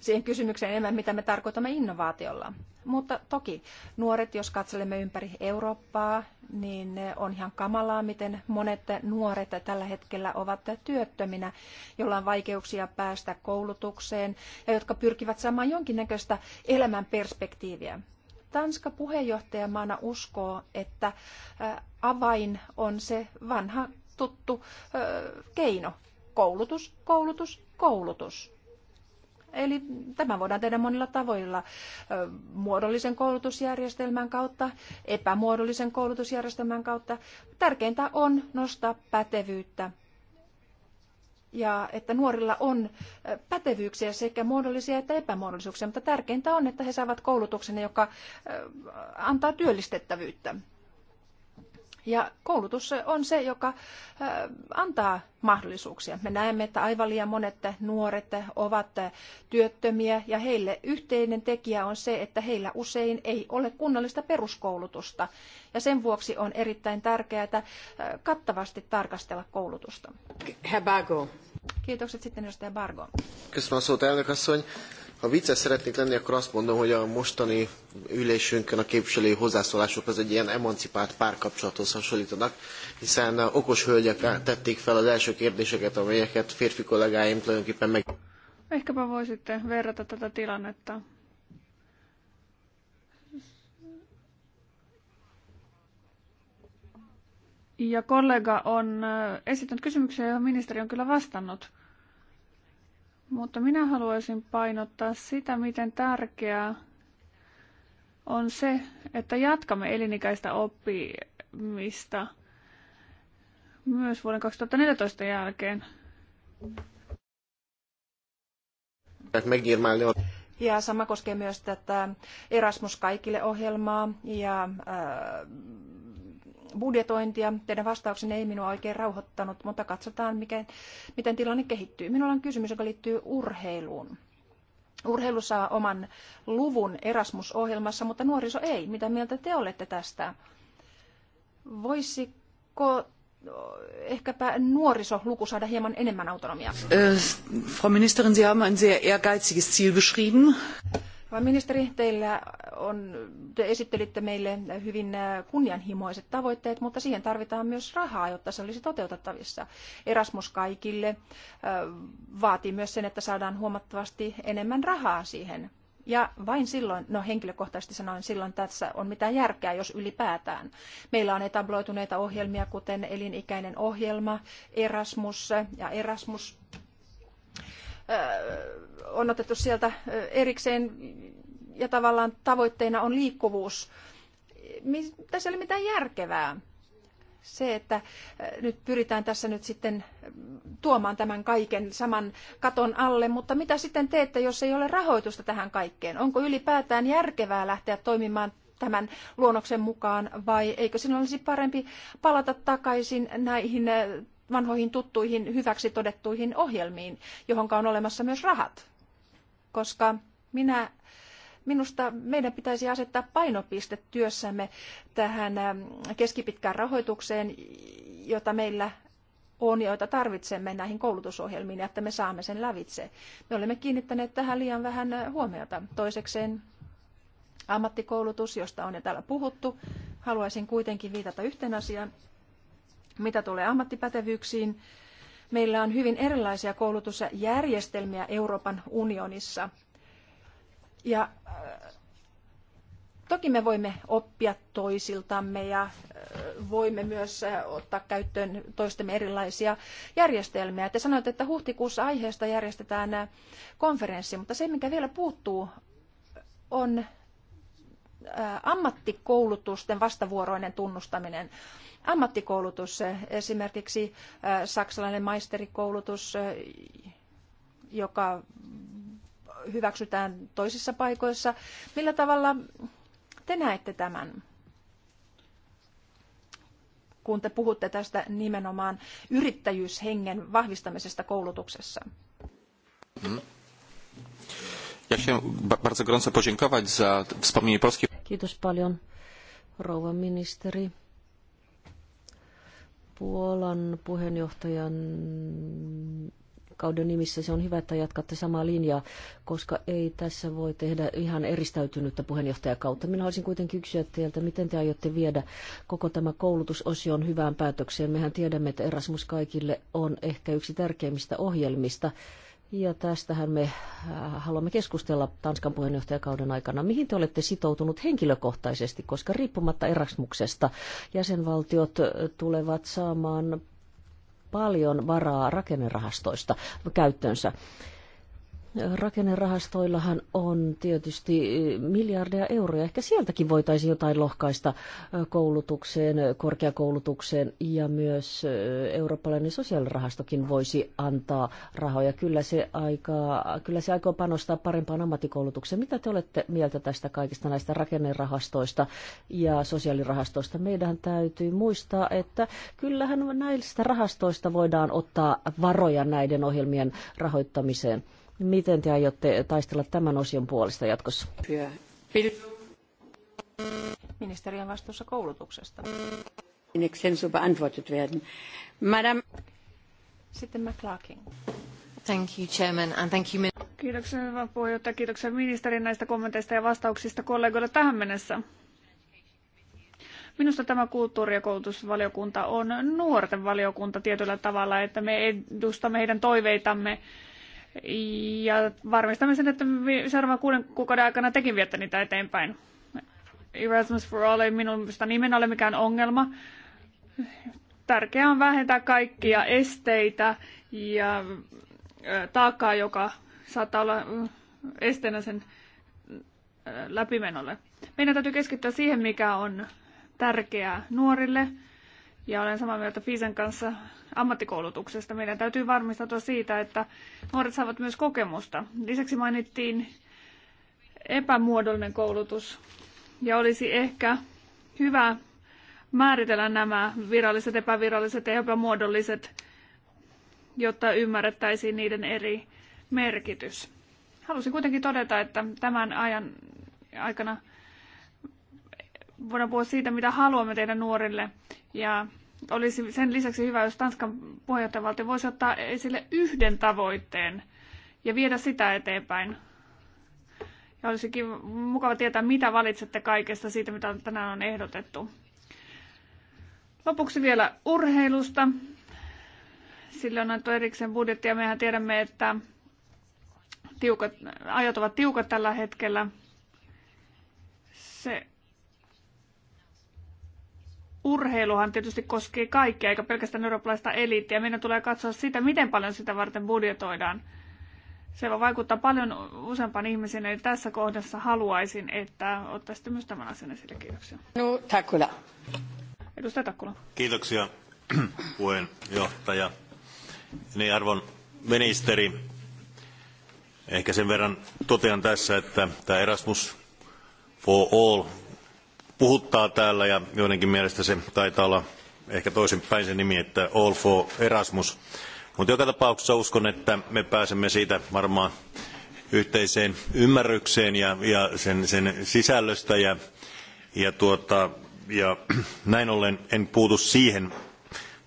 siihen kysymykseen enemmän, mitä me tarkoitamme innovaatiolla. Mutta toki nuoret, jos katselemme ympäri Eurooppaa, niin on ihan kamalaa, miten monet nuoret tällä hetkellä ovat työttöminä, joilla on vaikeuksia päästä koulutukseen ja jotka pyrkivät saamaan jonkinnäköistä elämän perspektiiviä. Tanska puheenjohtajamaana uskoo, että avain on se vanha tuttu keino. Koulutus, koulutus, koulutus. Eli tämä voidaan tehdä monilla tavoilla. Muodollisen koulutusjärjestelmän kautta, epämuodollisen koulutusjärjestelmän kautta. Tärkeintä on nostaa pätevyyttä ja että nuorilla on pätevyyksiä sekä muodollisia että epämuodollisuuksia, mutta tärkeintä on, että he saavat koulutuksen, joka antaa työllistettävyyttä. Ja koulutus on se, joka antaa mahdollisuuksia. Me näemme, että aivan liian monet nuoret ovat työttömiä ja heille yhteinen tekijä on se, että heillä usein ei ole kunnollista peruskoulutusta. Ja sen vuoksi on erittäin tärkeää kattavasti tarkastella koulutusta. Kiitokset sitten edustaja Bargo. Köszönöm a Ha vicces szeretnék lenni, akkor azt mondom, hogy a mostani ülésünkön a képviselői hozzászólások az egy ilyen emancipált párkapcsolathoz hasonlítanak, hiszen okos hölgyek tették fel az első kérdéseket, amelyeket férfi kollégáim tulajdonképpen meg... Ehkäpä voisitte verrata tätä tilannetta Ja kollega on äh, esittänyt kysymyksiä, joihin ministeri on kyllä vastannut. Mutta minä haluaisin painottaa sitä, miten tärkeää on se, että jatkamme elinikäistä oppimista myös vuoden 2014 jälkeen. Ja sama koskee myös tätä Erasmus kaikille ohjelmaa ja äh, budjetointia. Teidän vastauksenne ei minua oikein rauhoittanut, mutta katsotaan, mikä, miten tilanne kehittyy. Minulla on kysymys, joka liittyy urheiluun. Urheilu saa oman luvun Erasmus-ohjelmassa, mutta nuoriso ei. Mitä mieltä te olette tästä? Voisiko ehkäpä nuorisoluku saada hieman enemmän autonomiaa? Äh, Frau Ministerin, Sie haben ein sehr ehrgeiziges Ziel beschrieben ministeri, teillä on, te esittelitte meille hyvin kunnianhimoiset tavoitteet, mutta siihen tarvitaan myös rahaa, jotta se olisi toteutettavissa. Erasmus kaikille vaatii myös sen, että saadaan huomattavasti enemmän rahaa siihen. Ja vain silloin, no henkilökohtaisesti sanoin, silloin tässä on mitään järkeä, jos ylipäätään. Meillä on etabloituneita ohjelmia, kuten elinikäinen ohjelma, Erasmus ja Erasmus on otettu sieltä erikseen ja tavallaan tavoitteena on liikkuvuus. Tässä ei ole mitään järkevää. Se, että nyt pyritään tässä nyt sitten tuomaan tämän kaiken saman katon alle, mutta mitä sitten teette, jos ei ole rahoitusta tähän kaikkeen? Onko ylipäätään järkevää lähteä toimimaan tämän luonnoksen mukaan vai eikö sinun olisi parempi palata takaisin näihin vanhoihin tuttuihin hyväksi todettuihin ohjelmiin, johon on olemassa myös rahat. Koska minä, minusta meidän pitäisi asettaa painopiste työssämme tähän ähm, keskipitkään rahoitukseen, jota meillä on, joita tarvitsemme näihin koulutusohjelmiin ja että me saamme sen lävitse. Me olemme kiinnittäneet tähän liian vähän äh, huomiota. Toisekseen ammattikoulutus, josta on jo täällä puhuttu. Haluaisin kuitenkin viitata yhteen asiaan, mitä tulee ammattipätevyyksiin, meillä on hyvin erilaisia koulutusjärjestelmiä Euroopan unionissa. Ja äh, toki me voimme oppia toisiltamme ja äh, voimme myös äh, ottaa käyttöön toistemme erilaisia järjestelmiä. Te sanoitte, että huhtikuussa aiheesta järjestetään konferenssi, mutta se, mikä vielä puuttuu, on ammattikoulutusten vastavuoroinen tunnustaminen ammattikoulutus, esimerkiksi äh, saksalainen maisterikoulutus, äh, joka hyväksytään toisissa paikoissa. Millä tavalla te näette tämän, kun te puhutte tästä nimenomaan yrittäjyyshengen vahvistamisesta koulutuksessa? Hmm. Kiitos paljon, rouva ministeri. Puolan puheenjohtajan kauden nimissä se on hyvä, että jatkatte samaa linjaa, koska ei tässä voi tehdä ihan eristäytynyttä puheenjohtajakautta. Minä haluaisin kuitenkin kysyä teiltä, miten te aiotte viedä koko tämä koulutusosion hyvään päätökseen. Mehän tiedämme, että Erasmus kaikille on ehkä yksi tärkeimmistä ohjelmista ja tästähän me äh, haluamme keskustella Tanskan puheenjohtajakauden aikana. Mihin te olette sitoutunut henkilökohtaisesti, koska riippumatta Erasmuksesta jäsenvaltiot äh, tulevat saamaan paljon varaa rakennerahastoista käyttöönsä. Rakennerahastoillahan on tietysti eh, miljardeja euroja. Ehkä sieltäkin voitaisiin jotain lohkaista eh, koulutukseen, korkeakoulutukseen ja myös eh, eurooppalainen sosiaalirahastokin voisi antaa rahoja. Kyllä se, aika, kyllä se aikoo panostaa parempaan ammattikoulutukseen. Mitä te olette mieltä tästä kaikista näistä rakennerahastoista ja sosiaalirahastoista? Meidän täytyy muistaa, että kyllähän näistä rahastoista voidaan ottaa varoja näiden ohjelmien rahoittamiseen. Miten te aiotte taistella tämän osion puolesta jatkossa? Ministeriön vastuussa koulutuksesta. Madame... Sitten McLaughlin. Thank you, Chairman, and thank you, Kiitoksia hyvä puheenjohtaja. Kiitoksia ministerin näistä kommenteista ja vastauksista kollegoille tähän mennessä. Minusta tämä kulttuuri- ja koulutusvaliokunta on nuorten valiokunta tietyllä tavalla, että me edustamme heidän toiveitamme ja varmistamme sen, että seuraavan kuuden kuukauden aikana tekin viette niitä eteenpäin. Erasmus for All ei minusta nimen ole mikään ongelma. Tärkeää on vähentää kaikkia esteitä ja taakkaa, joka saattaa olla esteenä sen läpimenolle. Meidän täytyy keskittyä siihen, mikä on tärkeää nuorille, ja olen samaa mieltä Fiisen kanssa ammattikoulutuksesta. Meidän täytyy varmistautua siitä, että nuoret saavat myös kokemusta. Lisäksi mainittiin epämuodollinen koulutus ja olisi ehkä hyvä määritellä nämä viralliset, epäviralliset ja epämuodolliset, jotta ymmärrettäisiin niiden eri merkitys. Halusin kuitenkin todeta, että tämän ajan aikana voidaan puhua siitä, mitä haluamme tehdä nuorille ja olisi sen lisäksi hyvä, jos Tanskan puheenjohtajavaltio voisi ottaa esille yhden tavoitteen ja viedä sitä eteenpäin. Ja olisikin mukava tietää, mitä valitsette kaikesta siitä, mitä tänään on ehdotettu. Lopuksi vielä urheilusta. Sille on annettu erikseen budjetti ja mehän tiedämme, että tiukat, ajat ovat tiukat tällä hetkellä. Se urheiluhan tietysti koskee kaikkia, eikä pelkästään eurooppalaista eliittiä. Meidän tulee katsoa sitä, miten paljon sitä varten budjetoidaan. Se vaikuttaa paljon useampaan ihmisiin, eli tässä kohdassa haluaisin, että ottaisitte myös tämän asian esille. Kiitoksia. No, Takula. Edustaja Takula. Kiitoksia puheenjohtaja. Niin arvon ministeri, ehkä sen verran totean tässä, että tämä Erasmus for All puhuttaa täällä ja joidenkin mielestä se taitaa olla ehkä toisinpäin se nimi, että All for Erasmus. Mutta joka tapauksessa uskon, että me pääsemme siitä varmaan yhteiseen ymmärrykseen ja, ja sen, sen sisällöstä ja, ja, tuota, ja näin ollen en puutu siihen.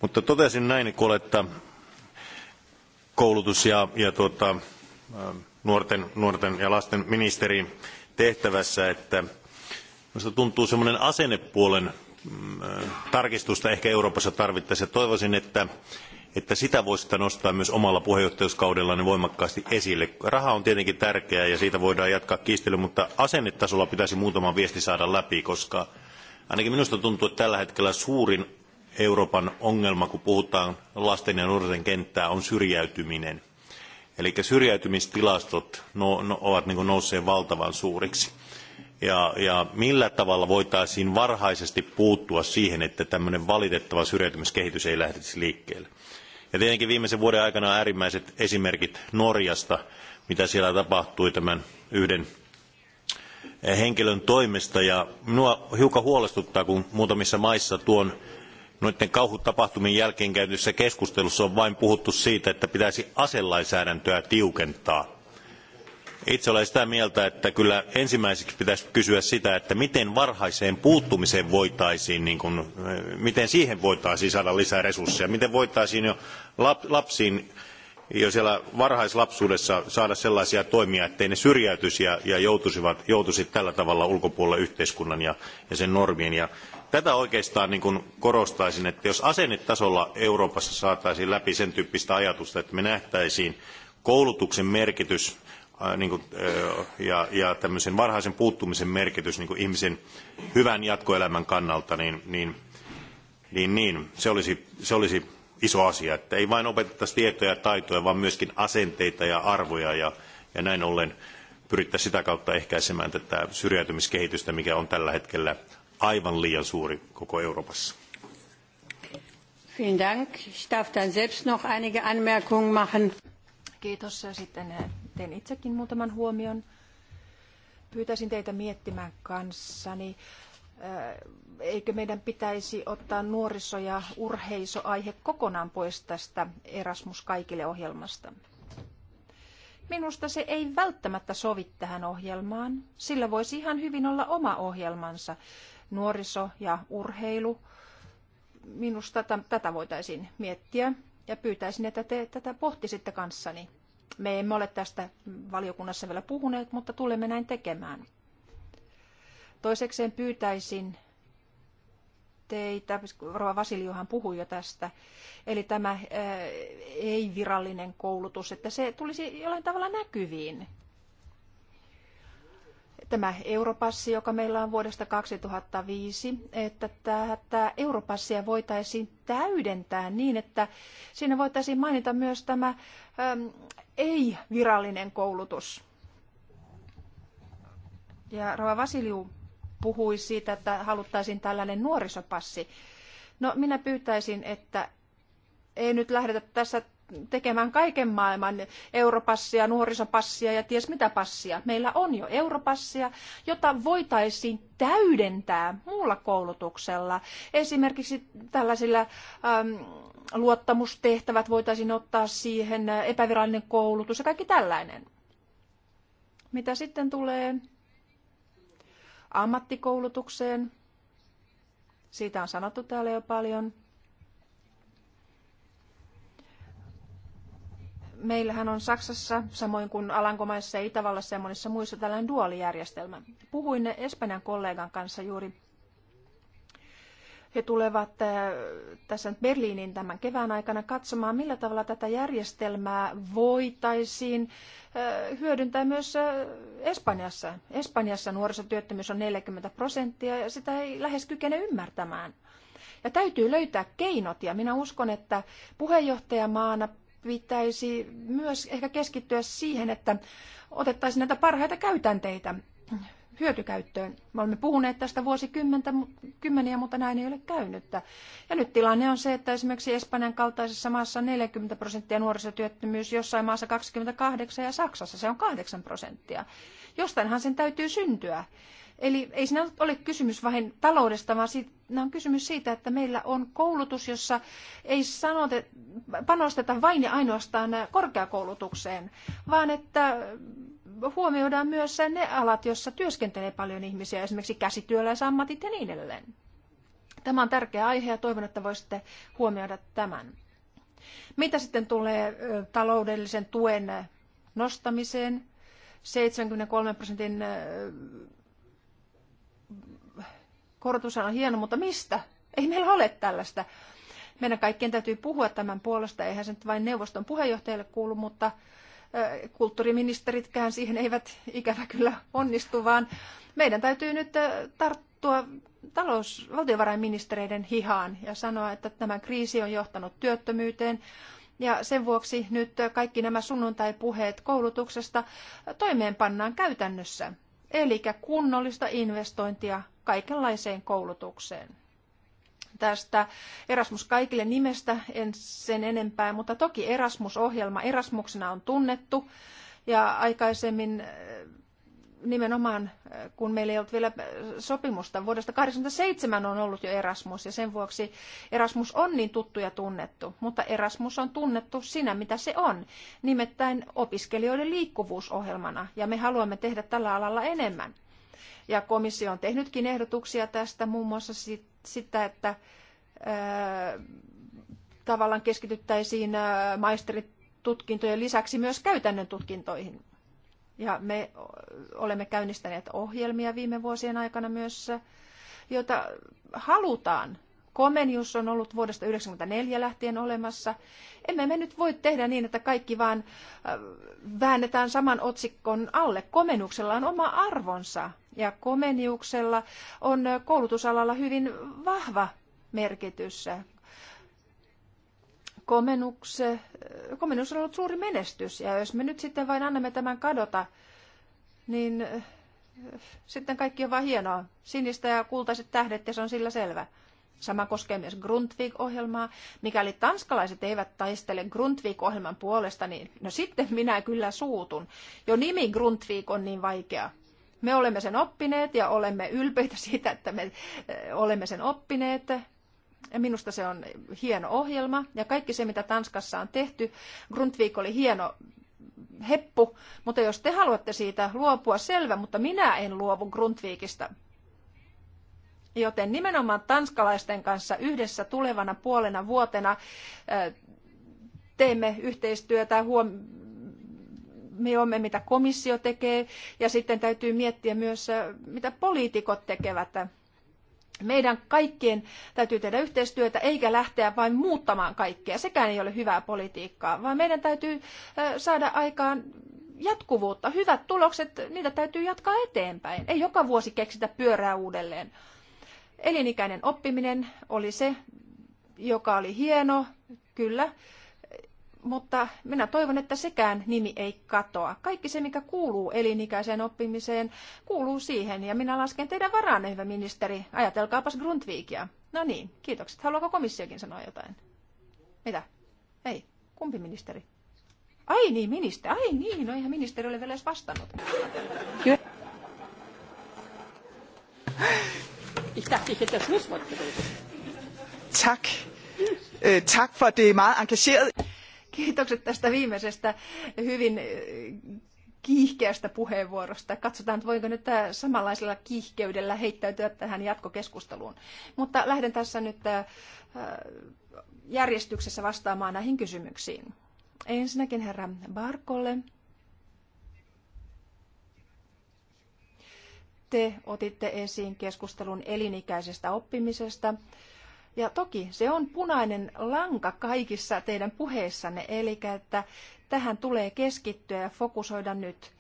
Mutta totesin näin, kun että koulutus ja, ja tuota, nuorten, nuorten ja lasten ministerin tehtävässä, että Minusta tuntuu semmoinen asennepuolen mm, tarkistusta ehkä Euroopassa tarvittaisiin. Toivoisin, että, että sitä voisi nostaa myös omalla puheenjohtajuuskaudellaan niin voimakkaasti esille. Raha on tietenkin tärkeää ja siitä voidaan jatkaa kiistelyä, mutta asennetasolla pitäisi muutama viesti saada läpi, koska ainakin minusta tuntuu, että tällä hetkellä suurin Euroopan ongelma, kun puhutaan lasten ja nuorten kenttää, on syrjäytyminen. Eli syrjäytymistilastot no, no, ovat niin nousseet valtavan suuriksi ja, ja millä tavalla voitaisiin varhaisesti puuttua siihen, että tämmöinen valitettava syrjäytymiskehitys ei lähtisi liikkeelle. Ja tietenkin viimeisen vuoden aikana äärimmäiset esimerkit Norjasta, mitä siellä tapahtui tämän yhden henkilön toimesta. Ja minua hiukan huolestuttaa, kun muutamissa maissa tuon noiden kauhutapahtumien jälkeen käydyssä keskustelussa on vain puhuttu siitä, että pitäisi aselainsäädäntöä tiukentaa itse olen sitä mieltä, että kyllä ensimmäiseksi pitäisi kysyä sitä, että miten varhaiseen puuttumiseen voitaisiin, niin kuin, eh, miten siihen voitaisiin saada lisää resursseja, miten voitaisiin jo lapsiin jo siellä varhaislapsuudessa saada sellaisia toimia, ettei ne syrjäytyisi ja, ja joutuisivat, joutuisi tällä tavalla ulkopuolelle yhteiskunnan ja, ja sen normien. Ja tätä oikeastaan niin kuin korostaisin, että jos asennetasolla Euroopassa saataisiin läpi sen tyyppistä ajatusta, että me nähtäisiin koulutuksen merkitys niin kuin, ja, ja tämmöisen varhaisen puuttumisen merkitys niin kuin ihmisen hyvän jatkoelämän kannalta, niin, niin, niin, niin se, olisi, se olisi iso asia, että ei vain opetettaisi tietoja ja taitoja, vaan myöskin asenteita ja arvoja ja, ja näin ollen pyrittäisiin sitä kautta ehkäisemään tätä syrjäytymiskehitystä, mikä on tällä hetkellä aivan liian suuri koko Euroopassa. Vielen Dank. Ich darf dann selbst noch einige Anmerkungen machen. Kiitos. Sitten tein itsekin muutaman huomion. Pyytäisin teitä miettimään kanssani, äh, eikö meidän pitäisi ottaa nuoriso- ja urheisoaihe kokonaan pois tästä Erasmus kaikille ohjelmasta. Minusta se ei välttämättä sovi tähän ohjelmaan. Sillä voisi ihan hyvin olla oma ohjelmansa. Nuoriso ja urheilu. Minusta tätä voitaisiin miettiä ja pyytäisin, että te tätä pohtisitte kanssani. Me emme ole tästä valiokunnassa vielä puhuneet, mutta tulemme näin tekemään. Toisekseen pyytäisin teitä, Rova Vasiljohan puhui jo tästä, eli tämä ei-virallinen koulutus, että se tulisi jollain tavalla näkyviin. Tämä europassi, joka meillä on vuodesta 2005, että tätä europassia voitaisiin täydentää niin, että siinä voitaisiin mainita myös tämä ei-virallinen koulutus. Ja Rova Vasiliu puhui siitä, että haluttaisiin tällainen nuorisopassi. No minä pyytäisin, että ei nyt lähdetä tässä tekemään kaiken maailman europassia, nuorisopassia ja ties mitä passia. Meillä on jo europassia, jota voitaisiin täydentää muulla koulutuksella. Esimerkiksi tällaisilla luottamustehtävät voitaisiin ottaa siihen, epävirallinen koulutus ja kaikki tällainen. Mitä sitten tulee ammattikoulutukseen? Siitä on sanottu täällä jo paljon meillähän on Saksassa, samoin kuin Alankomaissa ja Itävallassa ja monissa muissa tällainen duolijärjestelmä. Puhuin Espanjan kollegan kanssa juuri. He tulevat äh, tässä Berliinin tämän kevään aikana katsomaan, millä tavalla tätä järjestelmää voitaisiin äh, hyödyntää myös äh, Espanjassa. Espanjassa nuorisotyöttömyys on 40 prosenttia ja sitä ei lähes kykene ymmärtämään. Ja täytyy löytää keinot ja minä uskon, että puheenjohtajamaana pitäisi myös ehkä keskittyä siihen, että otettaisiin näitä parhaita käytänteitä hyötykäyttöön. Me olemme puhuneet tästä vuosikymmeniä, mutta näin ei ole käynyt. Ja nyt tilanne on se, että esimerkiksi Espanjan kaltaisessa maassa on 40 prosenttia nuorisotyöttömyys, jossain maassa 28 ja Saksassa se on 8 prosenttia. Jostainhan sen täytyy syntyä. Eli ei siinä ole kysymys vain taloudesta, vaan siitä, on kysymys siitä, että meillä on koulutus, jossa ei sanote, panosteta vain ja ainoastaan korkeakoulutukseen, vaan että huomioidaan myös ne alat, joissa työskentelee paljon ihmisiä, esimerkiksi käsityöläisammatit ja niin edelleen. Tämä on tärkeä aihe ja toivon, että voisitte huomioida tämän. Mitä sitten tulee taloudellisen tuen nostamiseen? 73 prosentin korotus on hieno, mutta mistä? Ei meillä ole tällaista. Meidän kaikkien täytyy puhua tämän puolesta. Eihän se nyt vain neuvoston puheenjohtajalle kuulu, mutta kulttuuriministeritkään siihen eivät ikävä kyllä onnistu, vaan meidän täytyy nyt tarttua talous, valtiovarainministereiden hihaan ja sanoa, että tämä kriisi on johtanut työttömyyteen. Ja sen vuoksi nyt kaikki nämä sunnuntai-puheet koulutuksesta toimeenpannaan käytännössä eli kunnollista investointia kaikenlaiseen koulutukseen. Tästä Erasmus kaikille nimestä en sen enempää, mutta toki Erasmus-ohjelma Erasmuksena on tunnettu ja aikaisemmin nimenomaan, äh, kun meillä ei ollut vielä äh, sopimusta. Vuodesta 1987 on ollut jo Erasmus ja sen vuoksi Erasmus on niin tuttu ja tunnettu, mutta Erasmus on tunnettu sinä, mitä se on, nimittäin opiskelijoiden liikkuvuusohjelmana ja me haluamme tehdä tällä alalla enemmän. Ja komissio on tehnytkin ehdotuksia tästä, muun muassa sitä, että ää, äh, tavallaan keskityttäisiin maisteritutkintojen lisäksi myös käytännön tutkintoihin ja me olemme käynnistäneet ohjelmia viime vuosien aikana myös, joita halutaan. Komenius on ollut vuodesta 1994 lähtien olemassa. Emme me nyt voi tehdä niin, että kaikki vaan äh, väännetään saman otsikon alle. Komenuksella on oma arvonsa ja komeniuksella on koulutusalalla hyvin vahva merkitys komennus, komennus on ollut suuri menestys. Ja jos me nyt sitten vain annamme tämän kadota, niin eh, sitten kaikki on vain hienoa. Sinistä ja kultaiset tähdet ja se on sillä selvä. Sama koskee myös Grundtvig-ohjelmaa. Mikäli tanskalaiset eivät taistele Grundtvig-ohjelman puolesta, niin no sitten minä kyllä suutun. Jo nimi Grundtvig on niin vaikea. Me olemme sen oppineet ja olemme ylpeitä siitä, että me eh, olemme sen oppineet. Minusta se on hieno ohjelma ja kaikki se, mitä Tanskassa on tehty. Grundtvig oli hieno heppu, mutta jos te haluatte siitä luopua, selvä, mutta minä en luovu Grundtvigista. Joten nimenomaan tanskalaisten kanssa yhdessä tulevana puolena vuotena teemme yhteistyötä huom- me olemme, mitä komissio tekee, ja sitten täytyy miettiä myös, mitä poliitikot tekevät meidän kaikkien täytyy tehdä yhteistyötä eikä lähteä vain muuttamaan kaikkea. Sekään ei ole hyvää politiikkaa, vaan meidän täytyy saada aikaan jatkuvuutta. Hyvät tulokset, niitä täytyy jatkaa eteenpäin. Ei joka vuosi keksitä pyörää uudelleen. Elinikäinen oppiminen oli se, joka oli hieno, kyllä mutta minä toivon, että sekään nimi ei katoa. Kaikki se, mikä kuuluu elinikäiseen oppimiseen, kuuluu siihen. Ja minä lasken teidän varanne, hyvä ministeri. Ajatelkaapas Grundvikia. No niin, kiitokset. Haluaako komissiokin sanoa jotain? Mitä? Ei. Kumpi ministeri? Ai niin, ministeri. Ai niin, no eihän ministeri ole vielä edes vastannut. Kyllä. Ich Tack. Øh, för det är er meget engagerat. Kiitokset tästä viimeisestä hyvin eh, kiihkeästä puheenvuorosta. Katsotaan, että voinko nyt samanlaisella kiihkeydellä heittäytyä tähän jatkokeskusteluun. Mutta lähden tässä nyt eh, eh, järjestyksessä vastaamaan näihin kysymyksiin. Ensinnäkin herra Barkolle. Te otitte esiin keskustelun elinikäisestä oppimisesta ja toki se on punainen lanka kaikissa teidän puheissanne, eli että tähän tulee keskittyä ja fokusoida nyt.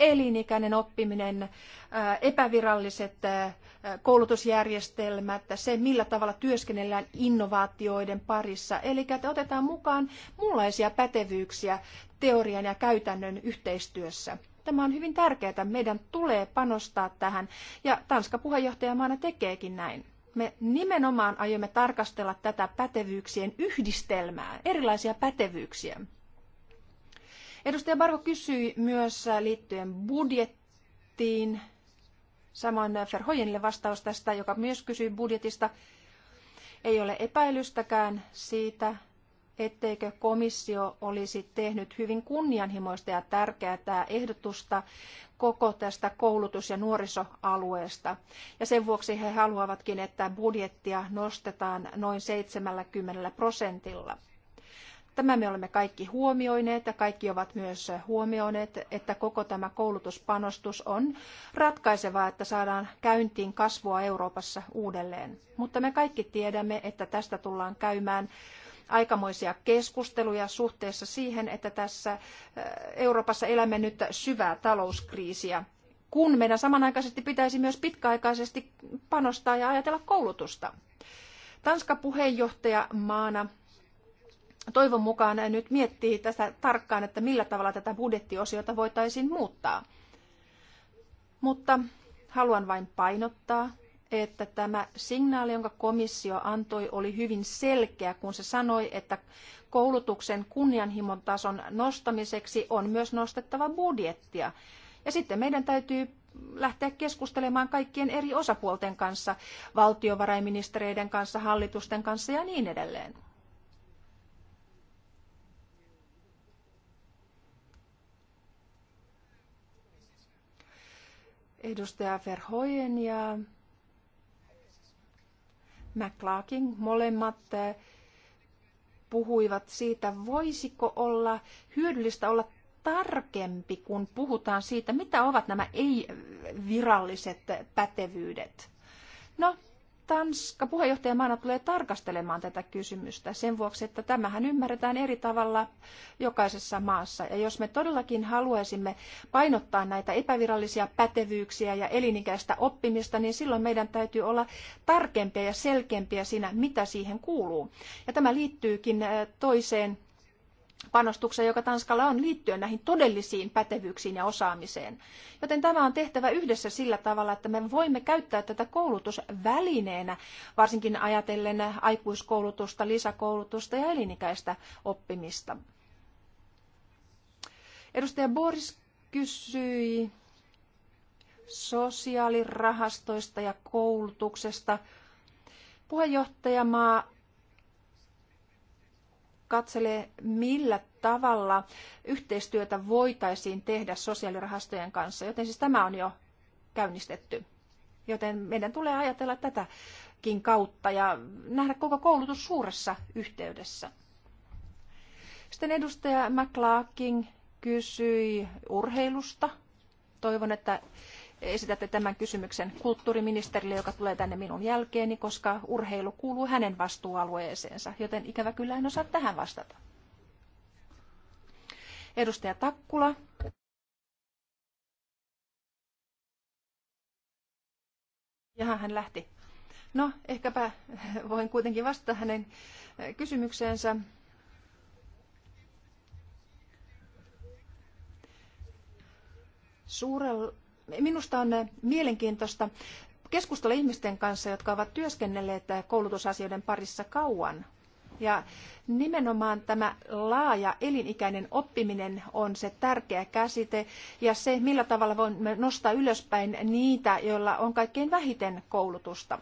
Elinikäinen oppiminen, äh, epäviralliset äh, koulutusjärjestelmät, se millä tavalla työskennellään innovaatioiden parissa. Eli että otetaan mukaan muunlaisia pätevyyksiä teorian ja käytännön yhteistyössä. Tämä on hyvin tärkeää. Meidän tulee panostaa tähän ja Tanska puheenjohtajamaana tekeekin näin me nimenomaan aiomme tarkastella tätä pätevyyksien yhdistelmää, erilaisia pätevyyksiä. Edustaja Barvo kysyi myös liittyen budjettiin, samoin Ferhojenille vastaus tästä, joka myös kysyi budjetista. Ei ole epäilystäkään siitä, etteikö komissio olisi tehnyt hyvin kunnianhimoista ja tärkeää ehdotusta koko tästä koulutus- ja nuorisoalueesta. Ja sen vuoksi he haluavatkin, että budjettia nostetaan noin 70 prosentilla. Tämä me olemme kaikki huomioineet ja kaikki ovat myös huomioineet, että koko tämä koulutuspanostus on ratkaisevaa, että saadaan käyntiin kasvua Euroopassa uudelleen. Mutta me kaikki tiedämme, että tästä tullaan käymään aikamoisia keskusteluja suhteessa siihen, että tässä eh, Euroopassa elämme nyt syvää talouskriisiä kun meidän samanaikaisesti pitäisi myös pitkäaikaisesti panostaa ja ajatella koulutusta. Tanska puheenjohtaja maana toivon mukaan nyt miettii tästä tarkkaan, että millä tavalla tätä budjettiosiota voitaisiin muuttaa. Mutta haluan vain painottaa, että tämä signaali, jonka komissio antoi, oli hyvin selkeä, kun se sanoi, että koulutuksen kunnianhimon tason nostamiseksi on myös nostettava budjettia. Ja sitten meidän täytyy lähteä keskustelemaan kaikkien eri osapuolten kanssa, valtiovarainministereiden kanssa, hallitusten kanssa ja niin edelleen. Edustaja Verhoyen ja McClarkin molemmat eh, puhuivat siitä, voisiko olla hyödyllistä olla tarkempi, kun puhutaan siitä, mitä ovat nämä ei-viralliset pätevyydet. No, Tanska puheenjohtajamaana tulee tarkastelemaan tätä kysymystä sen vuoksi, että tämähän ymmärretään eri tavalla jokaisessa maassa. Ja jos me todellakin haluaisimme painottaa näitä epävirallisia pätevyyksiä ja elinikäistä oppimista, niin silloin meidän täytyy olla tarkempia ja selkeämpiä siinä, mitä siihen kuuluu. Ja tämä liittyykin eh, toiseen panostuksen, joka Tanskalla on liittyen näihin todellisiin pätevyyksiin ja osaamiseen. Joten tämä on tehtävä yhdessä sillä tavalla, että me voimme käyttää tätä koulutusvälineenä, varsinkin ajatellen aikuiskoulutusta, lisäkoulutusta ja elinikäistä oppimista. Edustaja Boris kysyi sosiaalirahastoista ja koulutuksesta. Puheenjohtajamaa katselee, millä tavalla yhteistyötä voitaisiin tehdä sosiaalirahastojen kanssa. Joten siis tämä on jo käynnistetty. Joten meidän tulee ajatella tätäkin kautta ja nähdä koko koulutus suuressa yhteydessä. Sitten edustaja McLaakin kysyi urheilusta. Toivon, että esitätte tämän kysymyksen kulttuuriministerille, joka tulee tänne minun jälkeeni, koska urheilu kuuluu hänen vastuualueeseensa, joten ikävä kyllä en osaa tähän vastata. Edustaja Takkula. Jaha, hän lähti. No, ehkäpä voin kuitenkin vastata hänen kysymykseensä. Suurella minusta on eh, mielenkiintoista keskustella ihmisten kanssa, jotka ovat työskennelleet eh, koulutusasioiden parissa kauan. Ja nimenomaan tämä laaja elinikäinen oppiminen on se tärkeä käsite ja se, millä tavalla voimme nostaa ylöspäin niitä, joilla on kaikkein vähiten koulutusta.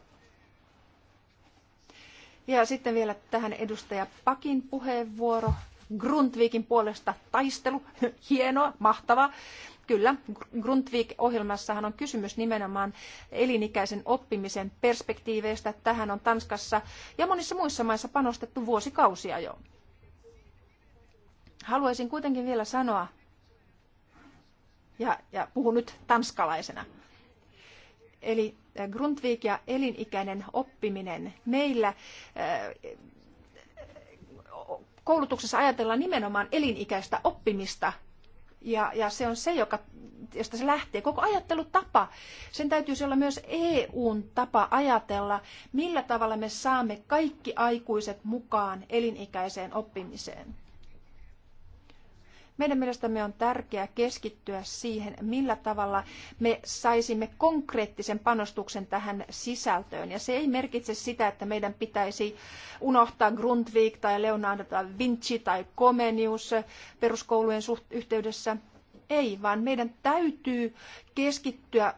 Ja sitten vielä tähän edustaja Pakin puheenvuoro. Grundvikin puolesta taistelu, hienoa, mahtavaa. Kyllä, Grundtvig-ohjelmassahan on kysymys nimenomaan elinikäisen oppimisen perspektiiveistä. Tähän on Tanskassa ja monissa muissa maissa panostettu vuosikausia jo. Haluaisin kuitenkin vielä sanoa, ja, ja puhun nyt tanskalaisena, eli äh, Grundtvig ja elinikäinen oppiminen. Meillä äh, koulutuksessa ajatellaan nimenomaan elinikäistä oppimista ja, ja se on se, joka, josta se lähtee. Koko ajattelutapa, sen täytyisi olla myös EUn tapa ajatella, millä tavalla me saamme kaikki aikuiset mukaan elinikäiseen oppimiseen. Meidän mielestämme on tärkeää keskittyä siihen, millä tavalla me saisimme konkreettisen panostuksen tähän sisältöön. Ja se ei merkitse sitä, että meidän pitäisi unohtaa Grundtvig tai Leonardo da Vinci tai Comenius peruskoulujen yhteydessä. Ei, vaan meidän täytyy keskittyä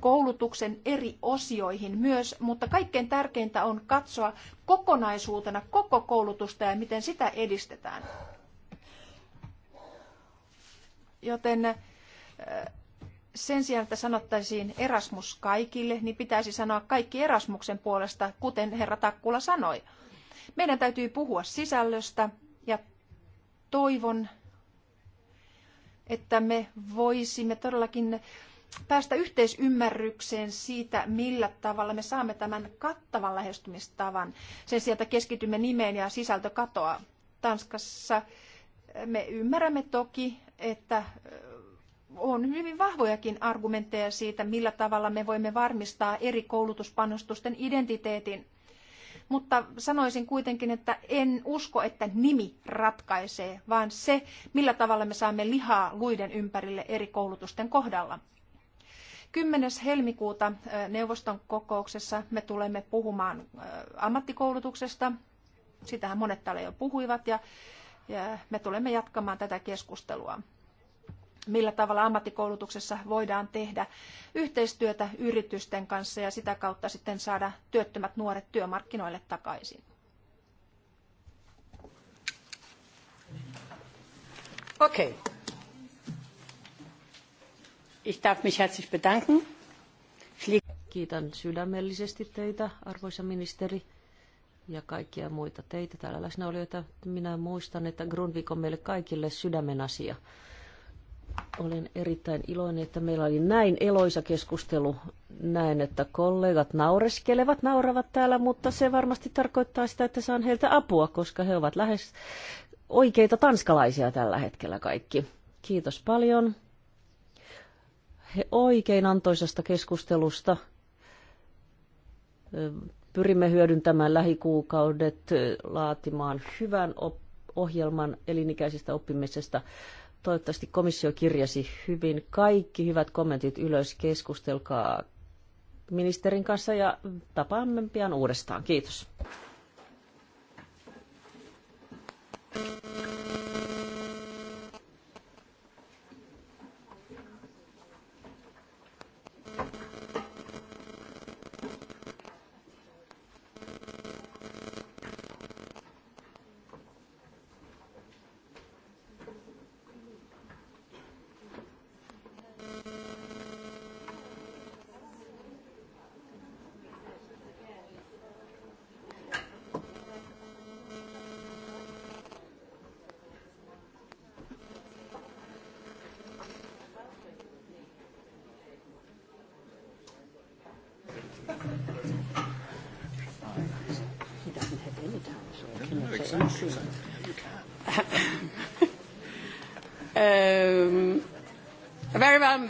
koulutuksen eri osioihin myös, mutta kaikkein tärkeintä on katsoa kokonaisuutena koko koulutusta ja miten sitä edistetään. Joten äh, sen sijaan, että sanottaisiin Erasmus kaikille, niin pitäisi sanoa kaikki Erasmuksen puolesta, kuten herra Takkula sanoi. Meidän täytyy puhua sisällöstä ja toivon, että me voisimme todellakin päästä yhteisymmärrykseen siitä, millä tavalla me saamme tämän kattavan lähestymistavan. Sen sijaan, että keskitymme nimeen ja sisältö katoaa. Tanskassa me ymmärrämme toki, että on hyvin vahvojakin argumentteja siitä, millä tavalla me voimme varmistaa eri koulutuspanostusten identiteetin. Mutta sanoisin kuitenkin, että en usko, että nimi ratkaisee, vaan se, millä tavalla me saamme lihaa luiden ympärille eri koulutusten kohdalla. 10. helmikuuta neuvoston kokouksessa me tulemme puhumaan ammattikoulutuksesta. Sitähän monet täällä jo puhuivat ja me tulemme jatkamaan tätä keskustelua. Millä tavalla ammattikoulutuksessa voidaan tehdä yhteistyötä yritysten kanssa ja sitä kautta sitten saada työttömät nuoret työmarkkinoille takaisin. Okay. Ich darf mich herzlich bedanken. Kiitän sydämellisesti teitä, arvoisa ministeri ja kaikkia muita teitä täällä läsnäolijoita. Minä muistan, että Grundvik on meille kaikille sydämen asia. Olen erittäin iloinen, että meillä oli näin eloisa keskustelu. Näin, että kollegat naureskelevat, nauravat täällä, mutta se varmasti tarkoittaa sitä, että saan heiltä apua, koska he ovat lähes oikeita tanskalaisia tällä hetkellä kaikki. Kiitos paljon. He oikein antoisesta keskustelusta Pyrimme hyödyntämään lähikuukaudet laatimaan hyvän ohjelman elinikäisestä oppimisesta. Toivottavasti komissio kirjasi hyvin kaikki hyvät kommentit ylös. Keskustelkaa ministerin kanssa ja tapaamme pian uudestaan. Kiitos.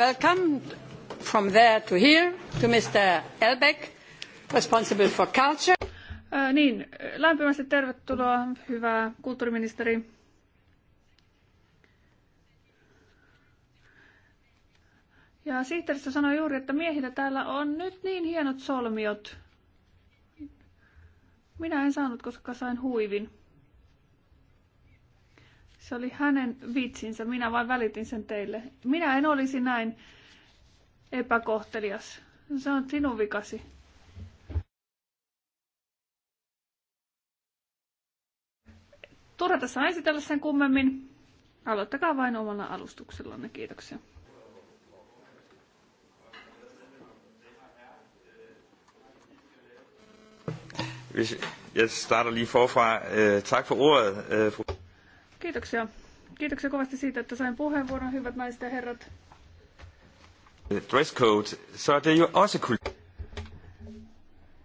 welcome from there to here to Mr. Elbeck, responsible for culture. Äh, niin, lämpimästi tervetuloa, hyvä kulttuuriministeri. Ja sihteeristö sanoi juuri, että miehillä täällä on nyt niin hienot solmiot. Minä en saanut, koska sain huivin. Se oli hänen vitsinsä, minä vain välitin sen teille. Minä en olisi näin epäkohtelias. Se on sinun vikasi. Turha tässä esitellä sen kummemmin. Aloittakaa vain omalla alustuksellanne. Kiitoksia. Jeg starter lige forfra. Øh, tak for ordet. Øh, Kiitoksia. Kiitoksia kovasti siitä, että sain puheenvuoron, hyvät naiset ja herrat. Dress code. So there you also...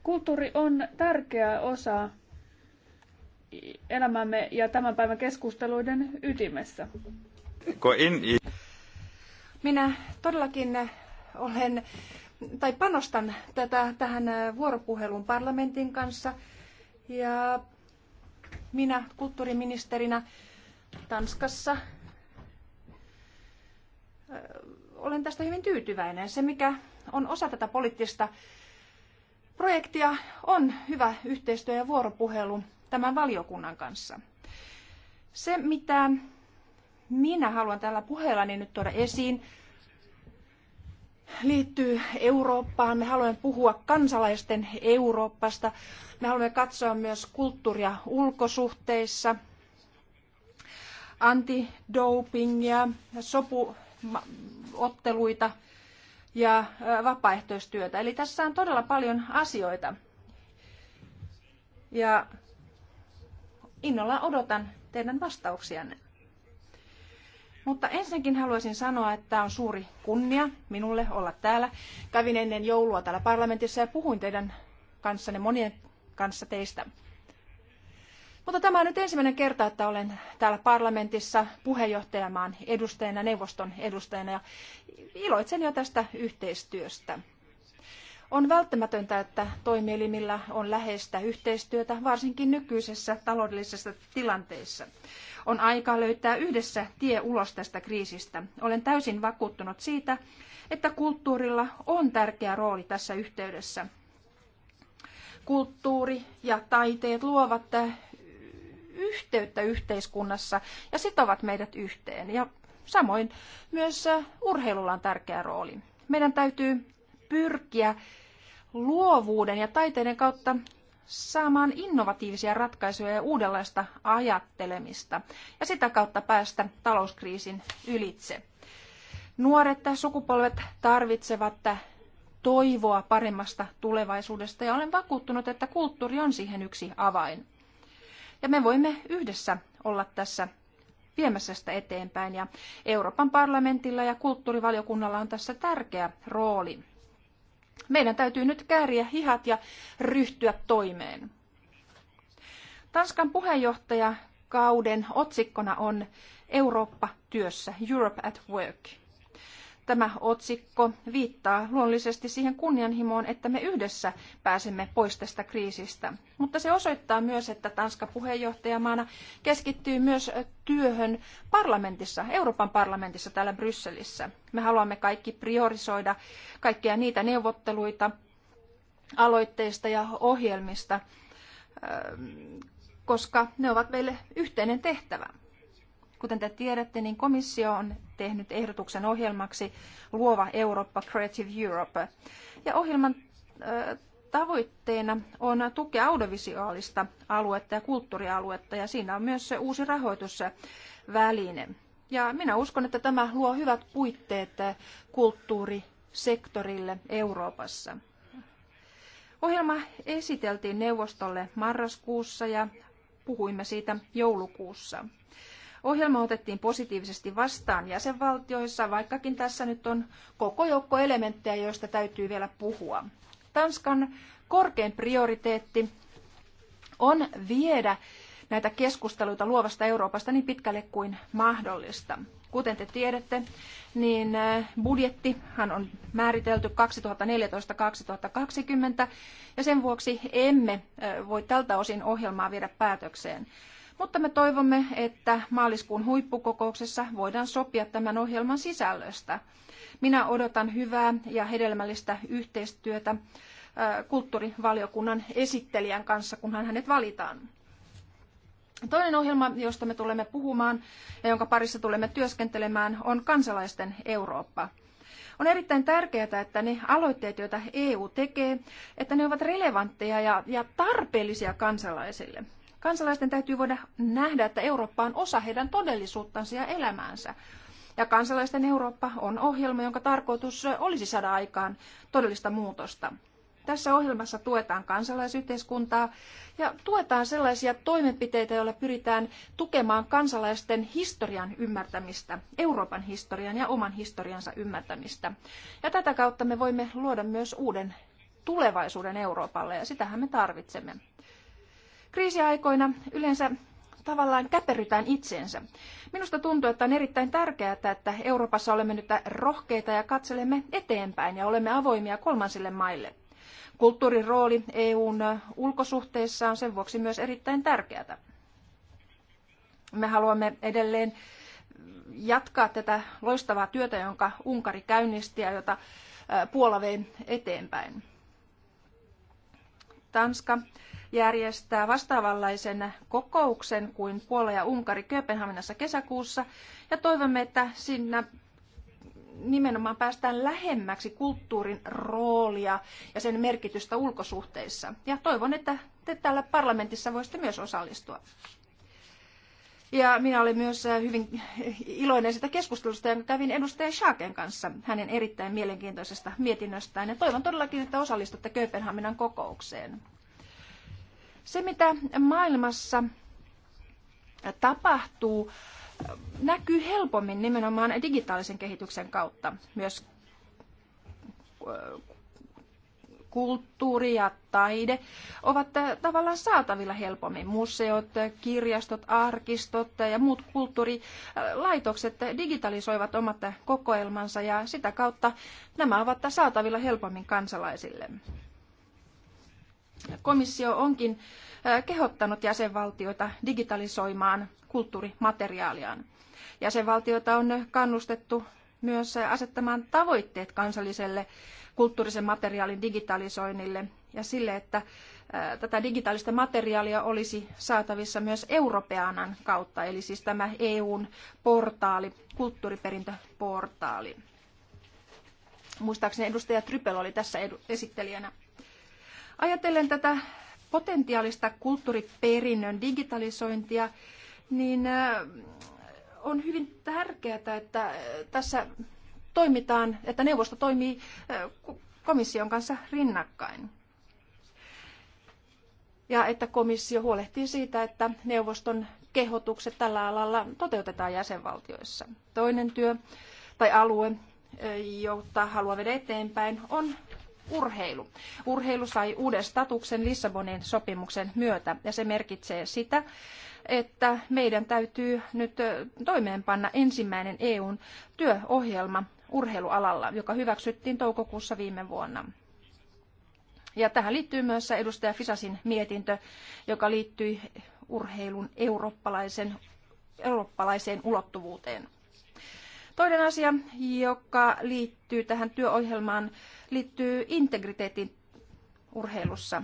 Kulttuuri on tärkeä osa elämämme ja tämän päivän keskusteluiden ytimessä. Minä todellakin olen tai panostan tätä, tähän vuoropuheluun parlamentin kanssa ja minä kulttuuriministerinä Tanskassa. Olen tästä hyvin tyytyväinen. Se, mikä on osa tätä poliittista projektia, on hyvä yhteistyö ja vuoropuhelu tämän valiokunnan kanssa. Se, mitä minä haluan tällä puheellani nyt tuoda esiin, liittyy Eurooppaan. Me haluamme puhua kansalaisten Euroopasta. Me haluamme katsoa myös kulttuuria ulkosuhteissa – antidopingia, sopuotteluita ja vapaaehtoistyötä. Eli tässä on todella paljon asioita. Ja innolla odotan teidän vastauksianne. Mutta ensinnäkin haluaisin sanoa, että on suuri kunnia minulle olla täällä. Kävin ennen joulua täällä parlamentissa ja puhuin teidän kanssanne, monien kanssa teistä. Mutta tämä on nyt ensimmäinen kerta, että olen täällä parlamentissa puheenjohtajamaan edustajana, neuvoston edustajana ja iloitsen jo tästä yhteistyöstä. On välttämätöntä, että toimielimillä on läheistä yhteistyötä, varsinkin nykyisessä taloudellisessa tilanteessa. On aika löytää yhdessä tie ulos tästä kriisistä. Olen täysin vakuuttunut siitä, että kulttuurilla on tärkeä rooli tässä yhteydessä. Kulttuuri ja taiteet luovat yhteyttä yhteiskunnassa ja sitovat meidät yhteen. Ja samoin myös äh, urheilulla on tärkeä rooli. Meidän täytyy pyrkiä luovuuden ja taiteiden kautta saamaan innovatiivisia ratkaisuja ja uudenlaista ajattelemista ja sitä kautta päästä talouskriisin ylitse. Nuoret sukupolvet tarvitsevat toivoa paremmasta tulevaisuudesta ja olen vakuuttunut, että kulttuuri on siihen yksi avain. Ja me voimme yhdessä olla tässä viemässä sitä eteenpäin. Ja Euroopan parlamentilla ja kulttuurivaliokunnalla on tässä tärkeä rooli. Meidän täytyy nyt kääriä hihat ja ryhtyä toimeen. Tanskan puheenjohtajakauden otsikkona on Eurooppa työssä, Europe at Work – Tämä otsikko viittaa luonnollisesti siihen kunnianhimoon, että me yhdessä pääsemme pois tästä kriisistä. Mutta se osoittaa myös, että Tanska puheenjohtajamaana keskittyy myös työhön parlamentissa, Euroopan parlamentissa täällä Brysselissä. Me haluamme kaikki priorisoida kaikkia niitä neuvotteluita, aloitteista ja ohjelmista, koska ne ovat meille yhteinen tehtävä. Kuten te tiedätte, niin komissio on tehnyt ehdotuksen ohjelmaksi Luova Eurooppa, Creative Europe. Ja ohjelman tavoitteena on tukea audiovisuaalista aluetta ja kulttuurialuetta, ja siinä on myös se uusi rahoitusväline. Ja minä uskon, että tämä luo hyvät puitteet kulttuurisektorille Euroopassa. Ohjelma esiteltiin neuvostolle marraskuussa ja puhuimme siitä joulukuussa. Ohjelma otettiin positiivisesti vastaan jäsenvaltioissa, vaikkakin tässä nyt on koko joukko elementtejä, joista täytyy vielä puhua. Tanskan korkein prioriteetti on viedä näitä keskusteluita luovasta Euroopasta niin pitkälle kuin mahdollista. Kuten te tiedätte, niin äh, budjettihan on määritelty 2014-2020 ja sen vuoksi emme äh, voi tältä osin ohjelmaa viedä päätökseen. Mutta me toivomme, että maaliskuun huippukokouksessa voidaan sopia tämän ohjelman sisällöstä. Minä odotan hyvää ja hedelmällistä yhteistyötä kulttuurivaliokunnan esittelijän kanssa, kunhan hänet valitaan. Toinen ohjelma, josta me tulemme puhumaan ja jonka parissa tulemme työskentelemään, on kansalaisten Eurooppa. On erittäin tärkeää, että ne aloitteet, joita EU tekee, että ne ovat relevantteja ja, ja tarpeellisia kansalaisille. Kansalaisten täytyy voida nähdä, että Eurooppa on osa heidän todellisuuttansa ja elämäänsä. Ja kansalaisten Eurooppa on ohjelma, jonka tarkoitus olisi saada aikaan todellista muutosta. Tässä ohjelmassa tuetaan kansalaisyhteiskuntaa ja tuetaan sellaisia toimenpiteitä, joilla pyritään tukemaan kansalaisten historian ymmärtämistä, Euroopan historian ja oman historiansa ymmärtämistä. Ja tätä kautta me voimme luoda myös uuden tulevaisuuden Euroopalle ja sitähän me tarvitsemme. Kriisiaikoina yleensä tavallaan käperrytään itseensä. Minusta tuntuu, että on erittäin tärkeää, että Euroopassa olemme nyt rohkeita ja katselemme eteenpäin ja olemme avoimia kolmansille maille. Kulttuurin rooli EUn ulkosuhteissa on sen vuoksi myös erittäin tärkeää. Me haluamme edelleen jatkaa tätä loistavaa työtä, jonka Unkari käynnisti ja jota Puola vei eteenpäin. Tanska järjestää vastaavanlaisen kokouksen kuin Puola ja Unkari Kööpenhaminassa kesäkuussa. Ja toivomme, että siinä nimenomaan päästään lähemmäksi kulttuurin roolia ja sen merkitystä ulkosuhteissa. Ja toivon, että te täällä parlamentissa voisitte myös osallistua. Ja minä olen myös äh, hyvin iloinen sitä keskustelusta, jonka kävin edustaja Schaken kanssa hänen erittäin mielenkiintoisesta mietinnöstään. Ja toivon todellakin, että osallistutte Kööpenhaminan kokoukseen. Se, mitä maailmassa tapahtuu, näkyy helpommin nimenomaan digitaalisen kehityksen kautta. Myös kulttuuri ja taide ovat tavallaan saatavilla helpommin. Museot, kirjastot, arkistot ja muut kulttuurilaitokset digitalisoivat omat kokoelmansa ja sitä kautta nämä ovat saatavilla helpommin kansalaisille. Komissio onkin kehottanut jäsenvaltioita digitalisoimaan kulttuurimateriaaliaan. Jäsenvaltioita on kannustettu myös asettamaan tavoitteet kansalliselle kulttuurisen materiaalin digitalisoinnille ja sille, että tätä digitaalista materiaalia olisi saatavissa myös Europeanan kautta, eli siis tämä EUn portaali, kulttuuriperintöportaali. Muistaakseni edustaja Trypel oli tässä edu- esittelijänä. Ajatellen tätä potentiaalista kulttuuriperinnön digitalisointia, niin äh, on hyvin tärkeää, että äh, tässä toimitaan, että neuvosto toimii äh, komission kanssa rinnakkain. Ja että komissio huolehtii siitä, että neuvoston kehotukset tällä alalla toteutetaan jäsenvaltioissa. Toinen työ tai alue, jota haluaa viedä eteenpäin, on urheilu. Urheilu sai uuden statuksen Lissabonin sopimuksen myötä ja se merkitsee sitä, että meidän täytyy nyt toimeenpanna ensimmäinen EUn työohjelma urheilualalla, joka hyväksyttiin toukokuussa viime vuonna. Ja tähän liittyy myös edustaja Fisasin mietintö, joka liittyy urheilun eurooppalaisen, eurooppalaiseen ulottuvuuteen. Toinen asia, joka liittyy tähän työohjelmaan, liittyy integriteetin urheilussa.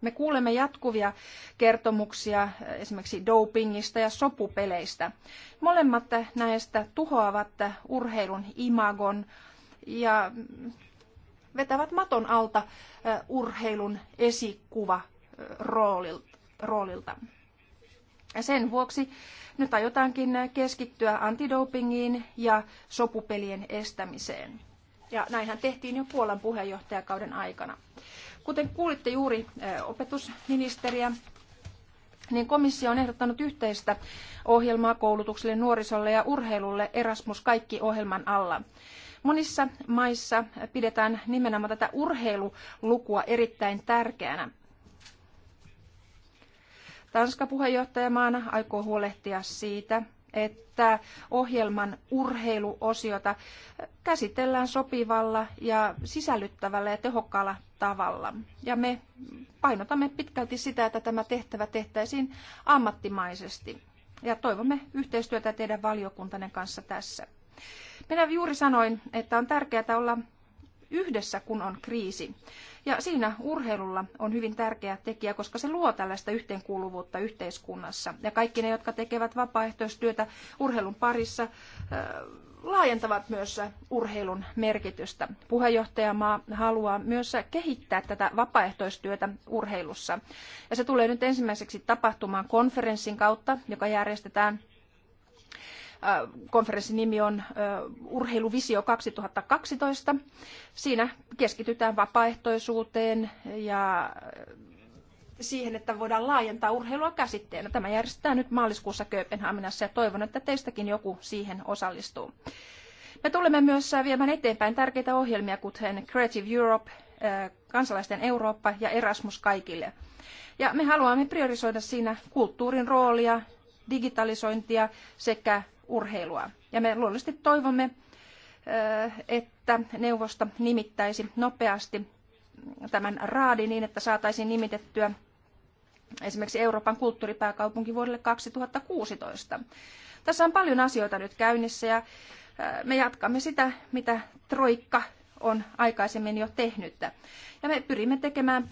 Me kuulemme jatkuvia kertomuksia esimerkiksi dopingista ja sopupeleistä. Molemmat näistä tuhoavat urheilun imagon ja vetävät maton alta urheilun esikuva roolilta. Sen vuoksi nyt aiotaankin keskittyä antidopingiin ja sopupelien estämiseen. Ja näinhän tehtiin jo Puolan puheenjohtajakauden aikana. Kuten kuulitte juuri eh, opetusministeriä, niin komissio on ehdottanut yhteistä ohjelmaa koulutukselle, nuorisolle ja urheilulle Erasmus kaikki ohjelman alla. Monissa maissa pidetään nimenomaan tätä urheilulukua erittäin tärkeänä. Tanska puheenjohtajamaana aikoo huolehtia siitä, että ohjelman urheiluosiota käsitellään sopivalla ja sisällyttävällä ja tehokkaalla tavalla. Ja me painotamme pitkälti sitä, että tämä tehtävä tehtäisiin ammattimaisesti. Ja toivomme yhteistyötä teidän valiokuntanne kanssa tässä. Minä juuri sanoin, että on tärkeää olla yhdessä, kun on kriisi. Ja siinä urheilulla on hyvin tärkeä tekijä, koska se luo tällaista yhteenkuuluvuutta yhteiskunnassa. Ja kaikki ne, jotka tekevät vapaaehtoistyötä urheilun parissa, laajentavat myös urheilun merkitystä. Puheenjohtajamaa haluaa myös kehittää tätä vapaaehtoistyötä urheilussa. Ja se tulee nyt ensimmäiseksi tapahtumaan konferenssin kautta, joka järjestetään Äh, konferenssin nimi on äh, Urheiluvisio 2012. Siinä keskitytään vapaaehtoisuuteen ja äh, siihen, että voidaan laajentaa urheilua käsitteenä. Tämä järjestetään nyt maaliskuussa Kööpenhaminassa ja toivon, että teistäkin joku siihen osallistuu. Me tulemme myös viemään eteenpäin tärkeitä ohjelmia, kuten Creative Europe, kansalaisten Eurooppa ja Erasmus kaikille. Ja me haluamme priorisoida siinä kulttuurin roolia, digitalisointia sekä urheilua. Ja me luonnollisesti toivomme, että neuvosto nimittäisi nopeasti tämän raadin niin, että saataisiin nimitettyä esimerkiksi Euroopan kulttuuripääkaupunki vuodelle 2016. Tässä on paljon asioita nyt käynnissä ja me jatkamme sitä, mitä Troikka on aikaisemmin jo tehnyt. Ja me pyrimme tekemään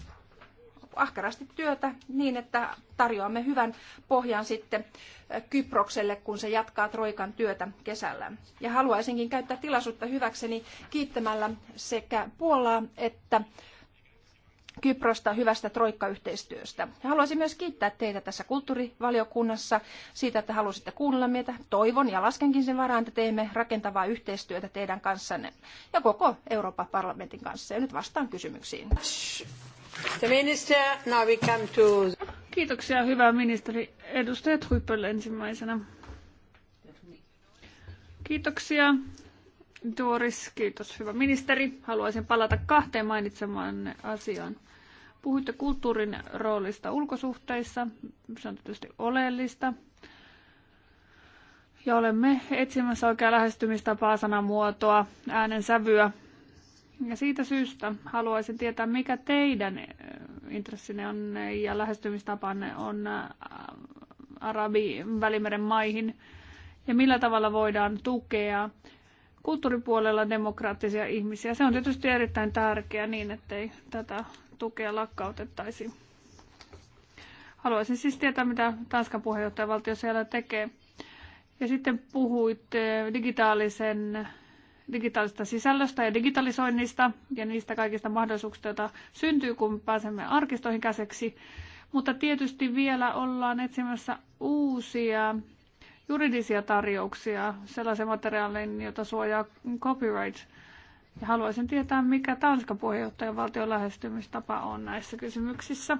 ahkerasti työtä niin, että tarjoamme hyvän pohjan sitten eh, Kyprokselle, kun se jatkaa Troikan työtä kesällä. Ja haluaisinkin käyttää tilaisuutta hyväkseni kiittämällä sekä Puolaa että Kyprosta hyvästä troikkayhteistyöstä. Ja haluaisin myös kiittää teitä tässä kulttuurivaliokunnassa siitä, että halusitte kuunnella meitä. Toivon ja laskenkin sen varaan, että teemme rakentavaa yhteistyötä teidän kanssanne ja koko Euroopan parlamentin kanssa. Ja nyt vastaan kysymyksiin. The minister, now we come to... Kiitoksia, hyvä ministeri. Edustaja Trypöl ensimmäisenä. Kiitoksia. Doris, kiitos hyvä ministeri. Haluaisin palata kahteen mainitsemaan asiaan. Puhuitte kulttuurin roolista ulkosuhteissa. Se on tietysti oleellista. Ja olemme etsimässä oikeaa lähestymistapaa, sanamuotoa, äänensävyä, ja siitä syystä haluaisin tietää, mikä teidän eh, intressinne on ja lähestymistapanne on eh, Arabi-välimeren maihin ja millä tavalla voidaan tukea kulttuuripuolella demokraattisia ihmisiä. Se on tietysti erittäin tärkeää niin, ettei tätä tukea lakkautettaisi. Haluaisin siis tietää, mitä Tanskan puheenjohtajavaltio siellä tekee. Ja sitten puhuit digitaalisen digitaalista sisällöstä ja digitalisoinnista ja niistä kaikista mahdollisuuksista, joita syntyy, kun pääsemme arkistoihin käseksi. Mutta tietysti vielä ollaan etsimässä uusia juridisia tarjouksia sellaisen materiaalin, jota suojaa copyright. Ja haluaisin tietää, mikä Tanskan valtion lähestymistapa on näissä kysymyksissä.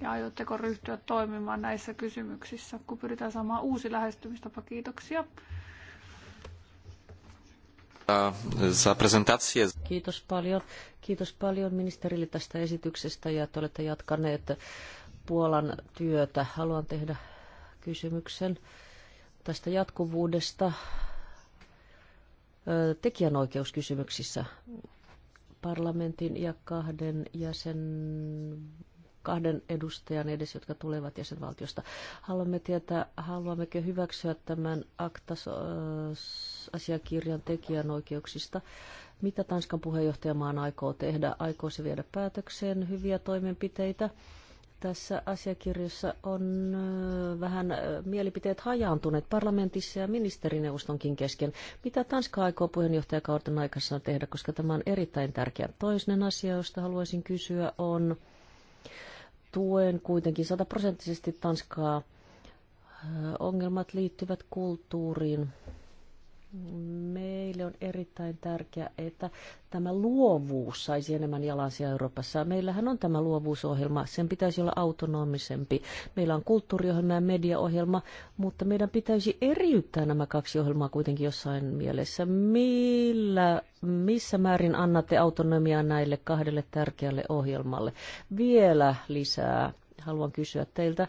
Ja aiotteko ryhtyä toimimaan näissä kysymyksissä, kun pyritään saamaan uusi lähestymistapa? Kiitoksia za prezentację. Kiitos paljon. Kiitos paljon ministerille tästä esityksestä ja että olette jatkaneet Puolan työtä. Haluan tehdä kysymyksen tästä jatkuvuudesta tekijänoikeuskysymyksissä parlamentin ja kahden jäsen kahden edustajan edes, jotka tulevat jäsenvaltiosta. Haluamme tietää, haluammeko hyväksyä tämän actas asiakirjan tekijänoikeuksista. Mitä Tanskan puheenjohtajamaan aikoo tehdä? Aikoo se viedä päätökseen hyviä toimenpiteitä? tässä asiakirjassa on vähän mielipiteet hajaantuneet parlamentissa ja ministerineuvostonkin kesken. Mitä Tanska aikoo puheenjohtajakauden aikana tehdä, koska tämä on erittäin tärkeä. Toinen asia, josta haluaisin kysyä, on tuen kuitenkin sataprosenttisesti Tanskaa. Ongelmat liittyvät kulttuuriin, Meille on erittäin tärkeää, että tämä luovuus saisi enemmän jalansia Euroopassa. Meillähän on tämä luovuusohjelma, sen pitäisi olla autonomisempi. Meillä on kulttuuriohjelma ja mediaohjelma, mutta meidän pitäisi eriyttää nämä kaksi ohjelmaa kuitenkin jossain mielessä. Millä, missä määrin annatte autonomiaa näille kahdelle tärkeälle ohjelmalle? Vielä lisää haluan kysyä teiltä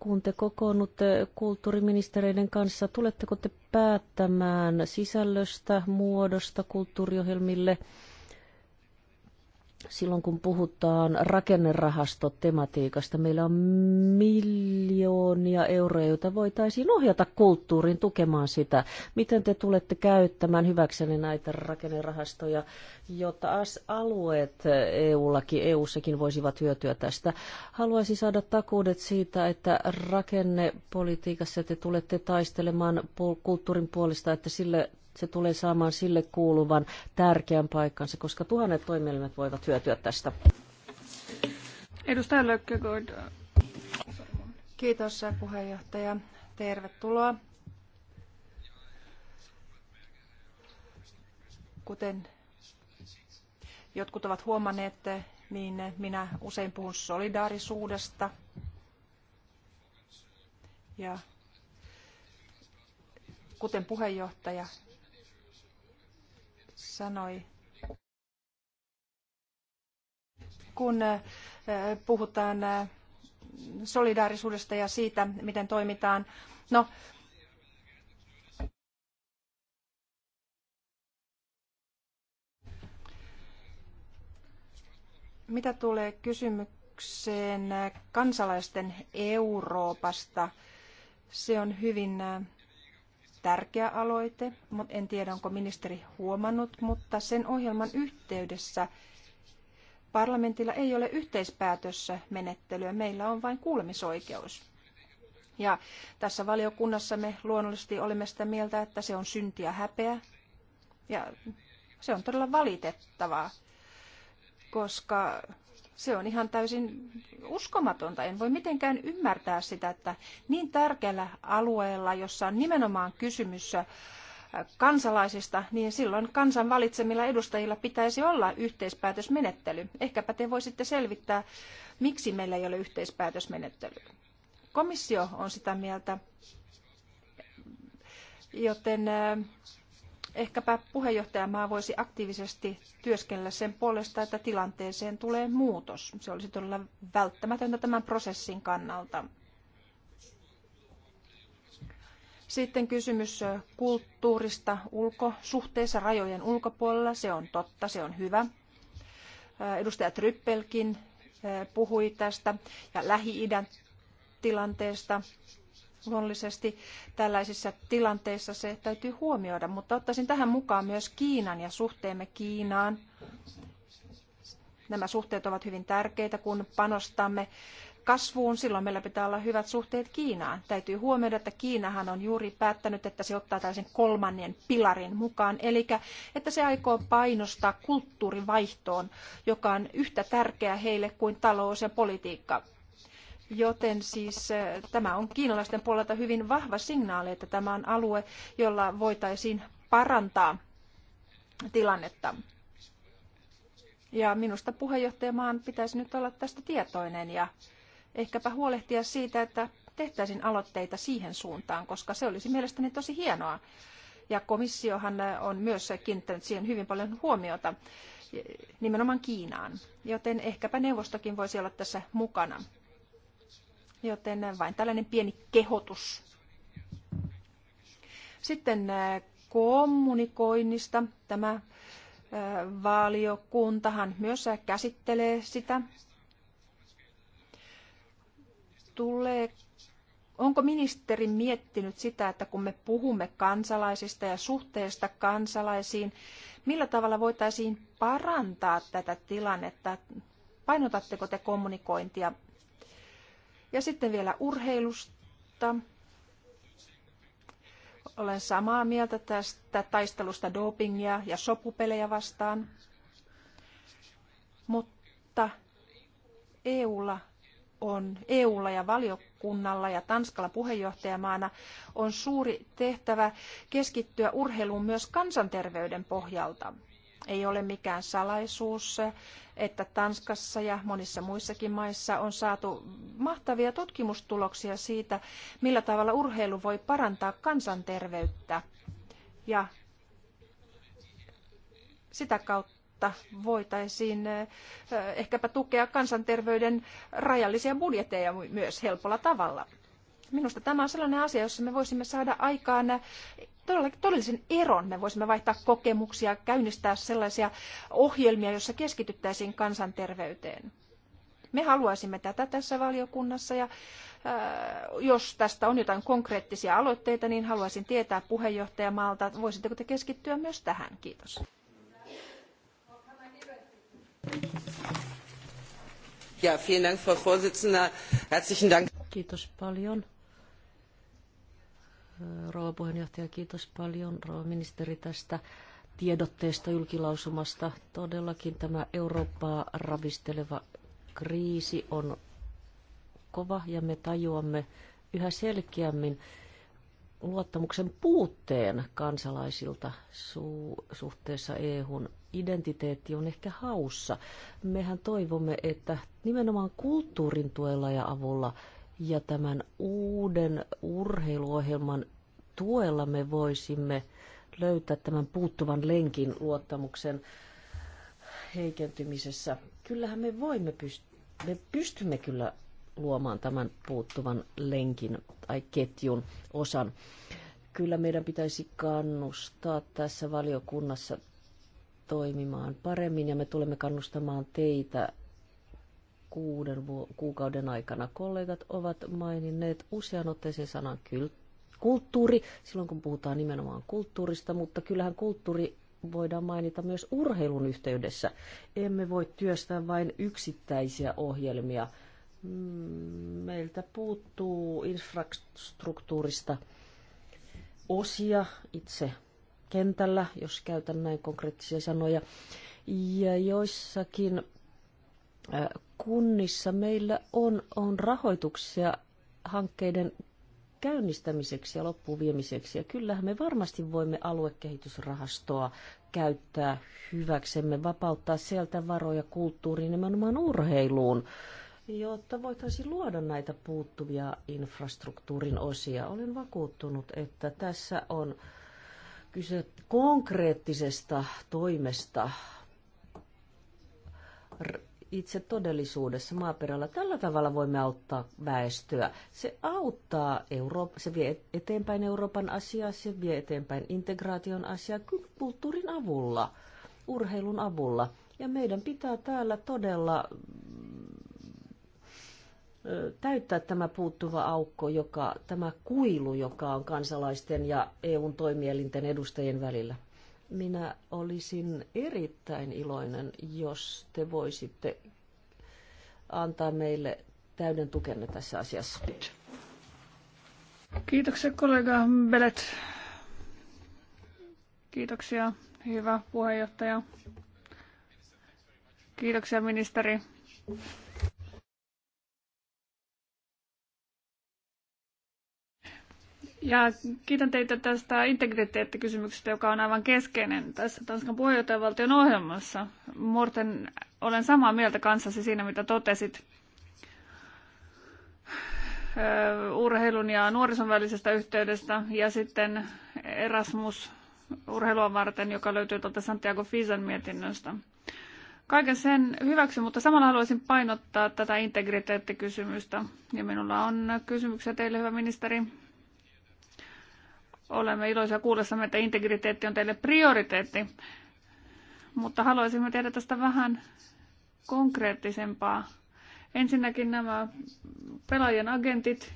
kun te kokoonnutte kulttuuriministereiden kanssa, tuletteko te päättämään sisällöstä, muodosta kulttuuriohjelmille – Silloin kun puhutaan rakennerahastotematiikasta, meillä on miljoonia euroja, joita voitaisiin ohjata kulttuuriin tukemaan sitä. Miten te tulette käyttämään hyväkseni näitä rakennerahastoja, jotta alueet EU-lakin, EU-sakin voisivat hyötyä tästä? Haluaisin saada takuudet siitä, että rakennepolitiikassa te tulette taistelemaan kulttuurin puolesta, että sille se tulee saamaan sille kuuluvan tärkeän paikkansa, koska tuhannet toimielimet voivat hyötyä tästä. Edustaja Lökkögoid. Kiitos puheenjohtaja. Tervetuloa. Kuten jotkut ovat huomanneet, niin minä usein puhun solidaarisuudesta. Ja kuten puheenjohtaja sanoi. Kun äh, puhutaan äh, solidaarisuudesta ja siitä, miten toimitaan. No, mitä tulee kysymykseen äh, kansalaisten Euroopasta, se on hyvin tärkeä aloite, mutta en tiedä onko ministeri huomannut, mutta sen ohjelman yhteydessä parlamentilla ei ole yhteispäätössä menettelyä, meillä on vain kuulemisoikeus. Ja tässä valiokunnassa me luonnollisesti olemme sitä mieltä, että se on synti ja häpeä. Ja se on todella valitettavaa, koska se on ihan täysin uskomatonta. En voi mitenkään ymmärtää sitä, että niin tärkeällä alueella, jossa on nimenomaan kysymys äh, kansalaisista, niin silloin kansan valitsemilla edustajilla pitäisi olla yhteispäätösmenettely. Ehkäpä te voisitte selvittää, miksi meillä ei ole yhteispäätösmenettelyä. Komissio on sitä mieltä, joten äh, ehkäpä puheenjohtajamaa voisi aktiivisesti työskennellä sen puolesta, että tilanteeseen tulee muutos. Se olisi todella välttämätöntä tämän prosessin kannalta. Sitten kysymys kulttuurista ulkosuhteessa rajojen ulkopuolella. Se on totta, se on hyvä. Edustaja Tryppelkin puhui tästä ja Lähi-idän tilanteesta luonnollisesti tällaisissa tilanteissa se täytyy huomioida, mutta ottaisin tähän mukaan myös Kiinan ja suhteemme Kiinaan. Nämä suhteet ovat hyvin tärkeitä, kun panostamme kasvuun, silloin meillä pitää olla hyvät suhteet Kiinaan. Täytyy huomioida, että Kiinahan on juuri päättänyt, että se ottaa tällaisen kolmannen pilarin mukaan, eli että se aikoo painostaa kulttuurivaihtoon, joka on yhtä tärkeä heille kuin talous ja politiikka. Joten siis äh, tämä on kiinalaisten puolelta hyvin vahva signaali, että tämä on alue, jolla voitaisiin parantaa tilannetta. Ja minusta puheenjohtajamaan pitäisi nyt olla tästä tietoinen ja ehkäpä huolehtia siitä, että tehtäisiin aloitteita siihen suuntaan, koska se olisi mielestäni tosi hienoa. Ja komissiohan äh, on myös kiinnittänyt siihen hyvin paljon huomiota nimenomaan Kiinaan, joten ehkäpä neuvostokin voisi olla tässä mukana. Joten vain tällainen pieni kehotus. Sitten äh, kommunikoinnista. Tämä äh, valiokuntahan myös äh, käsittelee sitä. Tulee, onko ministeri miettinyt sitä, että kun me puhumme kansalaisista ja suhteesta kansalaisiin, millä tavalla voitaisiin parantaa tätä tilannetta? Painotatteko te kommunikointia ja sitten vielä urheilusta. Olen samaa mieltä tästä taistelusta dopingia ja sopupelejä vastaan. Mutta EUlla on EUlla ja valiokunnalla ja Tanskalla puheenjohtajamaana on suuri tehtävä keskittyä urheiluun myös kansanterveyden pohjalta. Ei ole mikään salaisuus, että Tanskassa ja monissa muissakin maissa on saatu mahtavia tutkimustuloksia siitä, millä tavalla urheilu voi parantaa kansanterveyttä. Ja sitä kautta voitaisiin eh, ehkäpä tukea kansanterveyden rajallisia budjetteja myös helpolla tavalla. Minusta tämä on sellainen asia, jossa me voisimme saada aikaan todellisen eron. Me voisimme vaihtaa kokemuksia, käynnistää sellaisia ohjelmia, joissa keskityttäisiin kansanterveyteen. Me haluaisimme tätä tässä valiokunnassa ja äh, jos tästä on jotain konkreettisia aloitteita, niin haluaisin tietää puheenjohtajamaalta, voisitteko te keskittyä myös tähän? Kiitos. Ja, vielen Dank, Frau Vorsitzende. Herzlichen Dank. Kiitos paljon rouva puheenjohtaja, kiitos paljon rouva ministeri tästä tiedotteesta, julkilausumasta. Todellakin tämä Eurooppaa ravisteleva kriisi on kova ja me tajuamme yhä selkeämmin luottamuksen puutteen kansalaisilta su- suhteessa EUn identiteetti on ehkä haussa. Mehän toivomme, että nimenomaan kulttuurin tuella ja avulla ja tämän uuden urheiluohjelman tuella me voisimme löytää tämän puuttuvan lenkin luottamuksen heikentymisessä. Kyllähän me voimme pyst- me pystymme kyllä luomaan tämän puuttuvan lenkin tai ketjun osan. Kyllä meidän pitäisi kannustaa tässä valiokunnassa toimimaan paremmin ja me tulemme kannustamaan teitä kuuden kuukauden aikana. Kollegat ovat maininneet usean otteeseen sanan kulttuuri, silloin kun puhutaan nimenomaan kulttuurista, mutta kyllähän kulttuuri voidaan mainita myös urheilun yhteydessä. Emme voi työstää vain yksittäisiä ohjelmia. Mm, meiltä puuttuu infrastruktuurista osia itse kentällä, jos käytän näin konkreettisia sanoja. Ja joissakin kunnissa meillä on, on rahoituksia hankkeiden käynnistämiseksi ja loppuviemiseksi. Ja kyllähän me varmasti voimme aluekehitysrahastoa käyttää hyväksemme, vapauttaa sieltä varoja kulttuuriin, nimenomaan urheiluun, jotta voitaisiin luoda näitä puuttuvia infrastruktuurin osia. Olen vakuuttunut, että tässä on kyse konkreettisesta toimesta itse todellisuudessa maaperällä. Tällä tavalla voimme auttaa väestöä. Se auttaa Eurooppa, se vie eteenpäin Euroopan asiaa, se vie eteenpäin integraation asiaa kulttuurin avulla, urheilun avulla. Ja meidän pitää täällä todella täyttää tämä puuttuva aukko, joka, tämä kuilu, joka on kansalaisten ja EUn toimielinten edustajien välillä. Minä olisin erittäin iloinen, jos te voisitte antaa meille täyden tukenne tässä asiassa. Kiitoksia kollega Belet. Kiitoksia, hyvä puheenjohtaja. Kiitoksia ministeri. Ja kiitän teitä tästä integriteettikysymyksestä, joka on aivan keskeinen tässä Tanskan puheenjohtajavaltion ohjelmassa. Morten, olen samaa mieltä kanssasi siinä, mitä totesit urheilun ja nuorison välisestä yhteydestä ja sitten Erasmus urheilua varten, joka löytyy tuolta Santiago Fisan mietinnöstä. Kaiken sen hyväksyn, mutta samalla haluaisin painottaa tätä integriteettikysymystä. Ja minulla on kysymyksiä teille, hyvä ministeri. Olemme iloisia kuullessamme, että integriteetti on teille prioriteetti, mutta haluaisimme tehdä tästä vähän konkreettisempaa. Ensinnäkin nämä pelaajien agentit.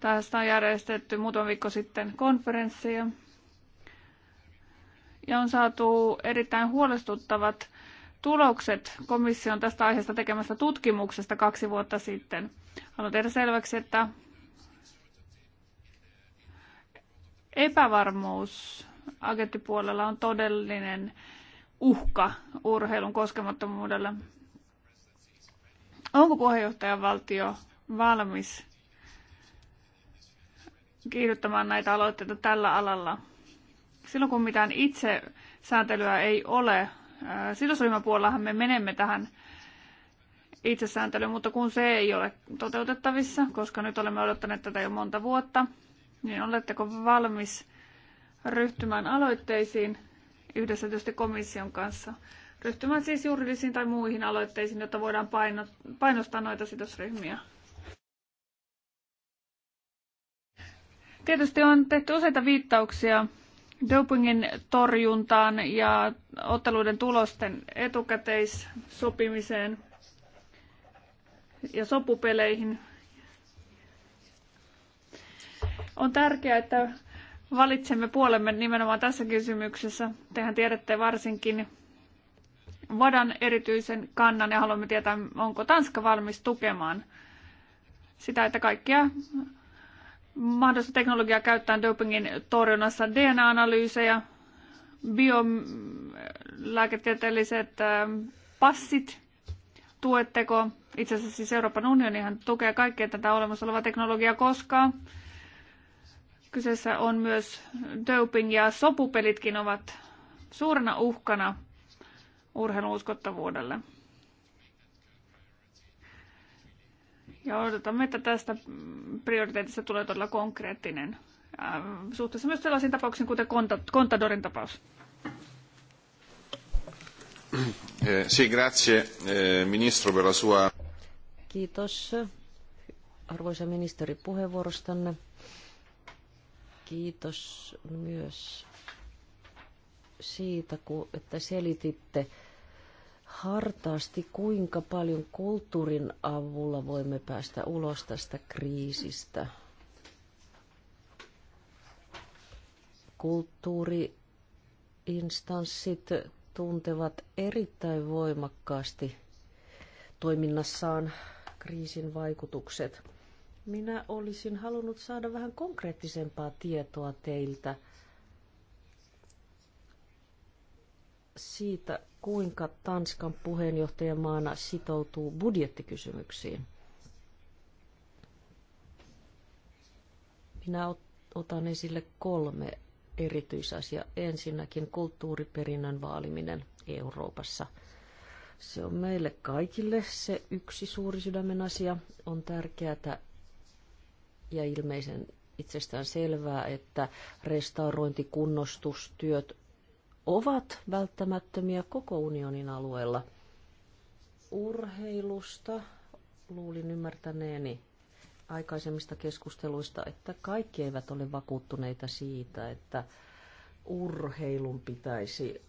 Tästä on järjestetty muutama viikko sitten konferenssia. Ja on saatu erittäin huolestuttavat tulokset komission tästä aiheesta tekemästä tutkimuksesta kaksi vuotta sitten. Haluan tehdä selväksi, että epävarmuus agenttipuolella on todellinen uhka urheilun koskemattomuudelle. Onko valtio valmis kiihdyttämään näitä aloitteita tällä alalla? Silloin kun mitään itse sääntelyä ei ole, sidosryhmäpuolellahan me menemme tähän itsesääntelyyn, mutta kun se ei ole toteutettavissa, koska nyt olemme odottaneet tätä jo monta vuotta, niin oletteko valmis ryhtymään aloitteisiin yhdessä tietysti komission kanssa? Ryhtymään siis juridisiin tai muihin aloitteisiin, jotta voidaan paino, painostaa noita sidosryhmiä. Tietysti on tehty useita viittauksia dopingin torjuntaan ja otteluiden tulosten etukäteissopimiseen ja sopupeleihin – on tärkeää, että valitsemme puolemme nimenomaan tässä kysymyksessä. Tehän tiedätte varsinkin Vadan erityisen kannan ja haluamme tietää, onko Tanska valmis tukemaan sitä, että kaikkia mahdollista teknologiaa käyttää dopingin torjunnassa DNA-analyysejä, biolääketieteelliset passit, tuetteko? Itse asiassa siis Euroopan unionihan tukee kaikkea tätä olemassa olevaa teknologiaa, koska Kyseessä on myös doping ja sopupelitkin ovat suurena uhkana urheiluuskottavuudelle. Ja odotamme, että tästä prioriteetista tulee todella konkreettinen äh, suhteessa myös sellaisiin tapauksiin, kuten Contadorin tapaus. Eh, sì, grazie eh, ministro per la sua... Kiitos arvoisa ministeri puheenvuorostanne. Kiitos myös siitä, että selititte hartaasti, kuinka paljon kulttuurin avulla voimme päästä ulos tästä kriisistä. Kulttuuriinstanssit tuntevat erittäin voimakkaasti toiminnassaan kriisin vaikutukset. Minä olisin halunnut saada vähän konkreettisempaa tietoa teiltä siitä, kuinka Tanskan puheenjohtajamaana sitoutuu budjettikysymyksiin. Minä otan esille kolme erityisasia. Ensinnäkin kulttuuriperinnön vaaliminen Euroopassa. Se on meille kaikille se yksi suuri sydämen asia. On tärkeää, ja ilmeisen itsestään selvää, että restaurointikunnostustyöt ovat välttämättömiä koko unionin alueella. Urheilusta luulin ymmärtäneeni aikaisemmista keskusteluista, että kaikki eivät ole vakuuttuneita siitä, että urheilun pitäisi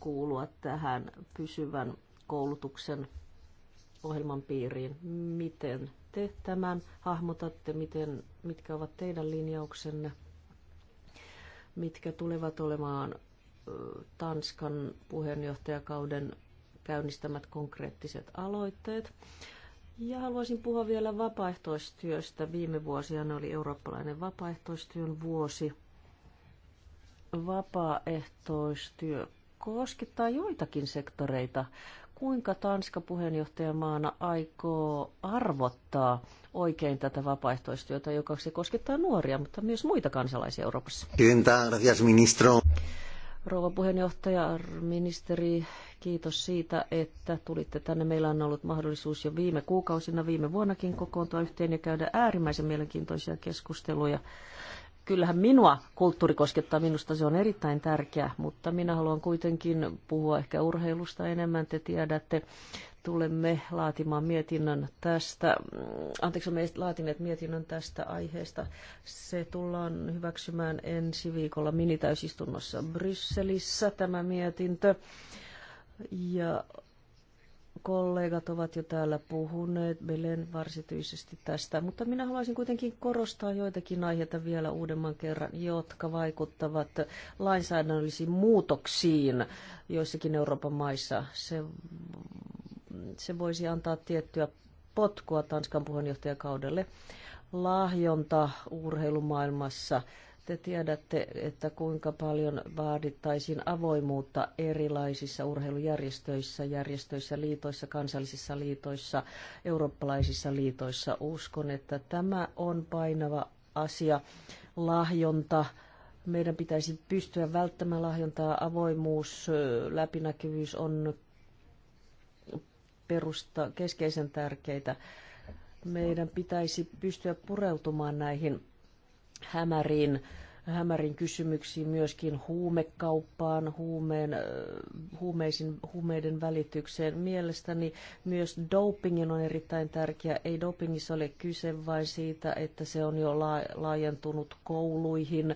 kuulua tähän pysyvän koulutuksen ohjelman piiriin. Miten te tämän hahmotatte, miten, mitkä ovat teidän linjauksenne, mitkä tulevat olemaan Tanskan puheenjohtajakauden käynnistämät konkreettiset aloitteet. Ja haluaisin puhua vielä vapaaehtoistyöstä. Viime vuosina oli eurooppalainen vapaaehtoistyön vuosi. Vapaaehtoistyö koskettaa joitakin sektoreita kuinka Tanska puheenjohtajamaana aikoo arvottaa oikein tätä vapaaehtoistyötä, joka se koskettaa nuoria, mutta myös muita kansalaisia Euroopassa? Rouva puheenjohtaja, ministeri, kiitos siitä, että tulitte tänne. Meillä on ollut mahdollisuus jo viime kuukausina, viime vuonnakin kokoontua yhteen ja käydä äärimmäisen mielenkiintoisia keskusteluja kyllähän minua kulttuuri koskettaa, minusta se on erittäin tärkeä, mutta minä haluan kuitenkin puhua ehkä urheilusta enemmän. Te tiedätte, tulemme laatimaan mietinnön tästä, mm, anteeksi, me laatineet mietinnön tästä aiheesta. Se tullaan hyväksymään ensi viikolla minitäysistunnossa Brysselissä tämä mietintö. Ja kollegat ovat jo täällä puhuneet, Belen varsityisesti tästä, mutta minä haluaisin kuitenkin korostaa joitakin aiheita vielä uudemman kerran, jotka vaikuttavat lainsäädännöllisiin muutoksiin joissakin Euroopan maissa. Se, se voisi antaa tiettyä potkua Tanskan puheenjohtajakaudelle lahjonta urheilumaailmassa – te tiedätte, että kuinka paljon vaadittaisiin avoimuutta erilaisissa urheilujärjestöissä, järjestöissä, liitoissa, kansallisissa liitoissa, eurooppalaisissa liitoissa. Uskon, että tämä on painava asia. Lahjonta, meidän pitäisi pystyä välttämään lahjontaa. Avoimuus, läpinäkyvyys on perusta, keskeisen tärkeitä. Meidän pitäisi pystyä pureutumaan näihin hämärin hämärin kysymyksiin, myöskin huumekauppaan, huumeen, huumeisin, huumeiden välitykseen. Mielestäni myös dopingin on erittäin tärkeä. Ei dopingissa ole kyse vain siitä, että se on jo laajentunut kouluihin,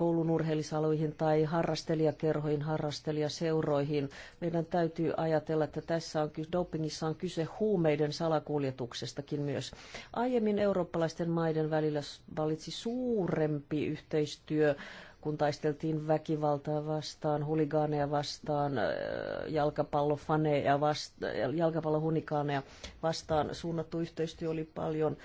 koulun urheilisaloihin tai harrastelijakerhoihin, harrastelijaseuroihin. Meidän täytyy ajatella, että tässä on, dopingissa on kyse huumeiden salakuljetuksestakin myös. Aiemmin eurooppalaisten maiden välillä valitsi suurempi yhteistyö kun taisteltiin väkivaltaa vastaan, huligaaneja vastaan, äh, jalkapallofaneja vastaan, äh, jalkapallohunigaaneja vastaan. Suunnattu yhteistyö oli paljon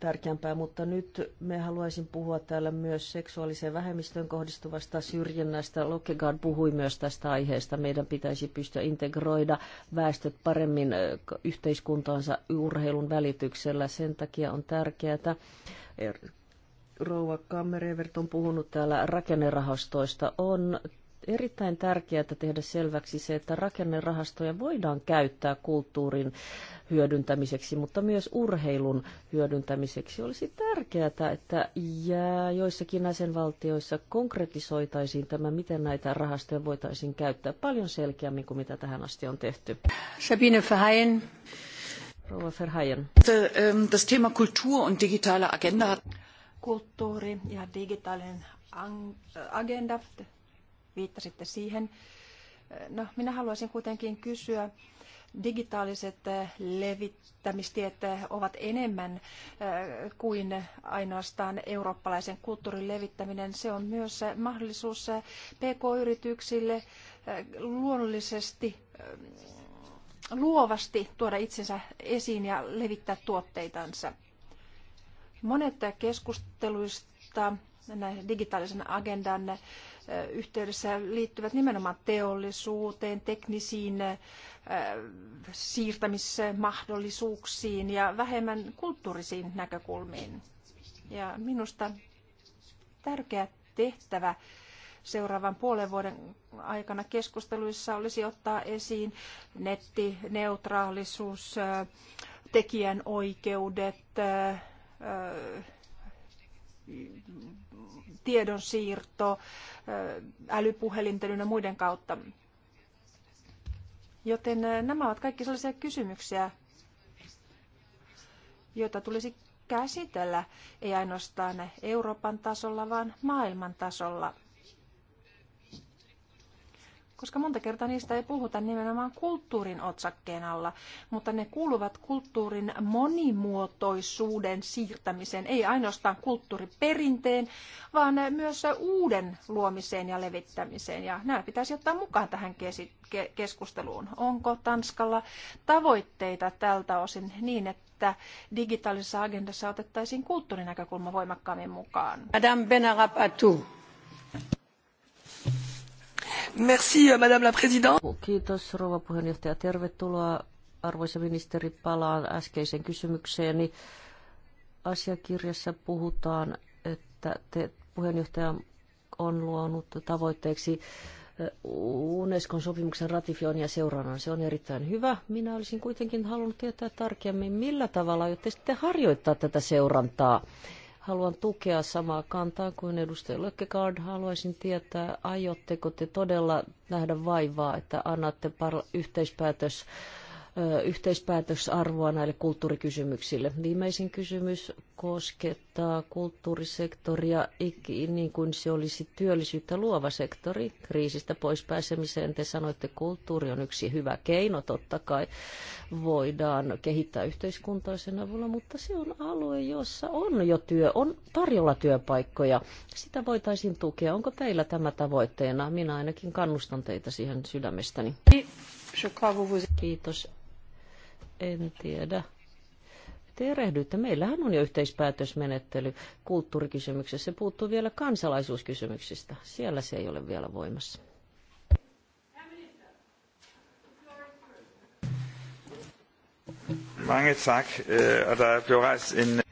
tärkeämpää, mutta nyt me haluaisin puhua täällä myös seksuaaliseen vähemmistöön kohdistuvasta syrjinnästä. Lokkegaard puhui myös tästä aiheesta. Meidän pitäisi pystyä integroida väestöt paremmin yhteiskuntaansa urheilun välityksellä. Sen takia on tärkeää er, Rouva Kammerevert on puhunut täällä rakennerahastoista. On erittäin tärkeää tehdä selväksi se, että rakennerahastoja voidaan käyttää kulttuurin hyödyntämiseksi, mutta myös urheilun hyödyntämiseksi. Olisi tärkeää, että joissakin jäsenvaltioissa konkretisoitaisiin tämä, miten näitä rahastoja voitaisiin käyttää paljon selkeämmin kuin mitä tähän asti on tehty. Sabine Verheyen. Rouva Verheyen. Ähm, das Thema Kultur und digitale Agenda. Kulttuuri ja digitaalinen äh, agenda viittasitte siihen. No, minä haluaisin kuitenkin kysyä, digitaaliset eh, levittämistiet eh, ovat enemmän eh, kuin ainoastaan eurooppalaisen kulttuurin levittäminen. Se on myös mahdollisuus PK-yrityksille luonnollisesti luovasti tuoda itsensä esiin ja levittää tuotteitansa. Monet keskusteluista näiden digitaalisen agendan yhteydessä liittyvät nimenomaan teollisuuteen, teknisiin äh, siirtämismahdollisuuksiin ja vähemmän kulttuurisiin näkökulmiin. Ja minusta tärkeä tehtävä seuraavan puolen vuoden aikana keskusteluissa olisi ottaa esiin nettineutraalisuus, äh, tekijänoikeudet, äh, tiedonsiirto älypuhelinten ja muiden kautta. Joten nämä ovat kaikki sellaisia kysymyksiä, joita tulisi käsitellä ei ainoastaan Euroopan tasolla, vaan maailman tasolla koska monta kertaa niistä ei puhuta nimenomaan kulttuurin otsakkeen alla, mutta ne kuuluvat kulttuurin monimuotoisuuden siirtämiseen, ei ainoastaan kulttuuriperinteen, vaan myös uuden luomiseen ja levittämiseen. Ja nämä pitäisi ottaa mukaan tähän keskusteluun. Onko Tanskalla tavoitteita tältä osin niin, että digitaalisessa agendassa otettaisiin kulttuurinäkökulma voimakkaammin mukaan? Madame Benarab Atou. Merci, euh, madame la présidente. Kiitos, rouva puheenjohtaja. Tervetuloa, arvoisa ministeri. Palaan äskeiseen kysymykseeni. Asiakirjassa puhutaan, että te puheenjohtaja on luonut tavoitteeksi Unescon sopimuksen ratifioinnin ja seurannan. Se on erittäin hyvä. Minä olisin kuitenkin halunnut tietää tarkemmin, millä tavalla aiotte sitten harjoittaa tätä seurantaa Haluan tukea samaa kantaa kuin edustaja Lökkegaard. Haluaisin tietää, aiotteko te todella nähdä vaivaa, että annatte par- yhteispäätös yhteispäätösarvoa näille kulttuurikysymyksille. Viimeisin kysymys koskettaa kulttuurisektoria niin kuin se olisi työllisyyttä luova sektori kriisistä pois pääsemiseen. Te sanoitte, että kulttuuri on yksi hyvä keino, totta kai voidaan kehittää yhteiskuntaa sen avulla, mutta se on alue, jossa on jo työ, on tarjolla työpaikkoja. Sitä voitaisiin tukea. Onko teillä tämä tavoitteena? Minä ainakin kannustan teitä siihen sydämestäni. Kiitos en tiedä. Te Meillähän on jo yhteispäätösmenettely kulttuurikysymyksessä. Se puuttuu vielä kansalaisuuskysymyksistä. Siellä se ei ole vielä voimassa. Mange tak. Øh,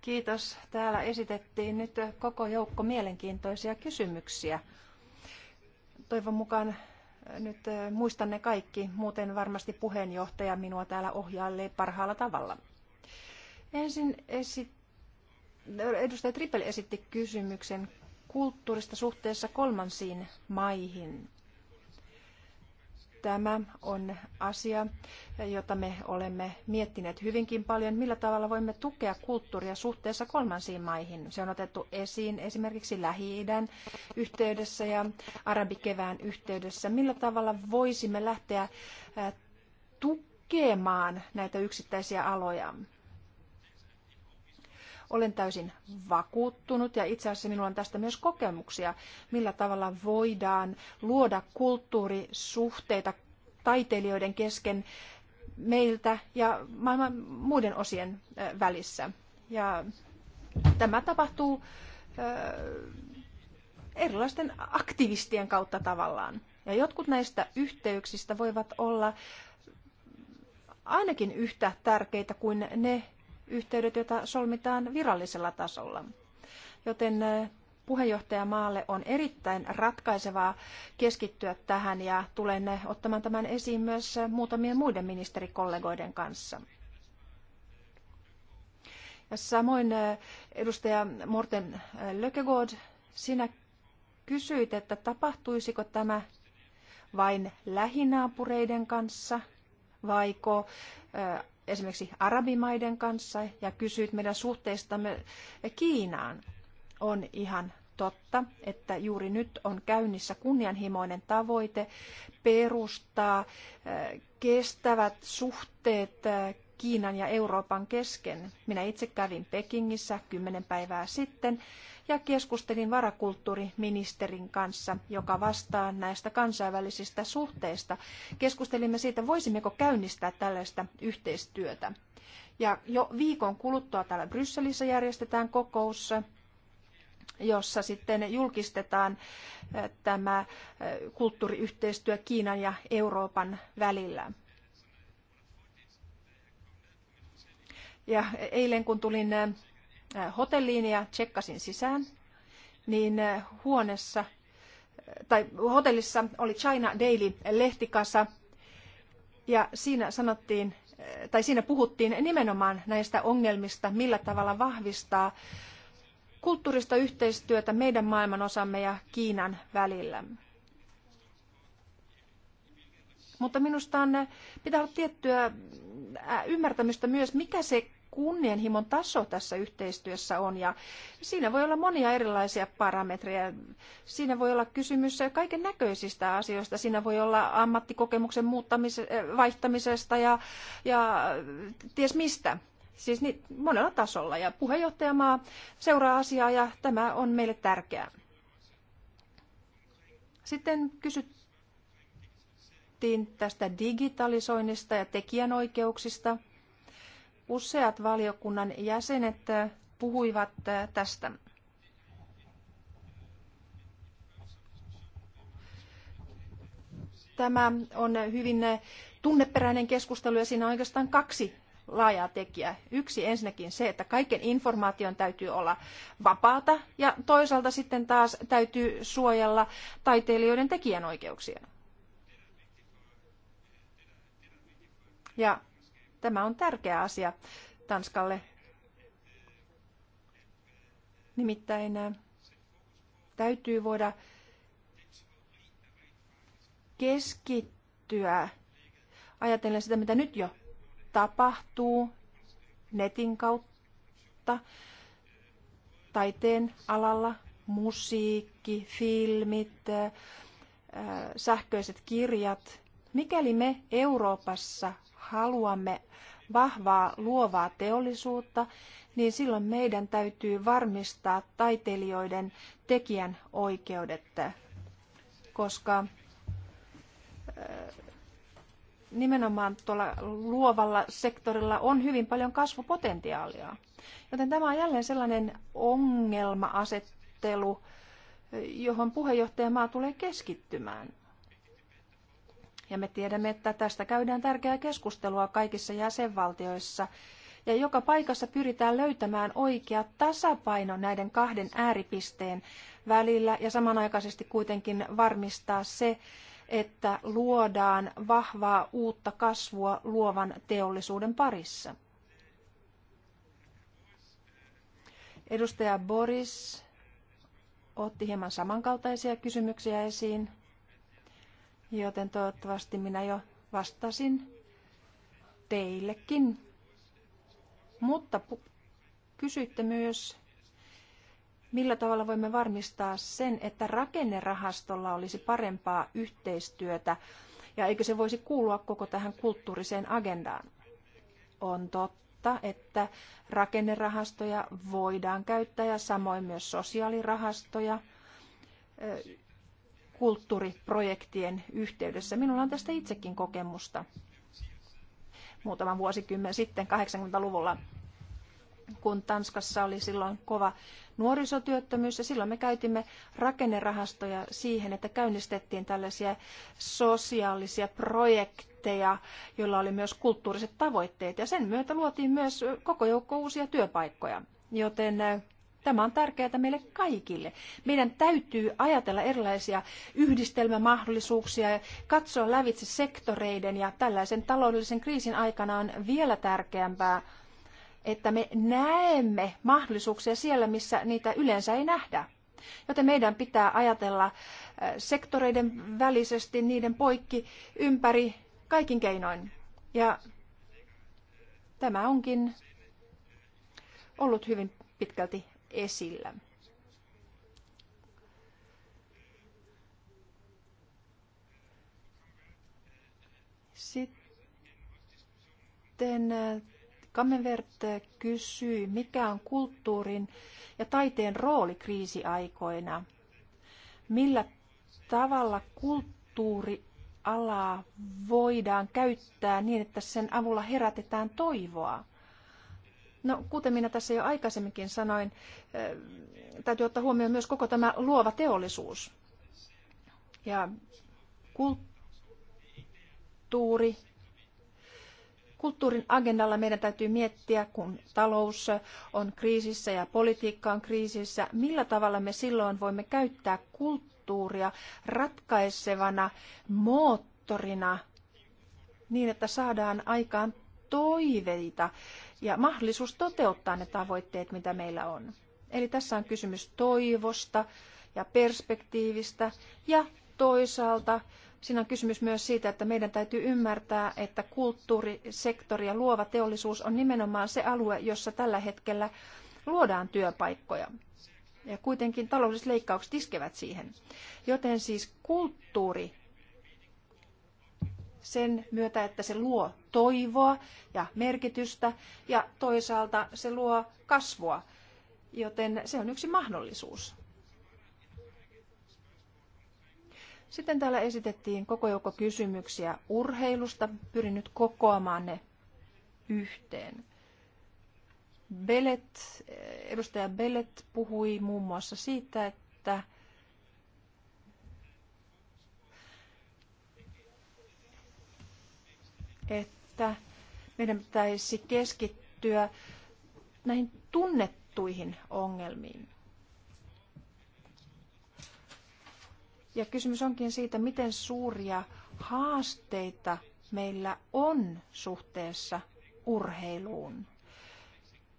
Kiitos. Täällä esitettiin nyt koko joukko mielenkiintoisia kysymyksiä. Toivon mukaan nyt eh, muistan ne kaikki, muuten varmasti puheenjohtaja minua täällä ohjailee parhaalla tavalla. Ensin esi- edustaja Trippel esitti kysymyksen kulttuurista suhteessa kolmansiin maihin. Tämä on asia, jota me olemme miettineet hyvinkin paljon, millä tavalla voimme tukea kulttuuria suhteessa kolmansiin maihin. Se on otettu esiin esimerkiksi Lähi-idän yhteydessä ja arabikevään yhteydessä. Millä tavalla voisimme lähteä tukemaan näitä yksittäisiä aloja? Olen täysin vakuuttunut ja itse asiassa minulla on tästä myös kokemuksia, millä tavalla voidaan luoda kulttuurisuhteita taiteilijoiden kesken meiltä ja maailman muiden osien välissä. Ja tämä tapahtuu erilaisten aktivistien kautta tavallaan. Ja jotkut näistä yhteyksistä voivat olla ainakin yhtä tärkeitä kuin ne, yhteydet, joita solmitaan virallisella tasolla. Joten puheenjohtajamaalle on erittäin ratkaisevaa keskittyä tähän ja tulen ottamaan tämän esiin myös muutamien muiden ministerikollegoiden kanssa. Ja samoin edustaja Morten Lökegård, sinä kysyit, että tapahtuisiko tämä vain lähinaapureiden kanssa vaiko esimerkiksi arabimaiden kanssa ja kysyit meidän suhteistamme Kiinaan. On ihan totta, että juuri nyt on käynnissä kunnianhimoinen tavoite perustaa eh, kestävät suhteet eh, Kiinan ja Euroopan kesken. Minä itse kävin Pekingissä kymmenen päivää sitten ja keskustelin varakulttuuriministerin kanssa, joka vastaa näistä kansainvälisistä suhteista. Keskustelimme siitä, voisimmeko käynnistää tällaista yhteistyötä. Ja jo viikon kuluttua täällä Brysselissä järjestetään kokous, jossa sitten julkistetaan eh, tämä eh, kulttuuriyhteistyö Kiinan ja Euroopan välillä. Ja eilen kun tulin äh, hotelliin ja tsekkasin sisään, niin äh, huoneessa äh, tai hotellissa oli China Daily-lehtikasa ja siinä sanottiin, tai siinä puhuttiin nimenomaan näistä ongelmista, millä tavalla vahvistaa kulttuurista yhteistyötä meidän maailmanosamme ja Kiinan välillä. Mutta minusta on, pitää olla tiettyä ymmärtämystä myös, mikä se kunnianhimon taso tässä yhteistyössä on. Ja siinä voi olla monia erilaisia parametreja. Siinä voi olla kysymys kaiken näköisistä asioista. Siinä voi olla ammattikokemuksen muuttamis- eh, vaihtamisesta ja, ja ties mistä. Siis niin, monella tasolla. Ja puheenjohtajamaa seuraa asiaa ja tämä on meille tärkeää. Sitten kysyttiin tästä digitalisoinnista ja tekijänoikeuksista – Useat valiokunnan jäsenet äh, puhuivat äh, tästä. Tämä on hyvin äh, tunneperäinen keskustelu ja siinä on oikeastaan kaksi laajaa tekijää. Yksi ensinnäkin se, että kaiken informaation täytyy olla vapaata ja toisaalta sitten taas täytyy suojella taiteilijoiden tekijänoikeuksia. Ja Tämä on tärkeä asia Tanskalle. Nimittäin äh, täytyy voida keskittyä ajatellen sitä, mitä nyt jo tapahtuu netin kautta, taiteen alalla, musiikki, filmit, äh, sähköiset kirjat. Mikäli me Euroopassa haluamme vahvaa luovaa teollisuutta, niin silloin meidän täytyy varmistaa taiteilijoiden tekijän oikeudet, koska nimenomaan tuolla luovalla sektorilla on hyvin paljon kasvupotentiaalia. Joten tämä on jälleen sellainen ongelmaasettelu, johon puheenjohtajamaa tulee keskittymään – ja me tiedämme, että tästä käydään tärkeää keskustelua kaikissa jäsenvaltioissa. Ja joka paikassa pyritään löytämään oikea tasapaino näiden kahden ääripisteen välillä ja samanaikaisesti kuitenkin varmistaa se, että luodaan vahvaa uutta kasvua luovan teollisuuden parissa. Edustaja Boris otti hieman samankaltaisia kysymyksiä esiin. Joten toivottavasti minä jo vastasin teillekin. Mutta kysyitte myös, millä tavalla voimme varmistaa sen, että rakennerahastolla olisi parempaa yhteistyötä ja eikö se voisi kuulua koko tähän kulttuuriseen agendaan. On totta, että rakennerahastoja voidaan käyttää ja samoin myös sosiaalirahastoja kulttuuriprojektien yhteydessä. Minulla on tästä itsekin kokemusta muutaman vuosikymmen sitten, 80-luvulla, kun Tanskassa oli silloin kova nuorisotyöttömyys ja silloin me käytimme rakennerahastoja siihen, että käynnistettiin tällaisia sosiaalisia projekteja, joilla oli myös kulttuuriset tavoitteet ja sen myötä luotiin myös koko joukko uusia työpaikkoja. Joten Tämä on tärkeää meille kaikille. Meidän täytyy ajatella erilaisia yhdistelmämahdollisuuksia ja katsoa lävitse sektoreiden ja tällaisen taloudellisen kriisin aikana on vielä tärkeämpää, että me näemme mahdollisuuksia siellä, missä niitä yleensä ei nähdä. Joten meidän pitää ajatella sektoreiden välisesti, niiden poikki, ympäri, kaikin keinoin. Ja tämä onkin ollut hyvin pitkälti esillä. Sitten äh, Kammenvert äh, kysyi, mikä on kulttuurin ja taiteen rooli kriisiaikoina. Millä tavalla kulttuurialaa voidaan käyttää niin, että sen avulla herätetään toivoa? No, kuten minä tässä jo aikaisemminkin sanoin, eh, täytyy ottaa huomioon myös koko tämä luova teollisuus ja kulttuuri. Kulttuurin agendalla meidän täytyy miettiä, kun talous on kriisissä ja politiikka on kriisissä, millä tavalla me silloin voimme käyttää kulttuuria ratkaisevana moottorina niin, että saadaan aikaan toiveita ja mahdollisuus toteuttaa ne tavoitteet, mitä meillä on. Eli tässä on kysymys toivosta ja perspektiivistä ja toisaalta siinä on kysymys myös siitä, että meidän täytyy ymmärtää, että kulttuurisektori ja luova teollisuus on nimenomaan se alue, jossa tällä hetkellä luodaan työpaikkoja. Ja kuitenkin taloudelliset leikkaukset iskevät siihen. Joten siis kulttuuri sen myötä, että se luo toivoa ja merkitystä ja toisaalta se luo kasvua, joten se on yksi mahdollisuus. Sitten täällä esitettiin koko joukko kysymyksiä urheilusta. Pyrin nyt kokoamaan ne yhteen. Belet, edustaja Belet puhui muun muassa siitä, että että meidän pitäisi keskittyä näihin tunnettuihin ongelmiin. Ja kysymys onkin siitä, miten suuria haasteita meillä on suhteessa urheiluun.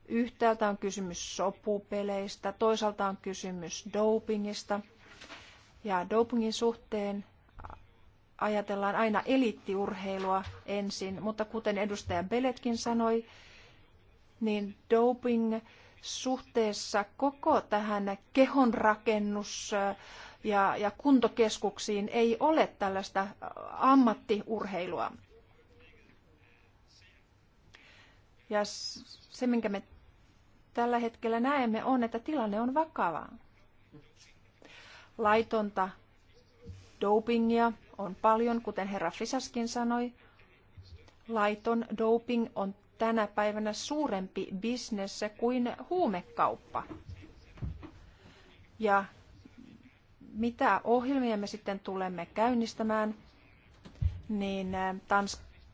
Yhtäältä on kysymys sopupeleistä, toisaalta on kysymys dopingista. Ja dopingin suhteen ajatellaan aina eliittiurheilua ensin, mutta kuten edustaja Beletkin sanoi, niin doping suhteessa koko tähän kehonrakennus ja, ja kuntokeskuksiin ei ole tällaista ammattiurheilua. Ja se, minkä me tällä hetkellä näemme, on, että tilanne on vakava. Laitonta Dopingia on paljon, kuten herra Fisaskin sanoi. Laiton doping on tänä päivänä suurempi bisnes kuin huumekauppa. Ja mitä ohjelmia me sitten tulemme käynnistämään, niin äh,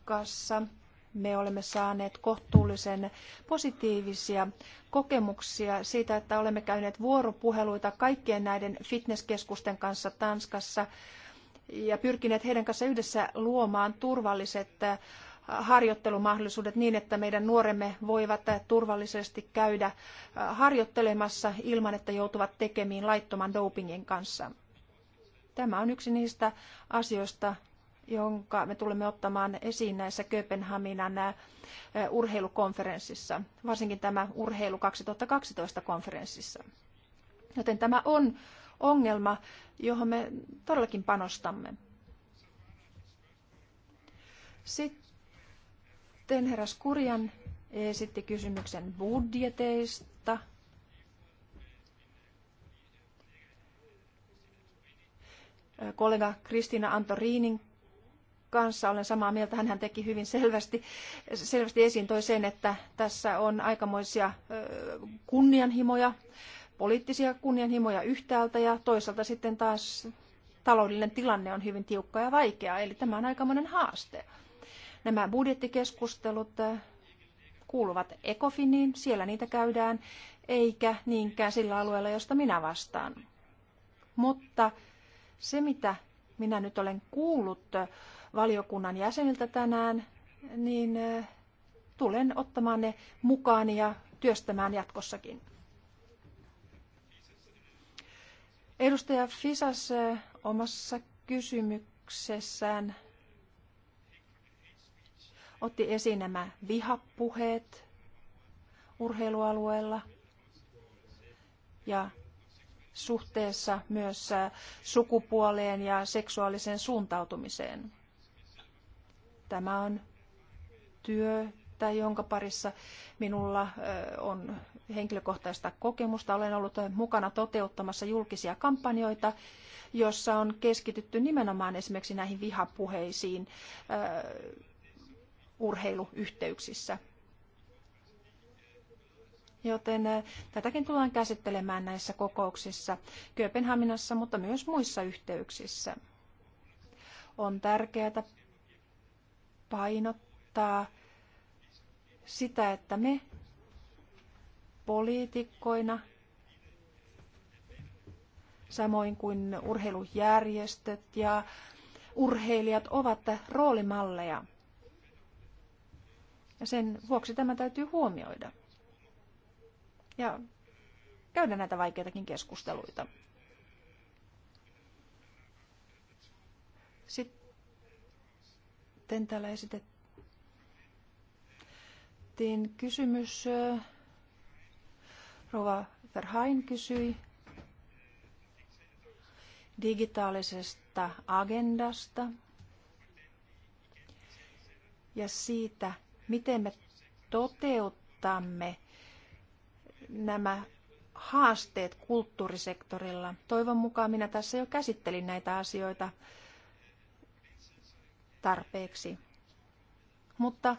Tanskassa – me olemme saaneet kohtuullisen positiivisia kokemuksia siitä, että olemme käyneet vuoropuheluita kaikkien näiden fitnesskeskusten kanssa Tanskassa ja pyrkineet heidän kanssa yhdessä luomaan turvalliset äh, harjoittelumahdollisuudet niin, että meidän nuoremme voivat äh, turvallisesti käydä äh, harjoittelemassa ilman, että joutuvat tekemiin laittoman dopingin kanssa. Tämä on yksi niistä asioista, jonka me tulemme ottamaan esiin näissä Kööpenhaminan urheilukonferenssissa, varsinkin tämä Urheilu 2012 konferenssissa. Joten tämä on ongelma, johon me todellakin panostamme. Sitten herras Kurjan esitti kysymyksen budjeteista. Kollega Kristiina Antoriinin kanssa olen samaa mieltä. Hänhän teki hyvin selvästi, selvästi esiin toi sen, että tässä on aikamoisia kunnianhimoja, poliittisia kunnianhimoja yhtäältä ja toisaalta sitten taas taloudellinen tilanne on hyvin tiukka ja vaikea, eli tämä on aikamoinen haaste. Nämä budjettikeskustelut kuuluvat Ecofiniin, siellä niitä käydään, eikä niinkään sillä alueella, josta minä vastaan. Mutta se, mitä minä nyt olen kuullut valiokunnan jäseniltä tänään, niin tulen ottamaan ne mukaan ja työstämään jatkossakin. Edustaja Fisas omassa kysymyksessään otti esiin nämä vihapuheet urheilualueella ja suhteessa myös sukupuoleen ja seksuaaliseen suuntautumiseen. Tämä on työtä, jonka parissa minulla on henkilökohtaista kokemusta. Olen ollut mukana toteuttamassa julkisia kampanjoita, jossa on keskitytty nimenomaan esimerkiksi näihin vihapuheisiin urheiluyhteyksissä. Joten tätäkin tullaan käsittelemään näissä kokouksissa Kööpenhaminassa, mutta myös muissa yhteyksissä. On tärkeää painottaa sitä, että me poliitikkoina, samoin kuin urheilujärjestöt ja urheilijat ovat roolimalleja. Ja sen vuoksi tämä täytyy huomioida. Ja käydä näitä vaikeitakin keskusteluita. Sitten sitten täällä esitettiin kysymys. Rova Verhain kysyi digitaalisesta agendasta ja siitä, miten me toteuttamme nämä haasteet kulttuurisektorilla. Toivon mukaan minä tässä jo käsittelin näitä asioita tarpeeksi. Mutta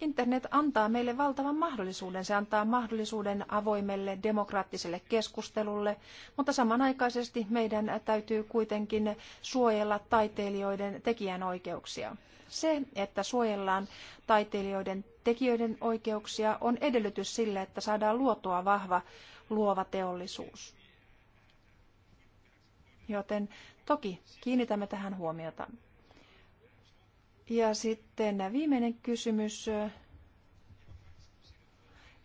internet antaa meille valtavan mahdollisuuden. Se antaa mahdollisuuden avoimelle demokraattiselle keskustelulle, mutta samanaikaisesti meidän täytyy kuitenkin suojella taiteilijoiden tekijänoikeuksia. Se, että suojellaan taiteilijoiden tekijöiden oikeuksia, on edellytys sille, että saadaan luotua vahva luova teollisuus. Joten toki kiinnitämme tähän huomiota. Ja sitten viimeinen kysymys.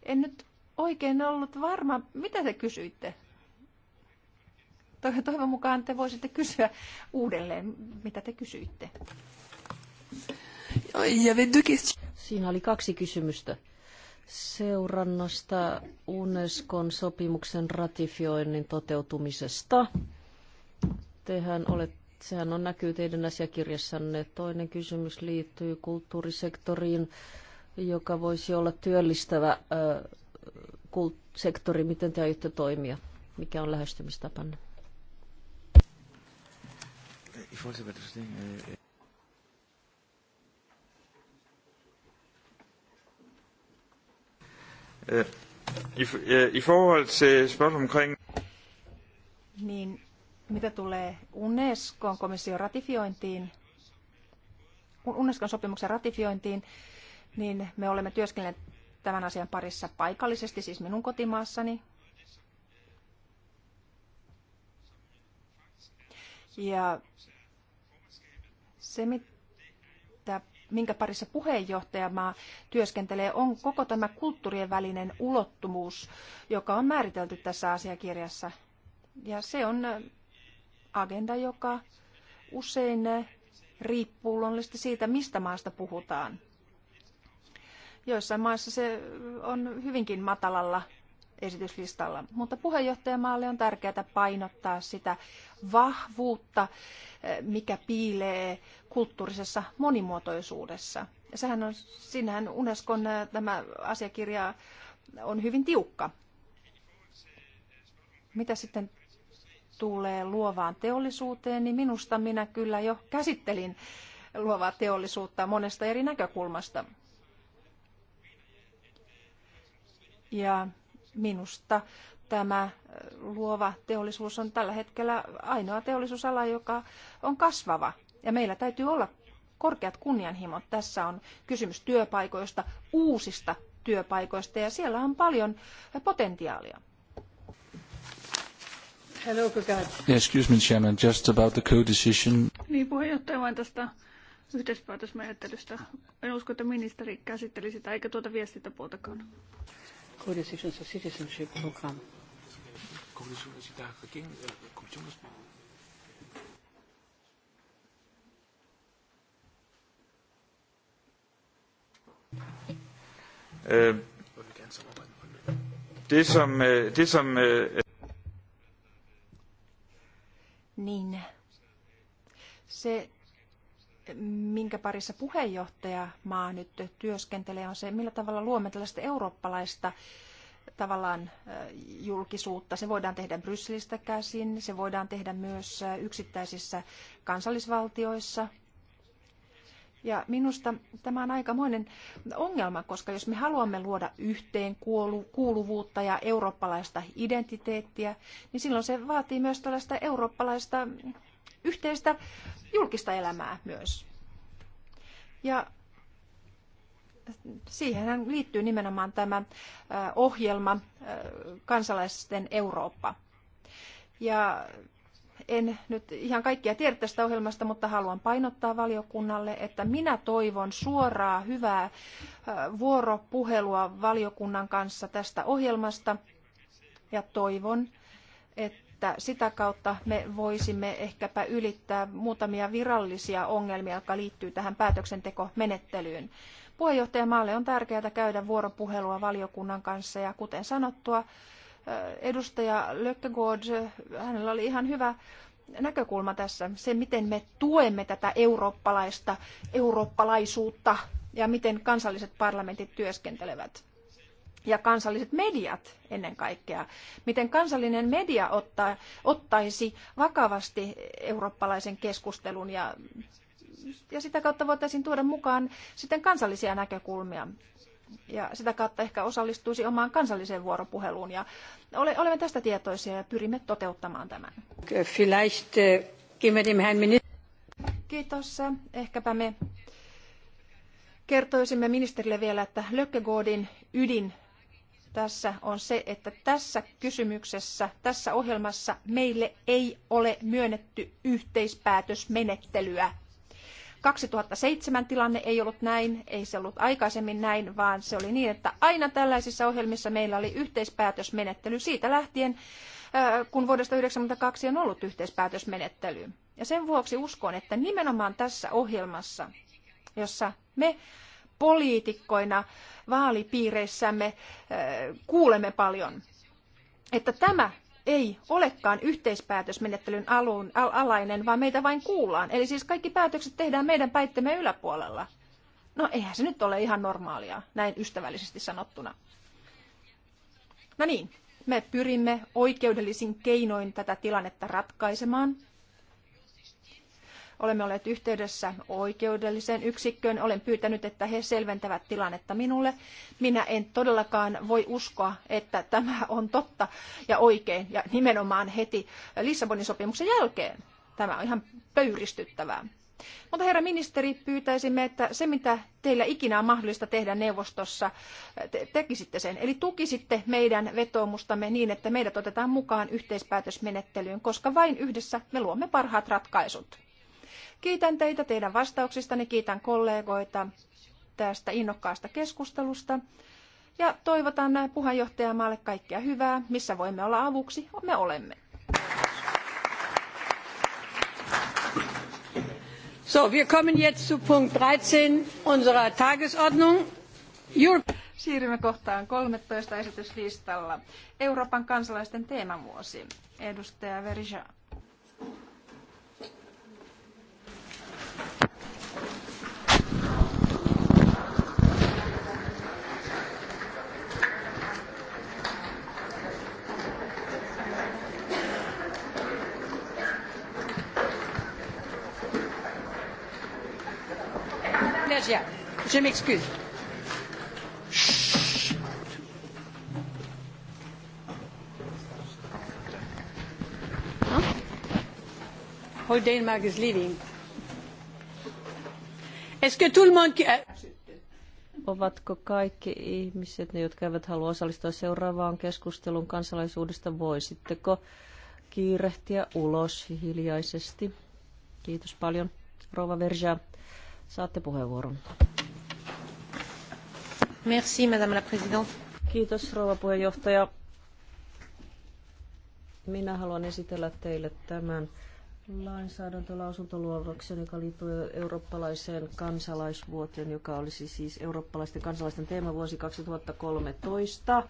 En nyt oikein ollut varma, mitä te kysyitte. Toivon mukaan te voisitte kysyä uudelleen, mitä te kysyitte. Siinä oli kaksi kysymystä seurannasta Unescon sopimuksen ratifioinnin toteutumisesta. Tehän olette Sehän on näkyy teidän asiakirjassanne. Toinen kysymys liittyy kulttuurisektoriin, joka voisi olla työllistävä sektori. Miten te aiotte toimia? Mikä on lähestymistapanne? Äh, äh, äh, I, i forhold til spørgsmålet omkring... Niin, mitä tulee Unescon komission ratifiointiin, Unescon sopimuksen ratifiointiin, niin me olemme työskennelleet tämän asian parissa paikallisesti, siis minun kotimaassani. Ja se, mitä, minkä parissa puheenjohtajamaa työskentelee, on koko tämä kulttuurien välinen ulottumuus, joka on määritelty tässä asiakirjassa. Ja se on agenda, joka usein riippuu luonnollisesti siitä, mistä maasta puhutaan. Joissain maissa se on hyvinkin matalalla esityslistalla, mutta puheenjohtajamaalle on tärkeää painottaa sitä vahvuutta, mikä piilee kulttuurisessa monimuotoisuudessa. Sehän on, sinähän Unescon äh, tämä asiakirja on hyvin tiukka. Mitä sitten tulee luovaan teollisuuteen, niin minusta minä kyllä jo käsittelin luovaa teollisuutta monesta eri näkökulmasta. Ja minusta tämä luova teollisuus on tällä hetkellä ainoa teollisuusala, joka on kasvava. Ja meillä täytyy olla korkeat kunnianhimot. Tässä on kysymys työpaikoista, uusista työpaikoista ja siellä on paljon potentiaalia. Hello, excuse me, Chairman, just about the co-decision. Niin, puheenjohtaja vain tästä yhteispäätösmenettelystä. En usko, että ministeri käsitteli sitä, eikä tuota viestintäpuoltakaan. Co-decision of citizenship program. Eh, eh, det som, eh, det som niin se, minkä parissa maa nyt työskentelee, on se, millä tavalla luomme tällaista eurooppalaista tavallaan julkisuutta. Se voidaan tehdä Brysselistä käsin, se voidaan tehdä myös yksittäisissä kansallisvaltioissa, ja minusta tämä on aikamoinen ongelma, koska jos me haluamme luoda yhteen kuuluvuutta ja eurooppalaista identiteettiä, niin silloin se vaatii myös tällaista eurooppalaista yhteistä julkista elämää myös. Ja siihen liittyy nimenomaan tämä ohjelma Kansalaisten Eurooppa. Ja en nyt ihan kaikkia tiedä tästä ohjelmasta, mutta haluan painottaa valiokunnalle, että minä toivon suoraa, hyvää vuoropuhelua valiokunnan kanssa tästä ohjelmasta ja toivon, että sitä kautta me voisimme ehkäpä ylittää muutamia virallisia ongelmia, jotka liittyy tähän päätöksentekomenettelyyn. Puheenjohtajamaalle on tärkeää käydä vuoropuhelua valiokunnan kanssa ja kuten sanottua, edustaja Lökkegaard, hänellä oli ihan hyvä näkökulma tässä. Se, miten me tuemme tätä eurooppalaista, eurooppalaisuutta ja miten kansalliset parlamentit työskentelevät. Ja kansalliset mediat ennen kaikkea. Miten kansallinen media ottaa, ottaisi vakavasti eurooppalaisen keskustelun ja ja sitä kautta voitaisiin tuoda mukaan sitten kansallisia näkökulmia ja sitä kautta ehkä osallistuisi omaan kansalliseen vuoropuheluun. Ja ole, olemme tästä tietoisia ja pyrimme toteuttamaan tämän. Eh, Kiitos. Ehkäpä me kertoisimme ministerille vielä, että Lökkegoodin ydin tässä on se, että tässä kysymyksessä, tässä ohjelmassa meille ei ole myönnetty yhteispäätösmenettelyä 2007 tilanne ei ollut näin, ei se ollut aikaisemmin näin, vaan se oli niin, että aina tällaisissa ohjelmissa meillä oli yhteispäätösmenettely siitä lähtien, kun vuodesta 1992 on ollut yhteispäätösmenettely. Ja sen vuoksi uskon, että nimenomaan tässä ohjelmassa, jossa me poliitikkoina vaalipiireissämme kuulemme paljon, että tämä ei olekaan yhteispäätösmenettelyn alun, al, alainen, vaan meitä vain kuullaan. Eli siis kaikki päätökset tehdään meidän päittemme yläpuolella. No eihän se nyt ole ihan normaalia, näin ystävällisesti sanottuna. No niin, me pyrimme oikeudellisin keinoin tätä tilannetta ratkaisemaan – Olemme olleet yhteydessä oikeudelliseen yksikköön. Olen pyytänyt, että he selventävät tilannetta minulle. Minä en todellakaan voi uskoa, että tämä on totta ja oikein ja nimenomaan heti Lissabonin sopimuksen jälkeen. Tämä on ihan pöyristyttävää. Mutta herra ministeri, pyytäisimme, että se mitä teillä ikinä on mahdollista tehdä neuvostossa, te- tekisitte sen. Eli tukisitte meidän vetoomustamme niin, että meidät otetaan mukaan yhteispäätösmenettelyyn, koska vain yhdessä me luomme parhaat ratkaisut. Kiitän teitä teidän vastauksistanne, kiitän kollegoita tästä innokkaasta keskustelusta. Ja toivotan puheenjohtajamaalle kaikkea hyvää. Missä voimme olla avuksi, me olemme. So, wir kommen jetzt zu Punkt 13 unserer Tagesordnung. Europe Siirrymme kohtaan 13 esityslistalla. Euroopan kansalaisten teemavuosi. Edustaja Verja. Je m'excuse. Huh? Whole Denmark is leaving. Est-ce que tout le monde... Ovatko kaikki ihmiset, ne, jotka eivät halua osallistua seuraavaan keskusteluun kansalaisuudesta, voisitteko kiirehtiä ulos hiljaisesti? Kiitos paljon. Rova Verja, saatte puheenvuoron arvoisa puhemies Kiitos, rouva puheenjohtaja. Minä haluan esitellä teille tämän lainsäädäntölausuntoluonnoksen, joka liittyy eurooppalaiseen kansalaisvuoteen, joka olisi siis eurooppalaisten kansalaisten teemavuosi 2013.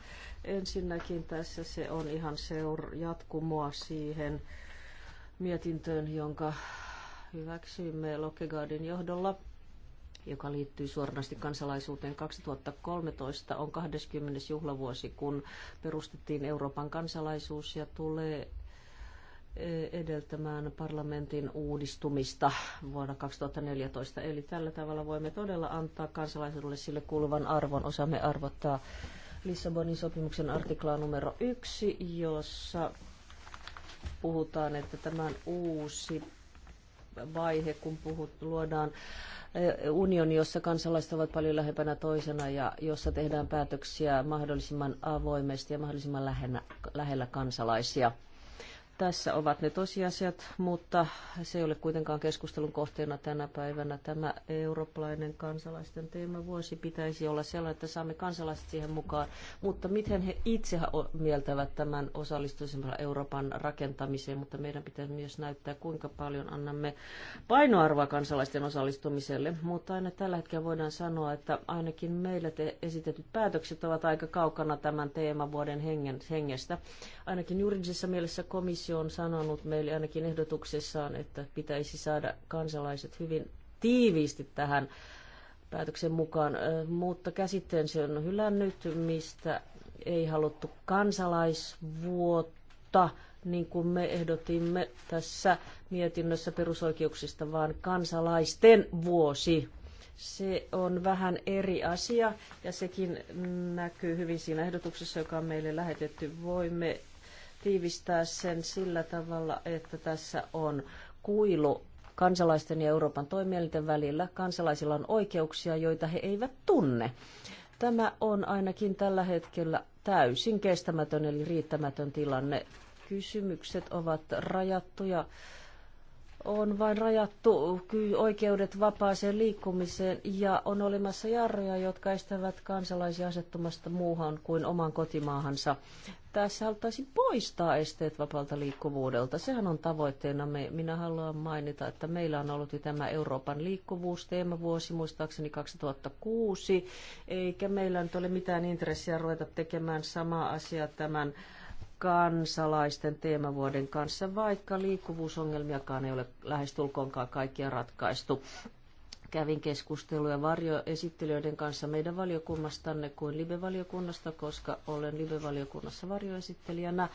Ensinnäkin tässä se on ihan seur- jatkumoa siihen mietintöön, jonka hyväksyimme Lokkegaardin johdolla joka liittyy suoranaisesti kansalaisuuteen. 2013 on 20. juhlavuosi, kun perustettiin Euroopan kansalaisuus ja tulee e, edeltämään parlamentin uudistumista vuonna 2014. Eli tällä tavalla voimme todella antaa kansalaisuudelle sille kuuluvan arvon. Osaamme arvottaa Lissabonin sopimuksen artiklaa numero yksi, jossa puhutaan, että tämän uusi vaihe, kun puhut, luodaan eh, unioni, jossa kansalaiset ovat paljon lähempänä toisena ja jossa tehdään päätöksiä mahdollisimman avoimesti ja mahdollisimman lähellä, lähellä kansalaisia. Tässä ovat ne tosiasiat, mutta se ei ole kuitenkaan keskustelun kohteena tänä päivänä. Tämä eurooppalainen kansalaisten teemavuosi pitäisi olla sellainen, että saamme kansalaiset siihen mukaan. Mutta miten he itse mieltävät tämän osallistumisen Euroopan rakentamiseen, mutta meidän pitäisi myös näyttää, kuinka paljon annamme painoarvoa kansalaisten osallistumiselle. Mutta aina tällä hetkellä voidaan sanoa, että ainakin meillä te esitetyt päätökset ovat aika kaukana tämän teemavuoden hengen, hengestä. Ainakin juridisessa mielessä komissio komissio on sanonut meille ainakin ehdotuksessaan, että pitäisi saada kansalaiset hyvin tiiviisti tähän päätöksen mukaan, mutta käsitteen se on hylännyt, mistä ei haluttu kansalaisvuotta, niin kuin me ehdotimme tässä mietinnössä perusoikeuksista, vaan kansalaisten vuosi. Se on vähän eri asia ja sekin näkyy hyvin siinä ehdotuksessa, joka on meille lähetetty. Voimme tiivistää sen sillä tavalla, että tässä on kuilu kansalaisten ja Euroopan toimielinten välillä. Kansalaisilla on oikeuksia, joita he eivät tunne. Tämä on ainakin tällä hetkellä täysin kestämätön eli riittämätön tilanne. Kysymykset ovat rajattuja on vain rajattu oikeudet vapaaseen liikkumiseen ja on olemassa jarruja, jotka estävät kansalaisia asettumasta muuhun kuin oman kotimaahansa. Tässä haluttaisiin poistaa esteet vapaalta liikkuvuudelta. Sehän on tavoitteena. Minä haluan mainita, että meillä on ollut jo tämä Euroopan liikkuvuusteema vuosi, muistaakseni 2006, eikä meillä nyt ole mitään intressiä ruveta tekemään samaa asiaa tämän kansalaisten teemavuoden kanssa, vaikka liikkuvuusongelmiakaan ei ole lähestulkoonkaan kaikkia ratkaistu. Kävin keskusteluja varjoesittelijöiden kanssa meidän valiokunnastanne kuin live-valiokunnasta, koska olen live-valiokunnassa varjoesittelijänä.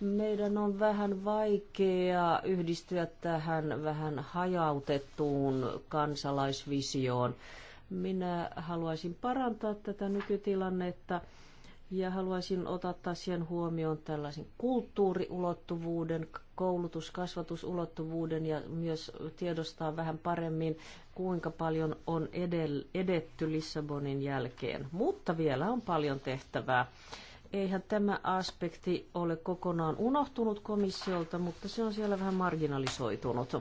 Meidän on vähän vaikea yhdistyä tähän vähän hajautettuun kansalaisvisioon. Minä haluaisin parantaa tätä nykytilannetta ja haluaisin ottaa siihen huomioon tällaisen kulttuuriulottuvuuden, koulutus- kasvatusulottuvuuden ja myös tiedostaa vähän paremmin, kuinka paljon on edetty Lissabonin jälkeen. Mutta vielä on paljon tehtävää eihän tämä aspekti ole kokonaan unohtunut komissiolta, mutta se on siellä vähän marginalisoitunut.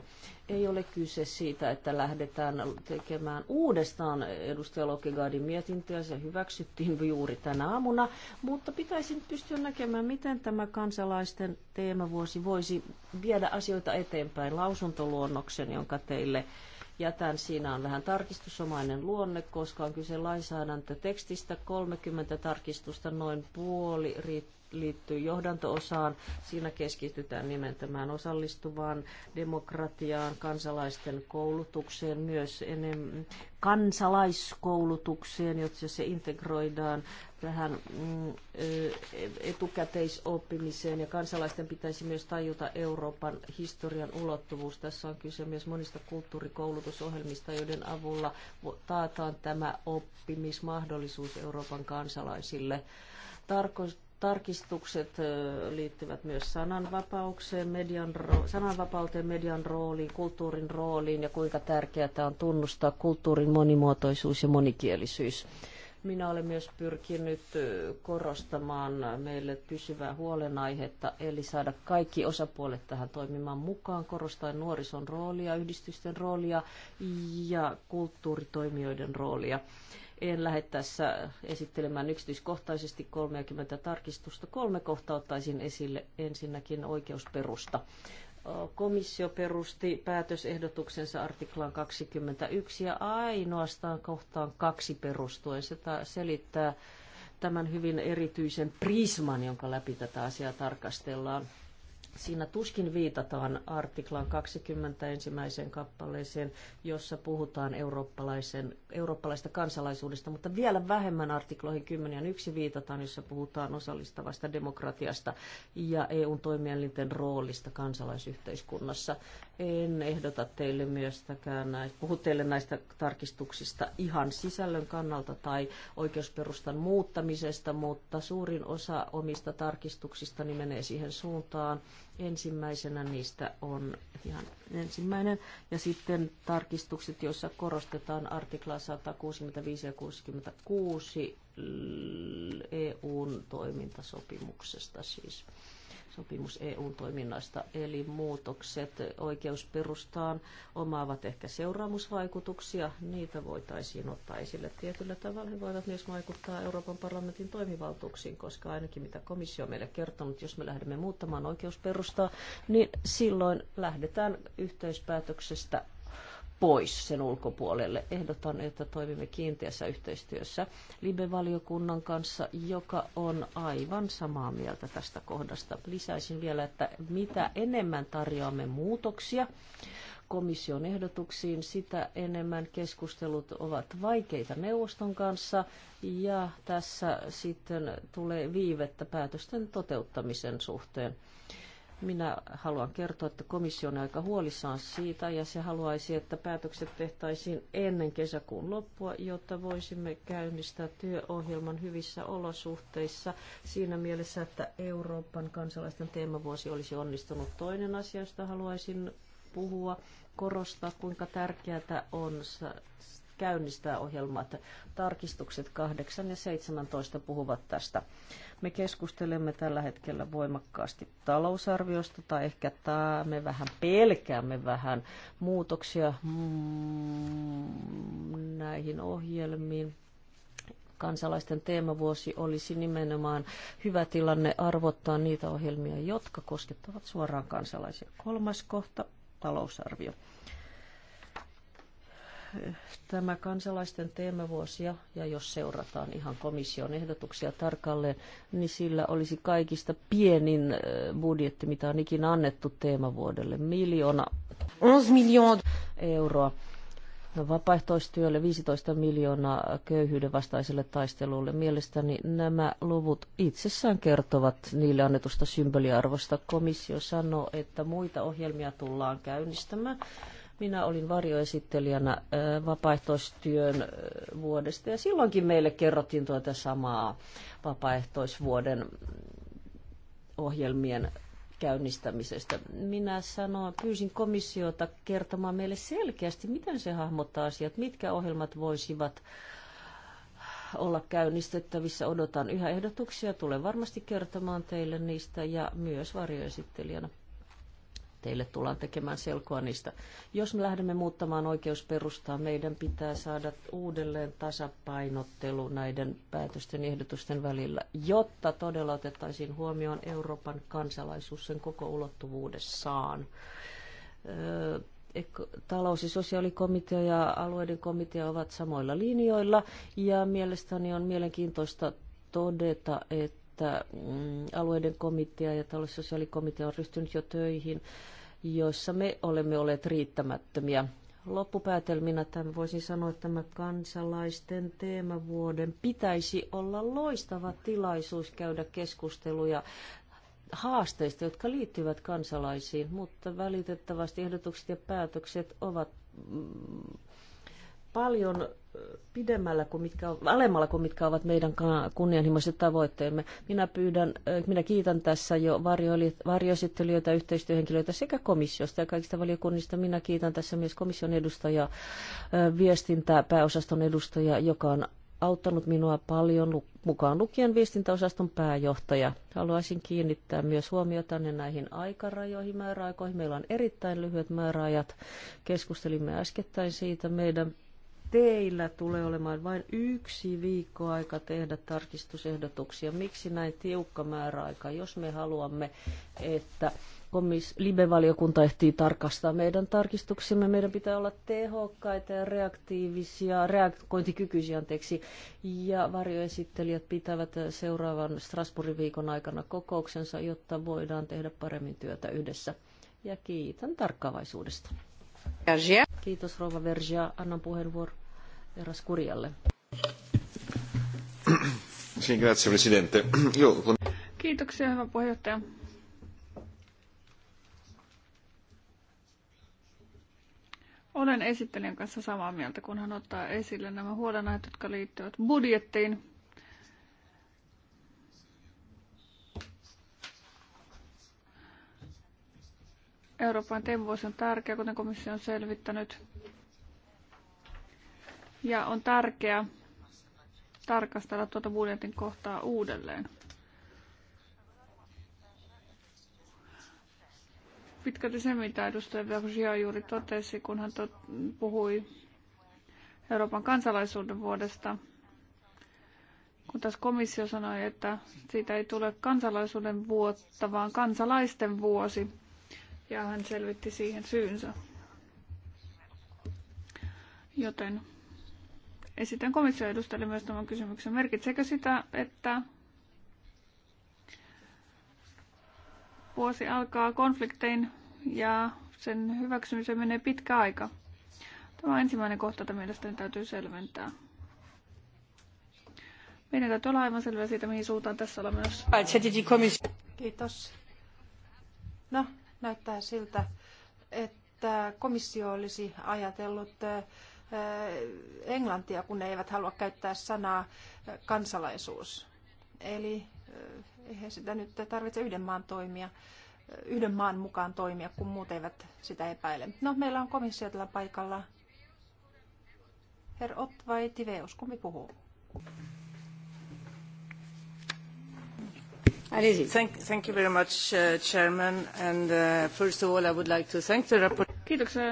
Ei ole kyse siitä, että lähdetään tekemään uudestaan edustaja Lokegaardin mietintöä. Se hyväksyttiin juuri tänä aamuna, mutta pitäisi pystyä näkemään, miten tämä kansalaisten teemavuosi voisi viedä asioita eteenpäin. Lausuntoluonnoksen, jonka teille jätän. Siinä on vähän tarkistusomainen luonne, koska on kyse lainsäädäntötekstistä. 30 tarkistusta, noin puoli riittää liittyy johdantoosaan. Siinä keskitytään nimentämään osallistuvaan demokratiaan, kansalaisten koulutukseen, myös enemmän kansalaiskoulutukseen, jotta se integroidaan tähän mm, etukäteisoppimiseen ja kansalaisten pitäisi myös tajuta Euroopan historian ulottuvuus. Tässä on kyse myös monista kulttuurikoulutusohjelmista, joiden avulla taataan tämä oppimismahdollisuus Euroopan kansalaisille. Tarkoittaa Tarkistukset liittyvät myös sananvapaukseen, median, sananvapauteen, median rooliin, kulttuurin rooliin ja kuinka tärkeää on tunnustaa kulttuurin monimuotoisuus ja monikielisyys. Minä olen myös pyrkinyt korostamaan meille pysyvää huolenaihetta, eli saada kaikki osapuolet tähän toimimaan mukaan, korostaa nuorison roolia, yhdistysten roolia ja kulttuuritoimijoiden roolia. En lähde tässä esittelemään yksityiskohtaisesti 30 tarkistusta. Kolme kohtaa ottaisin esille. Ensinnäkin oikeusperusta. Komissio perusti päätösehdotuksensa artiklaan 21 ja ainoastaan kohtaan kaksi perustuen. Se selittää tämän hyvin erityisen prisman, jonka läpi tätä asiaa tarkastellaan. Siinä tuskin viitataan artiklan 21 kappaleeseen, jossa puhutaan eurooppalaisen, eurooppalaista kansalaisuudesta, mutta vielä vähemmän artikloihin 10 ja 1 viitataan, jossa puhutaan osallistavasta demokratiasta ja EUn toimielinten roolista kansalaisyhteiskunnassa en ehdota teille myöskään näitä. puhu teille näistä tarkistuksista ihan sisällön kannalta tai oikeusperustan muuttamisesta, mutta suurin osa omista tarkistuksista menee siihen suuntaan. Ensimmäisenä niistä on ihan ensimmäinen ja sitten tarkistukset, joissa korostetaan artiklaa 165 ja 66 EUn toimintasopimuksesta siis sopimus EU-toiminnasta, eli muutokset oikeusperustaan omaavat ehkä seuraamusvaikutuksia. Niitä voitaisiin ottaa esille tietyllä tavalla. He voivat myös vaikuttaa Euroopan parlamentin toimivaltuuksiin, koska ainakin mitä komissio on meille kertonut, jos me lähdemme muuttamaan oikeusperustaa, niin silloin lähdetään yhteispäätöksestä pois sen ulkopuolelle. Ehdotan, että toimimme kiinteässä yhteistyössä Libe-valiokunnan kanssa, joka on aivan samaa mieltä tästä kohdasta. Lisäisin vielä, että mitä enemmän tarjoamme muutoksia, komission ehdotuksiin, sitä enemmän keskustelut ovat vaikeita neuvoston kanssa ja tässä sitten tulee viivettä päätösten toteuttamisen suhteen. Minä haluan kertoa, että komissio on aika huolissaan siitä ja se haluaisi, että päätökset tehtäisiin ennen kesäkuun loppua, jotta voisimme käynnistää työohjelman hyvissä olosuhteissa siinä mielessä, että Euroopan kansalaisten teemavuosi olisi onnistunut. Toinen asia, josta haluaisin puhua, korostaa, kuinka tärkeää on käynnistää ohjelmat. Tarkistukset 8 ja 17 puhuvat tästä. Me keskustelemme tällä hetkellä voimakkaasti talousarviosta tai ehkä tää, me vähän pelkäämme vähän muutoksia mm, näihin ohjelmiin. Kansalaisten teemavuosi olisi nimenomaan hyvä tilanne arvottaa niitä ohjelmia, jotka koskettavat suoraan kansalaisia. Kolmas kohta, talousarvio tämä kansalaisten teemavuosi ja jos seurataan ihan komission ehdotuksia tarkalleen, niin sillä olisi kaikista pienin budjetti, mitä on ikinä annettu teemavuodelle, miljoona 11 miljoonaa euroa. No, vapaaehtoistyölle 15 miljoonaa köyhyyden vastaiselle taistelulle. Mielestäni nämä luvut itsessään kertovat niille annetusta symboliarvosta. Komissio sanoo, että muita ohjelmia tullaan käynnistämään minä olin varjoesittelijänä vapaaehtoistyön vuodesta ja silloinkin meille kerrottiin tuota samaa vapaaehtoisvuoden mm, ohjelmien käynnistämisestä. Minä sanoin, pyysin komissiota kertomaan meille selkeästi, miten se hahmottaa asiat, mitkä ohjelmat voisivat olla käynnistettävissä. Odotan yhä ehdotuksia, tulen varmasti kertomaan teille niistä ja myös varjoesittelijänä teille tullaan tekemään selkoa niistä. Jos me lähdemme muuttamaan oikeusperustaa, meidän pitää saada uudelleen tasapainottelu näiden päätösten ja ehdotusten välillä, jotta todella otettaisiin huomioon Euroopan kansalaisuus sen koko ulottuvuudessaan talous- ja sosiaalikomitea ja alueiden komitea ovat samoilla linjoilla. Ja mielestäni on mielenkiintoista todeta, että että mm, alueiden komitea ja talous- sosiaalikomitea on ryhtynyt jo töihin, joissa me olemme olleet riittämättömiä. Loppupäätelminä tämän voisin sanoa, että tämä kansalaisten teemavuoden pitäisi olla loistava tilaisuus käydä keskusteluja haasteista, jotka liittyvät kansalaisiin, mutta välitettävästi ehdotukset ja päätökset ovat mm, paljon pidemmällä kuin mitkä, alemmalla kuin mitkä ovat meidän kunnianhimoiset tavoitteemme. Minä pyydän, minä kiitän tässä jo varjoesittelijöitä, yhteistyöhenkilöitä sekä komissiosta ja kaikista valiokunnista. Minä kiitän tässä myös komission edustaja, viestintää, pääosaston edustaja, joka on auttanut minua paljon, mukaan lukien viestintäosaston pääjohtaja. Haluaisin kiinnittää myös huomiota näihin aikarajoihin, määräaikoihin. Meillä on erittäin lyhyet määräajat. Keskustelimme äskettäin siitä. Meidän teillä tulee olemaan vain yksi viikko aika tehdä tarkistusehdotuksia. Miksi näin tiukka määräaika, jos me haluamme, että komis- libe valiokunta ehtii tarkastaa meidän tarkistuksemme. Meidän pitää olla tehokkaita ja reaktiivisia, reagointikykyisiä anteeksi. Ja varjoesittelijät pitävät seuraavan Strasbourgin viikon aikana kokouksensa, jotta voidaan tehdä paremmin työtä yhdessä. Ja kiitän tarkkaavaisuudesta. Kiitos Rova Vergia. Annan puheenvuoron Eräs kurjalle. Grazie, Presidente. Kiitoksia, hyvä puheenjohtaja. Olen esittelijän kanssa samaa mieltä, kun hän ottaa esille nämä huolenaiheet, jotka liittyvät budjettiin. Euroopan teemavuosi on tärkeä, kuten komissio on selvittänyt. Ja on tärkeää tarkastella tuota budjetin kohtaa uudelleen. Pitkälti se, mitä edustaja Vergia juuri totesi, kun hän tot, puhui Euroopan kansalaisuuden vuodesta, kun taas komissio sanoi, että siitä ei tule kansalaisuuden vuotta, vaan kansalaisten vuosi, ja hän selvitti siihen syynsä. Joten Esitän komission edustajalle myös tämän kysymyksen. Merkitseekö sitä, että vuosi alkaa konfliktein ja sen hyväksymiseen menee pitkä aika? Tämä on ensimmäinen kohta, jota mielestäni täytyy selventää. Meidän täytyy olla aivan selvä siitä, mihin suuntaan tässä ollaan myös. Kiitos. No, näyttää siltä, että komissio olisi ajatellut englantia, kun ne eivät halua käyttää sanaa kansalaisuus. Eli eihän sitä nyt tarvitse yhden maan toimia yhden maan mukaan toimia, kun muut eivät sitä epäile. No, meillä on komissio tällä paikalla. Herr Ott vai Tiveus, kumpi puhuu? Thank, thank you very much, uh, Chairman. And uh, first of all, I would like to thank the rapporteur. Kiitoksia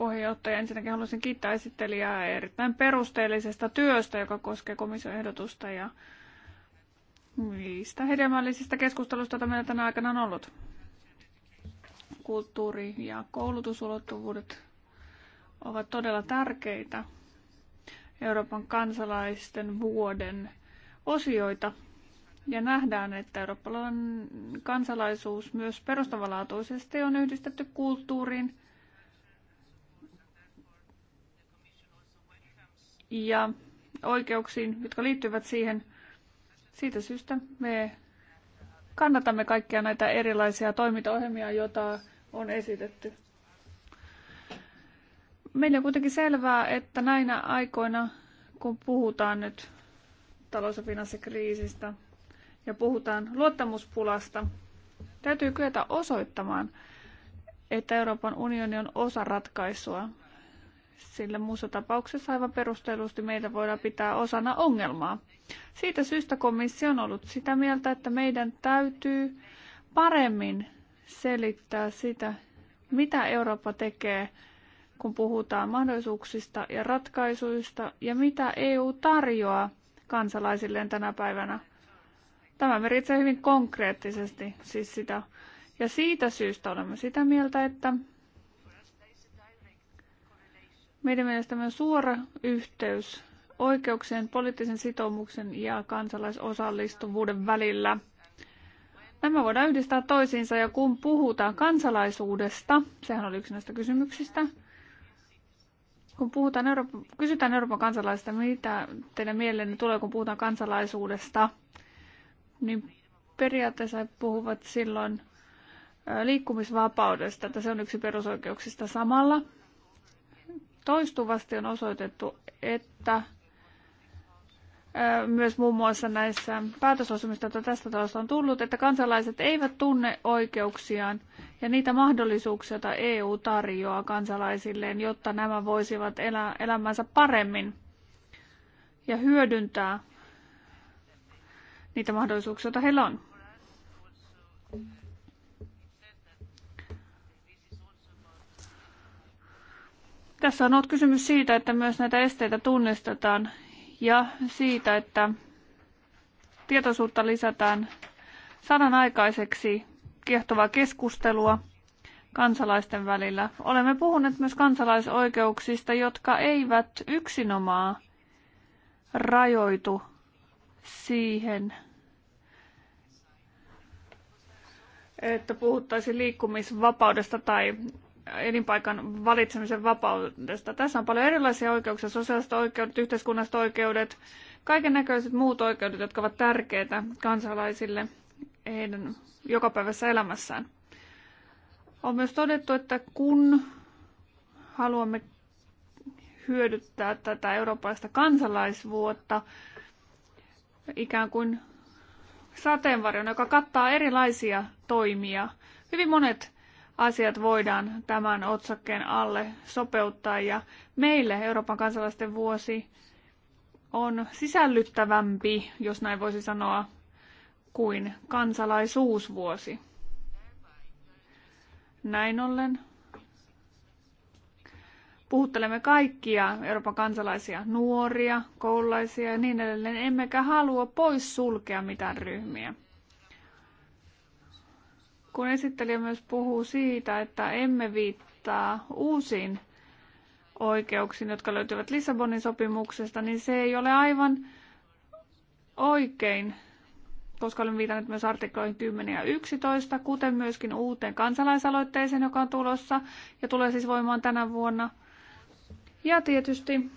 puheenjohtaja. Ensinnäkin haluaisin kiittää esittelijää erittäin perusteellisesta työstä, joka koskee komission ehdotusta ja niistä hedelmällisistä keskustelusta joita meillä tänä aikana on ollut. Kulttuuri- ja koulutusulottuvuudet ovat todella tärkeitä Euroopan kansalaisten vuoden osioita. Ja nähdään, että eurooppalainen kansalaisuus myös perustavanlaatuisesti on yhdistetty kulttuuriin – ja oikeuksiin, jotka liittyvät siihen. Siitä syystä me kannatamme kaikkia näitä erilaisia toimintaohjelmia, joita on esitetty. Meillä on kuitenkin selvää, että näinä aikoina, kun puhutaan nyt talous- ja finanssikriisistä ja puhutaan luottamuspulasta, täytyy kyetä osoittamaan, että Euroopan unioni on osa ratkaisua sillä muussa tapauksessa aivan perustellusti meitä voidaan pitää osana ongelmaa. Siitä syystä komissio on ollut sitä mieltä, että meidän täytyy paremmin selittää sitä, mitä Eurooppa tekee, kun puhutaan mahdollisuuksista ja ratkaisuista ja mitä EU tarjoaa kansalaisilleen tänä päivänä. Tämä meritsee hyvin konkreettisesti siis sitä. Ja siitä syystä olemme sitä mieltä, että meidän mielestämme suora yhteys oikeuksien, poliittisen sitoumuksen ja kansalaisosallistuvuuden välillä. Nämä voidaan yhdistää toisiinsa ja kun puhutaan kansalaisuudesta, sehän oli yksi näistä kysymyksistä, kun puhutaan Euroop- kysytään Euroopan kansalaisista, mitä teidän mielenne tulee, kun puhutaan kansalaisuudesta, niin periaatteessa puhuvat silloin liikkumisvapaudesta, että se on yksi perusoikeuksista samalla. Toistuvasti on osoitettu, että myös muun muassa näissä päätösosumista, joita tästä talosta on tullut, että kansalaiset eivät tunne oikeuksiaan ja niitä mahdollisuuksia, joita EU tarjoaa kansalaisilleen, jotta nämä voisivat elää elämänsä paremmin ja hyödyntää niitä mahdollisuuksia, joita heillä on. Tässä on ollut kysymys siitä, että myös näitä esteitä tunnistetaan ja siitä, että tietoisuutta lisätään sanan aikaiseksi kiehtovaa keskustelua kansalaisten välillä. Olemme puhuneet myös kansalaisoikeuksista, jotka eivät yksinomaan rajoitu siihen, että puhuttaisiin liikkumisvapaudesta tai elinpaikan valitsemisen vapaudesta. Tässä on paljon erilaisia oikeuksia, sosiaaliset oikeudet, yhteiskunnalliset oikeudet, kaiken näköiset muut oikeudet, jotka ovat tärkeitä kansalaisille heidän jokapäiväisessä elämässään. On myös todettu, että kun haluamme hyödyttää tätä eurooppalaista kansalaisvuotta ikään kuin sateenvarjon, joka kattaa erilaisia toimia. Hyvin monet asiat voidaan tämän otsakkeen alle sopeuttaa. Ja meille Euroopan kansalaisten vuosi on sisällyttävämpi, jos näin voisi sanoa, kuin kansalaisuusvuosi. Näin ollen puhuttelemme kaikkia Euroopan kansalaisia, nuoria, koululaisia ja niin edelleen, emmekä halua poissulkea mitään ryhmiä kun esittelijä myös puhuu siitä, että emme viittaa uusiin oikeuksiin, jotka löytyvät Lissabonin sopimuksesta, niin se ei ole aivan oikein, koska olen viitannut myös artikloihin 10 ja 11, kuten myöskin uuteen kansalaisaloitteeseen, joka on tulossa ja tulee siis voimaan tänä vuonna. Ja tietysti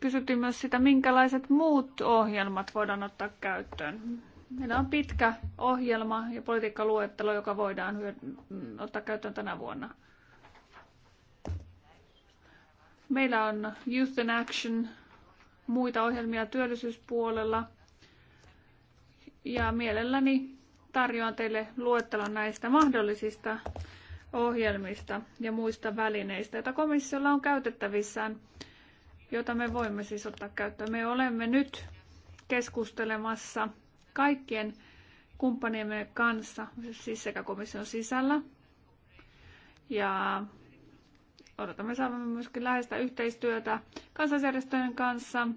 kysyttiin myös sitä, minkälaiset muut ohjelmat voidaan ottaa käyttöön. Meillä on pitkä ohjelma ja politiikkaluettelo, joka voidaan ottaa käyttöön tänä vuonna. Meillä on Youth in Action, muita ohjelmia työllisyyspuolella. Ja mielelläni tarjoan teille luettelon näistä mahdollisista ohjelmista ja muista välineistä, joita komissiolla on käytettävissään, jota me voimme siis ottaa käyttöön. Me olemme nyt keskustelemassa kaikkien kumppaniemme kanssa, siis sekä komission sisällä. Ja odotamme saavamme myöskin läheistä yhteistyötä kansalaisjärjestöjen kanssa.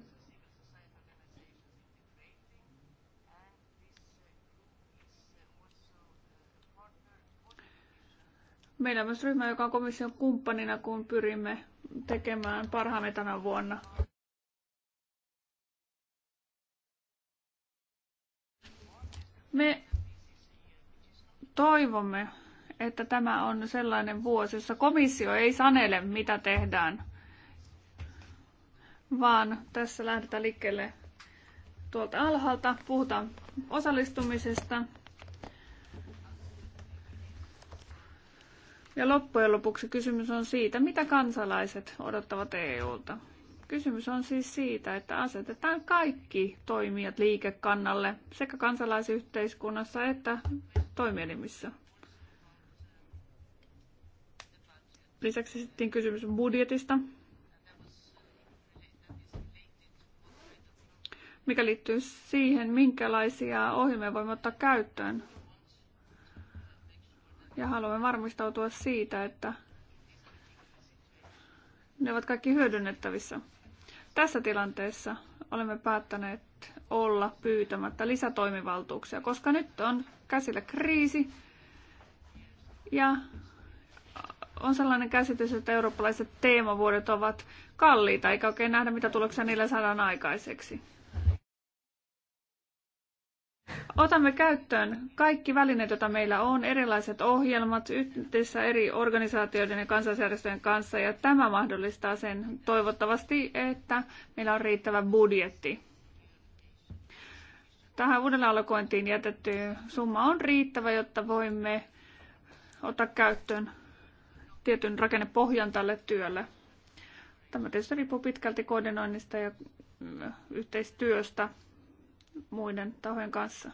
Meillä on myös ryhmä, joka on komission kumppanina, kun pyrimme tekemään parhaamme tänä vuonna. Me toivomme, että tämä on sellainen vuosi, jossa komissio ei sanele, mitä tehdään, vaan tässä lähdetään liikkeelle tuolta alhaalta, puhutaan osallistumisesta. Ja loppujen lopuksi kysymys on siitä, mitä kansalaiset odottavat EUlta. Kysymys on siis siitä, että asetetaan kaikki toimijat liikekannalle sekä kansalaisyhteiskunnassa että toimielimissä. Lisäksi sitten kysymys budjetista, mikä liittyy siihen, minkälaisia ohjelmia voimme ottaa käyttöön. Ja haluamme varmistautua siitä, että ne ovat kaikki hyödynnettävissä. Tässä tilanteessa olemme päättäneet olla pyytämättä lisätoimivaltuuksia, koska nyt on käsillä kriisi ja on sellainen käsitys, että eurooppalaiset teemavuodet ovat kalliita, eikä oikein nähdä, mitä tuloksia niillä saadaan aikaiseksi. Otamme käyttöön kaikki välineet, joita meillä on, erilaiset ohjelmat yhteisessä eri organisaatioiden ja kansalaisjärjestöjen kanssa, ja tämä mahdollistaa sen toivottavasti, että meillä on riittävä budjetti. Tähän uudelleenalkointiin jätetty summa on riittävä, jotta voimme ottaa käyttöön tietyn rakennepohjan tälle työlle. Tämä tietysti riippuu pitkälti koordinoinnista ja yhteistyöstä muiden tahojen kanssa.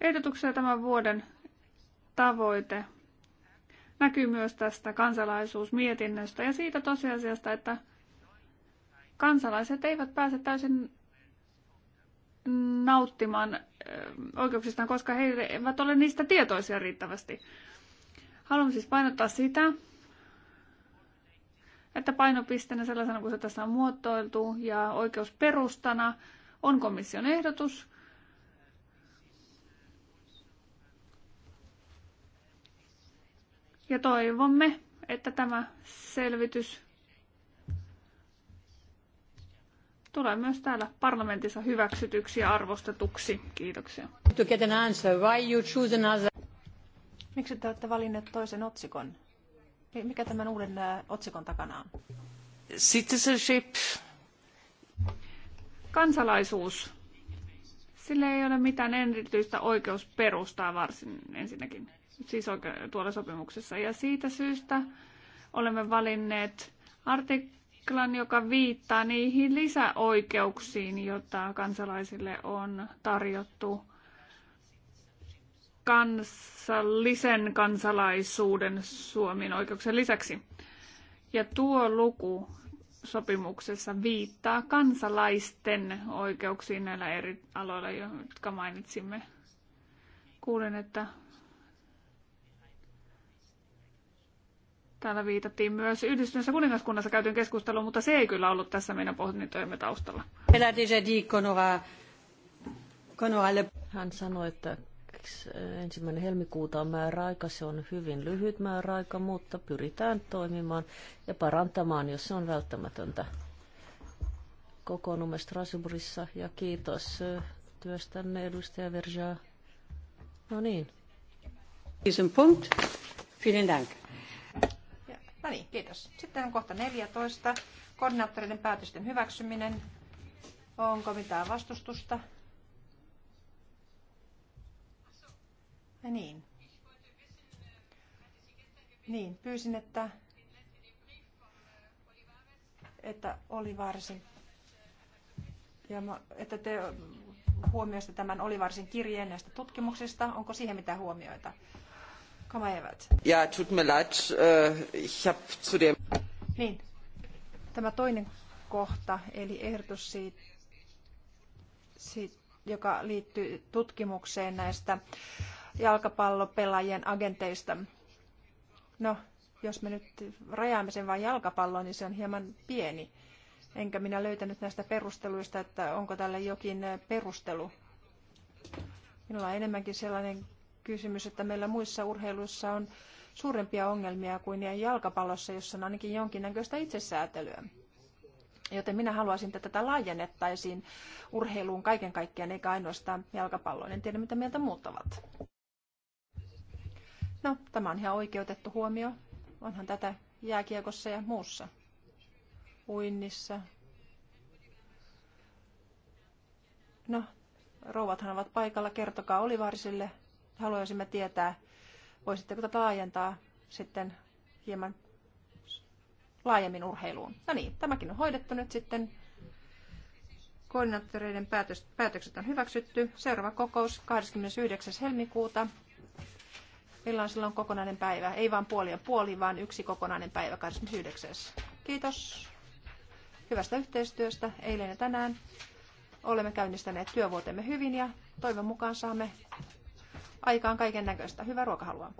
ehdotuksia tämän vuoden tavoite näkyy myös tästä kansalaisuusmietinnöstä ja siitä tosiasiasta, että kansalaiset eivät pääse täysin nauttimaan oikeuksistaan, koska he eivät ole niistä tietoisia riittävästi. Haluan siis painottaa sitä, että painopisteenä sellaisena kuin se tässä on muotoiltu ja oikeusperustana on komission ehdotus, Ja toivomme, että tämä selvitys tulee myös täällä parlamentissa hyväksytyksi ja arvostetuksi. Kiitoksia. To get an answer, why you choose another... Miksi te olette valinneet toisen otsikon? Mikä tämän uuden otsikon takana on? Citizenship. Kansalaisuus. Sillä ei ole mitään erityistä oikeusperustaa varsin ensinnäkin siis oikein tuolla sopimuksessa. Ja siitä syystä olemme valinneet artiklan, joka viittaa niihin lisäoikeuksiin, joita kansalaisille on tarjottu kansallisen kansalaisuuden Suomen oikeuksien lisäksi. Ja tuo luku sopimuksessa viittaa kansalaisten oikeuksiin näillä eri aloilla, jotka mainitsimme. Kuulen, että Täällä viitattiin myös yhdistyneessä kuningaskunnassa käytyyn keskusteluun, mutta se ei kyllä ollut tässä meidän pohdintojemme taustalla. Hän sanoi, että ensimmäinen helmikuuta on määräaika. Se on hyvin lyhyt määräaika, mutta pyritään toimimaan ja parantamaan, jos se on välttämätöntä. Kokoonnumme Strasbourgissa ja kiitos työstänne, edustaja Verja. No niin. Punkt. Vielen Dank. No niin, kiitos. Sitten on kohta 14. Koordinaattoreiden päätösten hyväksyminen. Onko mitään vastustusta? Ja niin. Niin, pyysin, että, että Olivarsin ja että te huomioisitte tämän Olivarsin kirjeen näistä tutkimuksista. Onko siihen mitään huomioita? tut mir leid, äh, ich hab zu dem... Niin, tämä toinen kohta, eli ehdotus siitä, siitä joka liittyy tutkimukseen näistä jalkapallopelaajien agenteista. No, jos me nyt rajaamme sen vain jalkapalloon, niin se on hieman pieni. Enkä minä löytänyt näistä perusteluista, että onko tälle jokin perustelu. Minulla on enemmänkin sellainen kysymys, että meillä muissa urheiluissa on suurempia ongelmia kuin jalkapallossa, jossa on ainakin jonkinnäköistä itsesäätelyä. Joten minä haluaisin, että tätä laajennettaisiin urheiluun kaiken kaikkiaan, eikä ainoastaan jalkapalloon. En tiedä, mitä mieltä muut ovat. No, tämä on ihan oikeutettu huomio. Onhan tätä jääkiekossa ja muussa. Uinnissa. No, rouvathan ovat paikalla. Kertokaa olivarisille haluaisimme tietää, voisitteko tätä laajentaa sitten hieman laajemmin urheiluun. No niin, tämäkin on hoidettu nyt sitten. Koordinaattoreiden päätökset on hyväksytty. Seuraava kokous 29. helmikuuta. Meillä on silloin kokonainen päivä. Ei vain puoli ja puoli, vaan yksi kokonainen päivä 29. Kiitos hyvästä yhteistyöstä eilen ja tänään. Olemme käynnistäneet työvuotemme hyvin ja toivon mukaan saamme aikaan kaiken näköistä. Hyvää ruokahalua!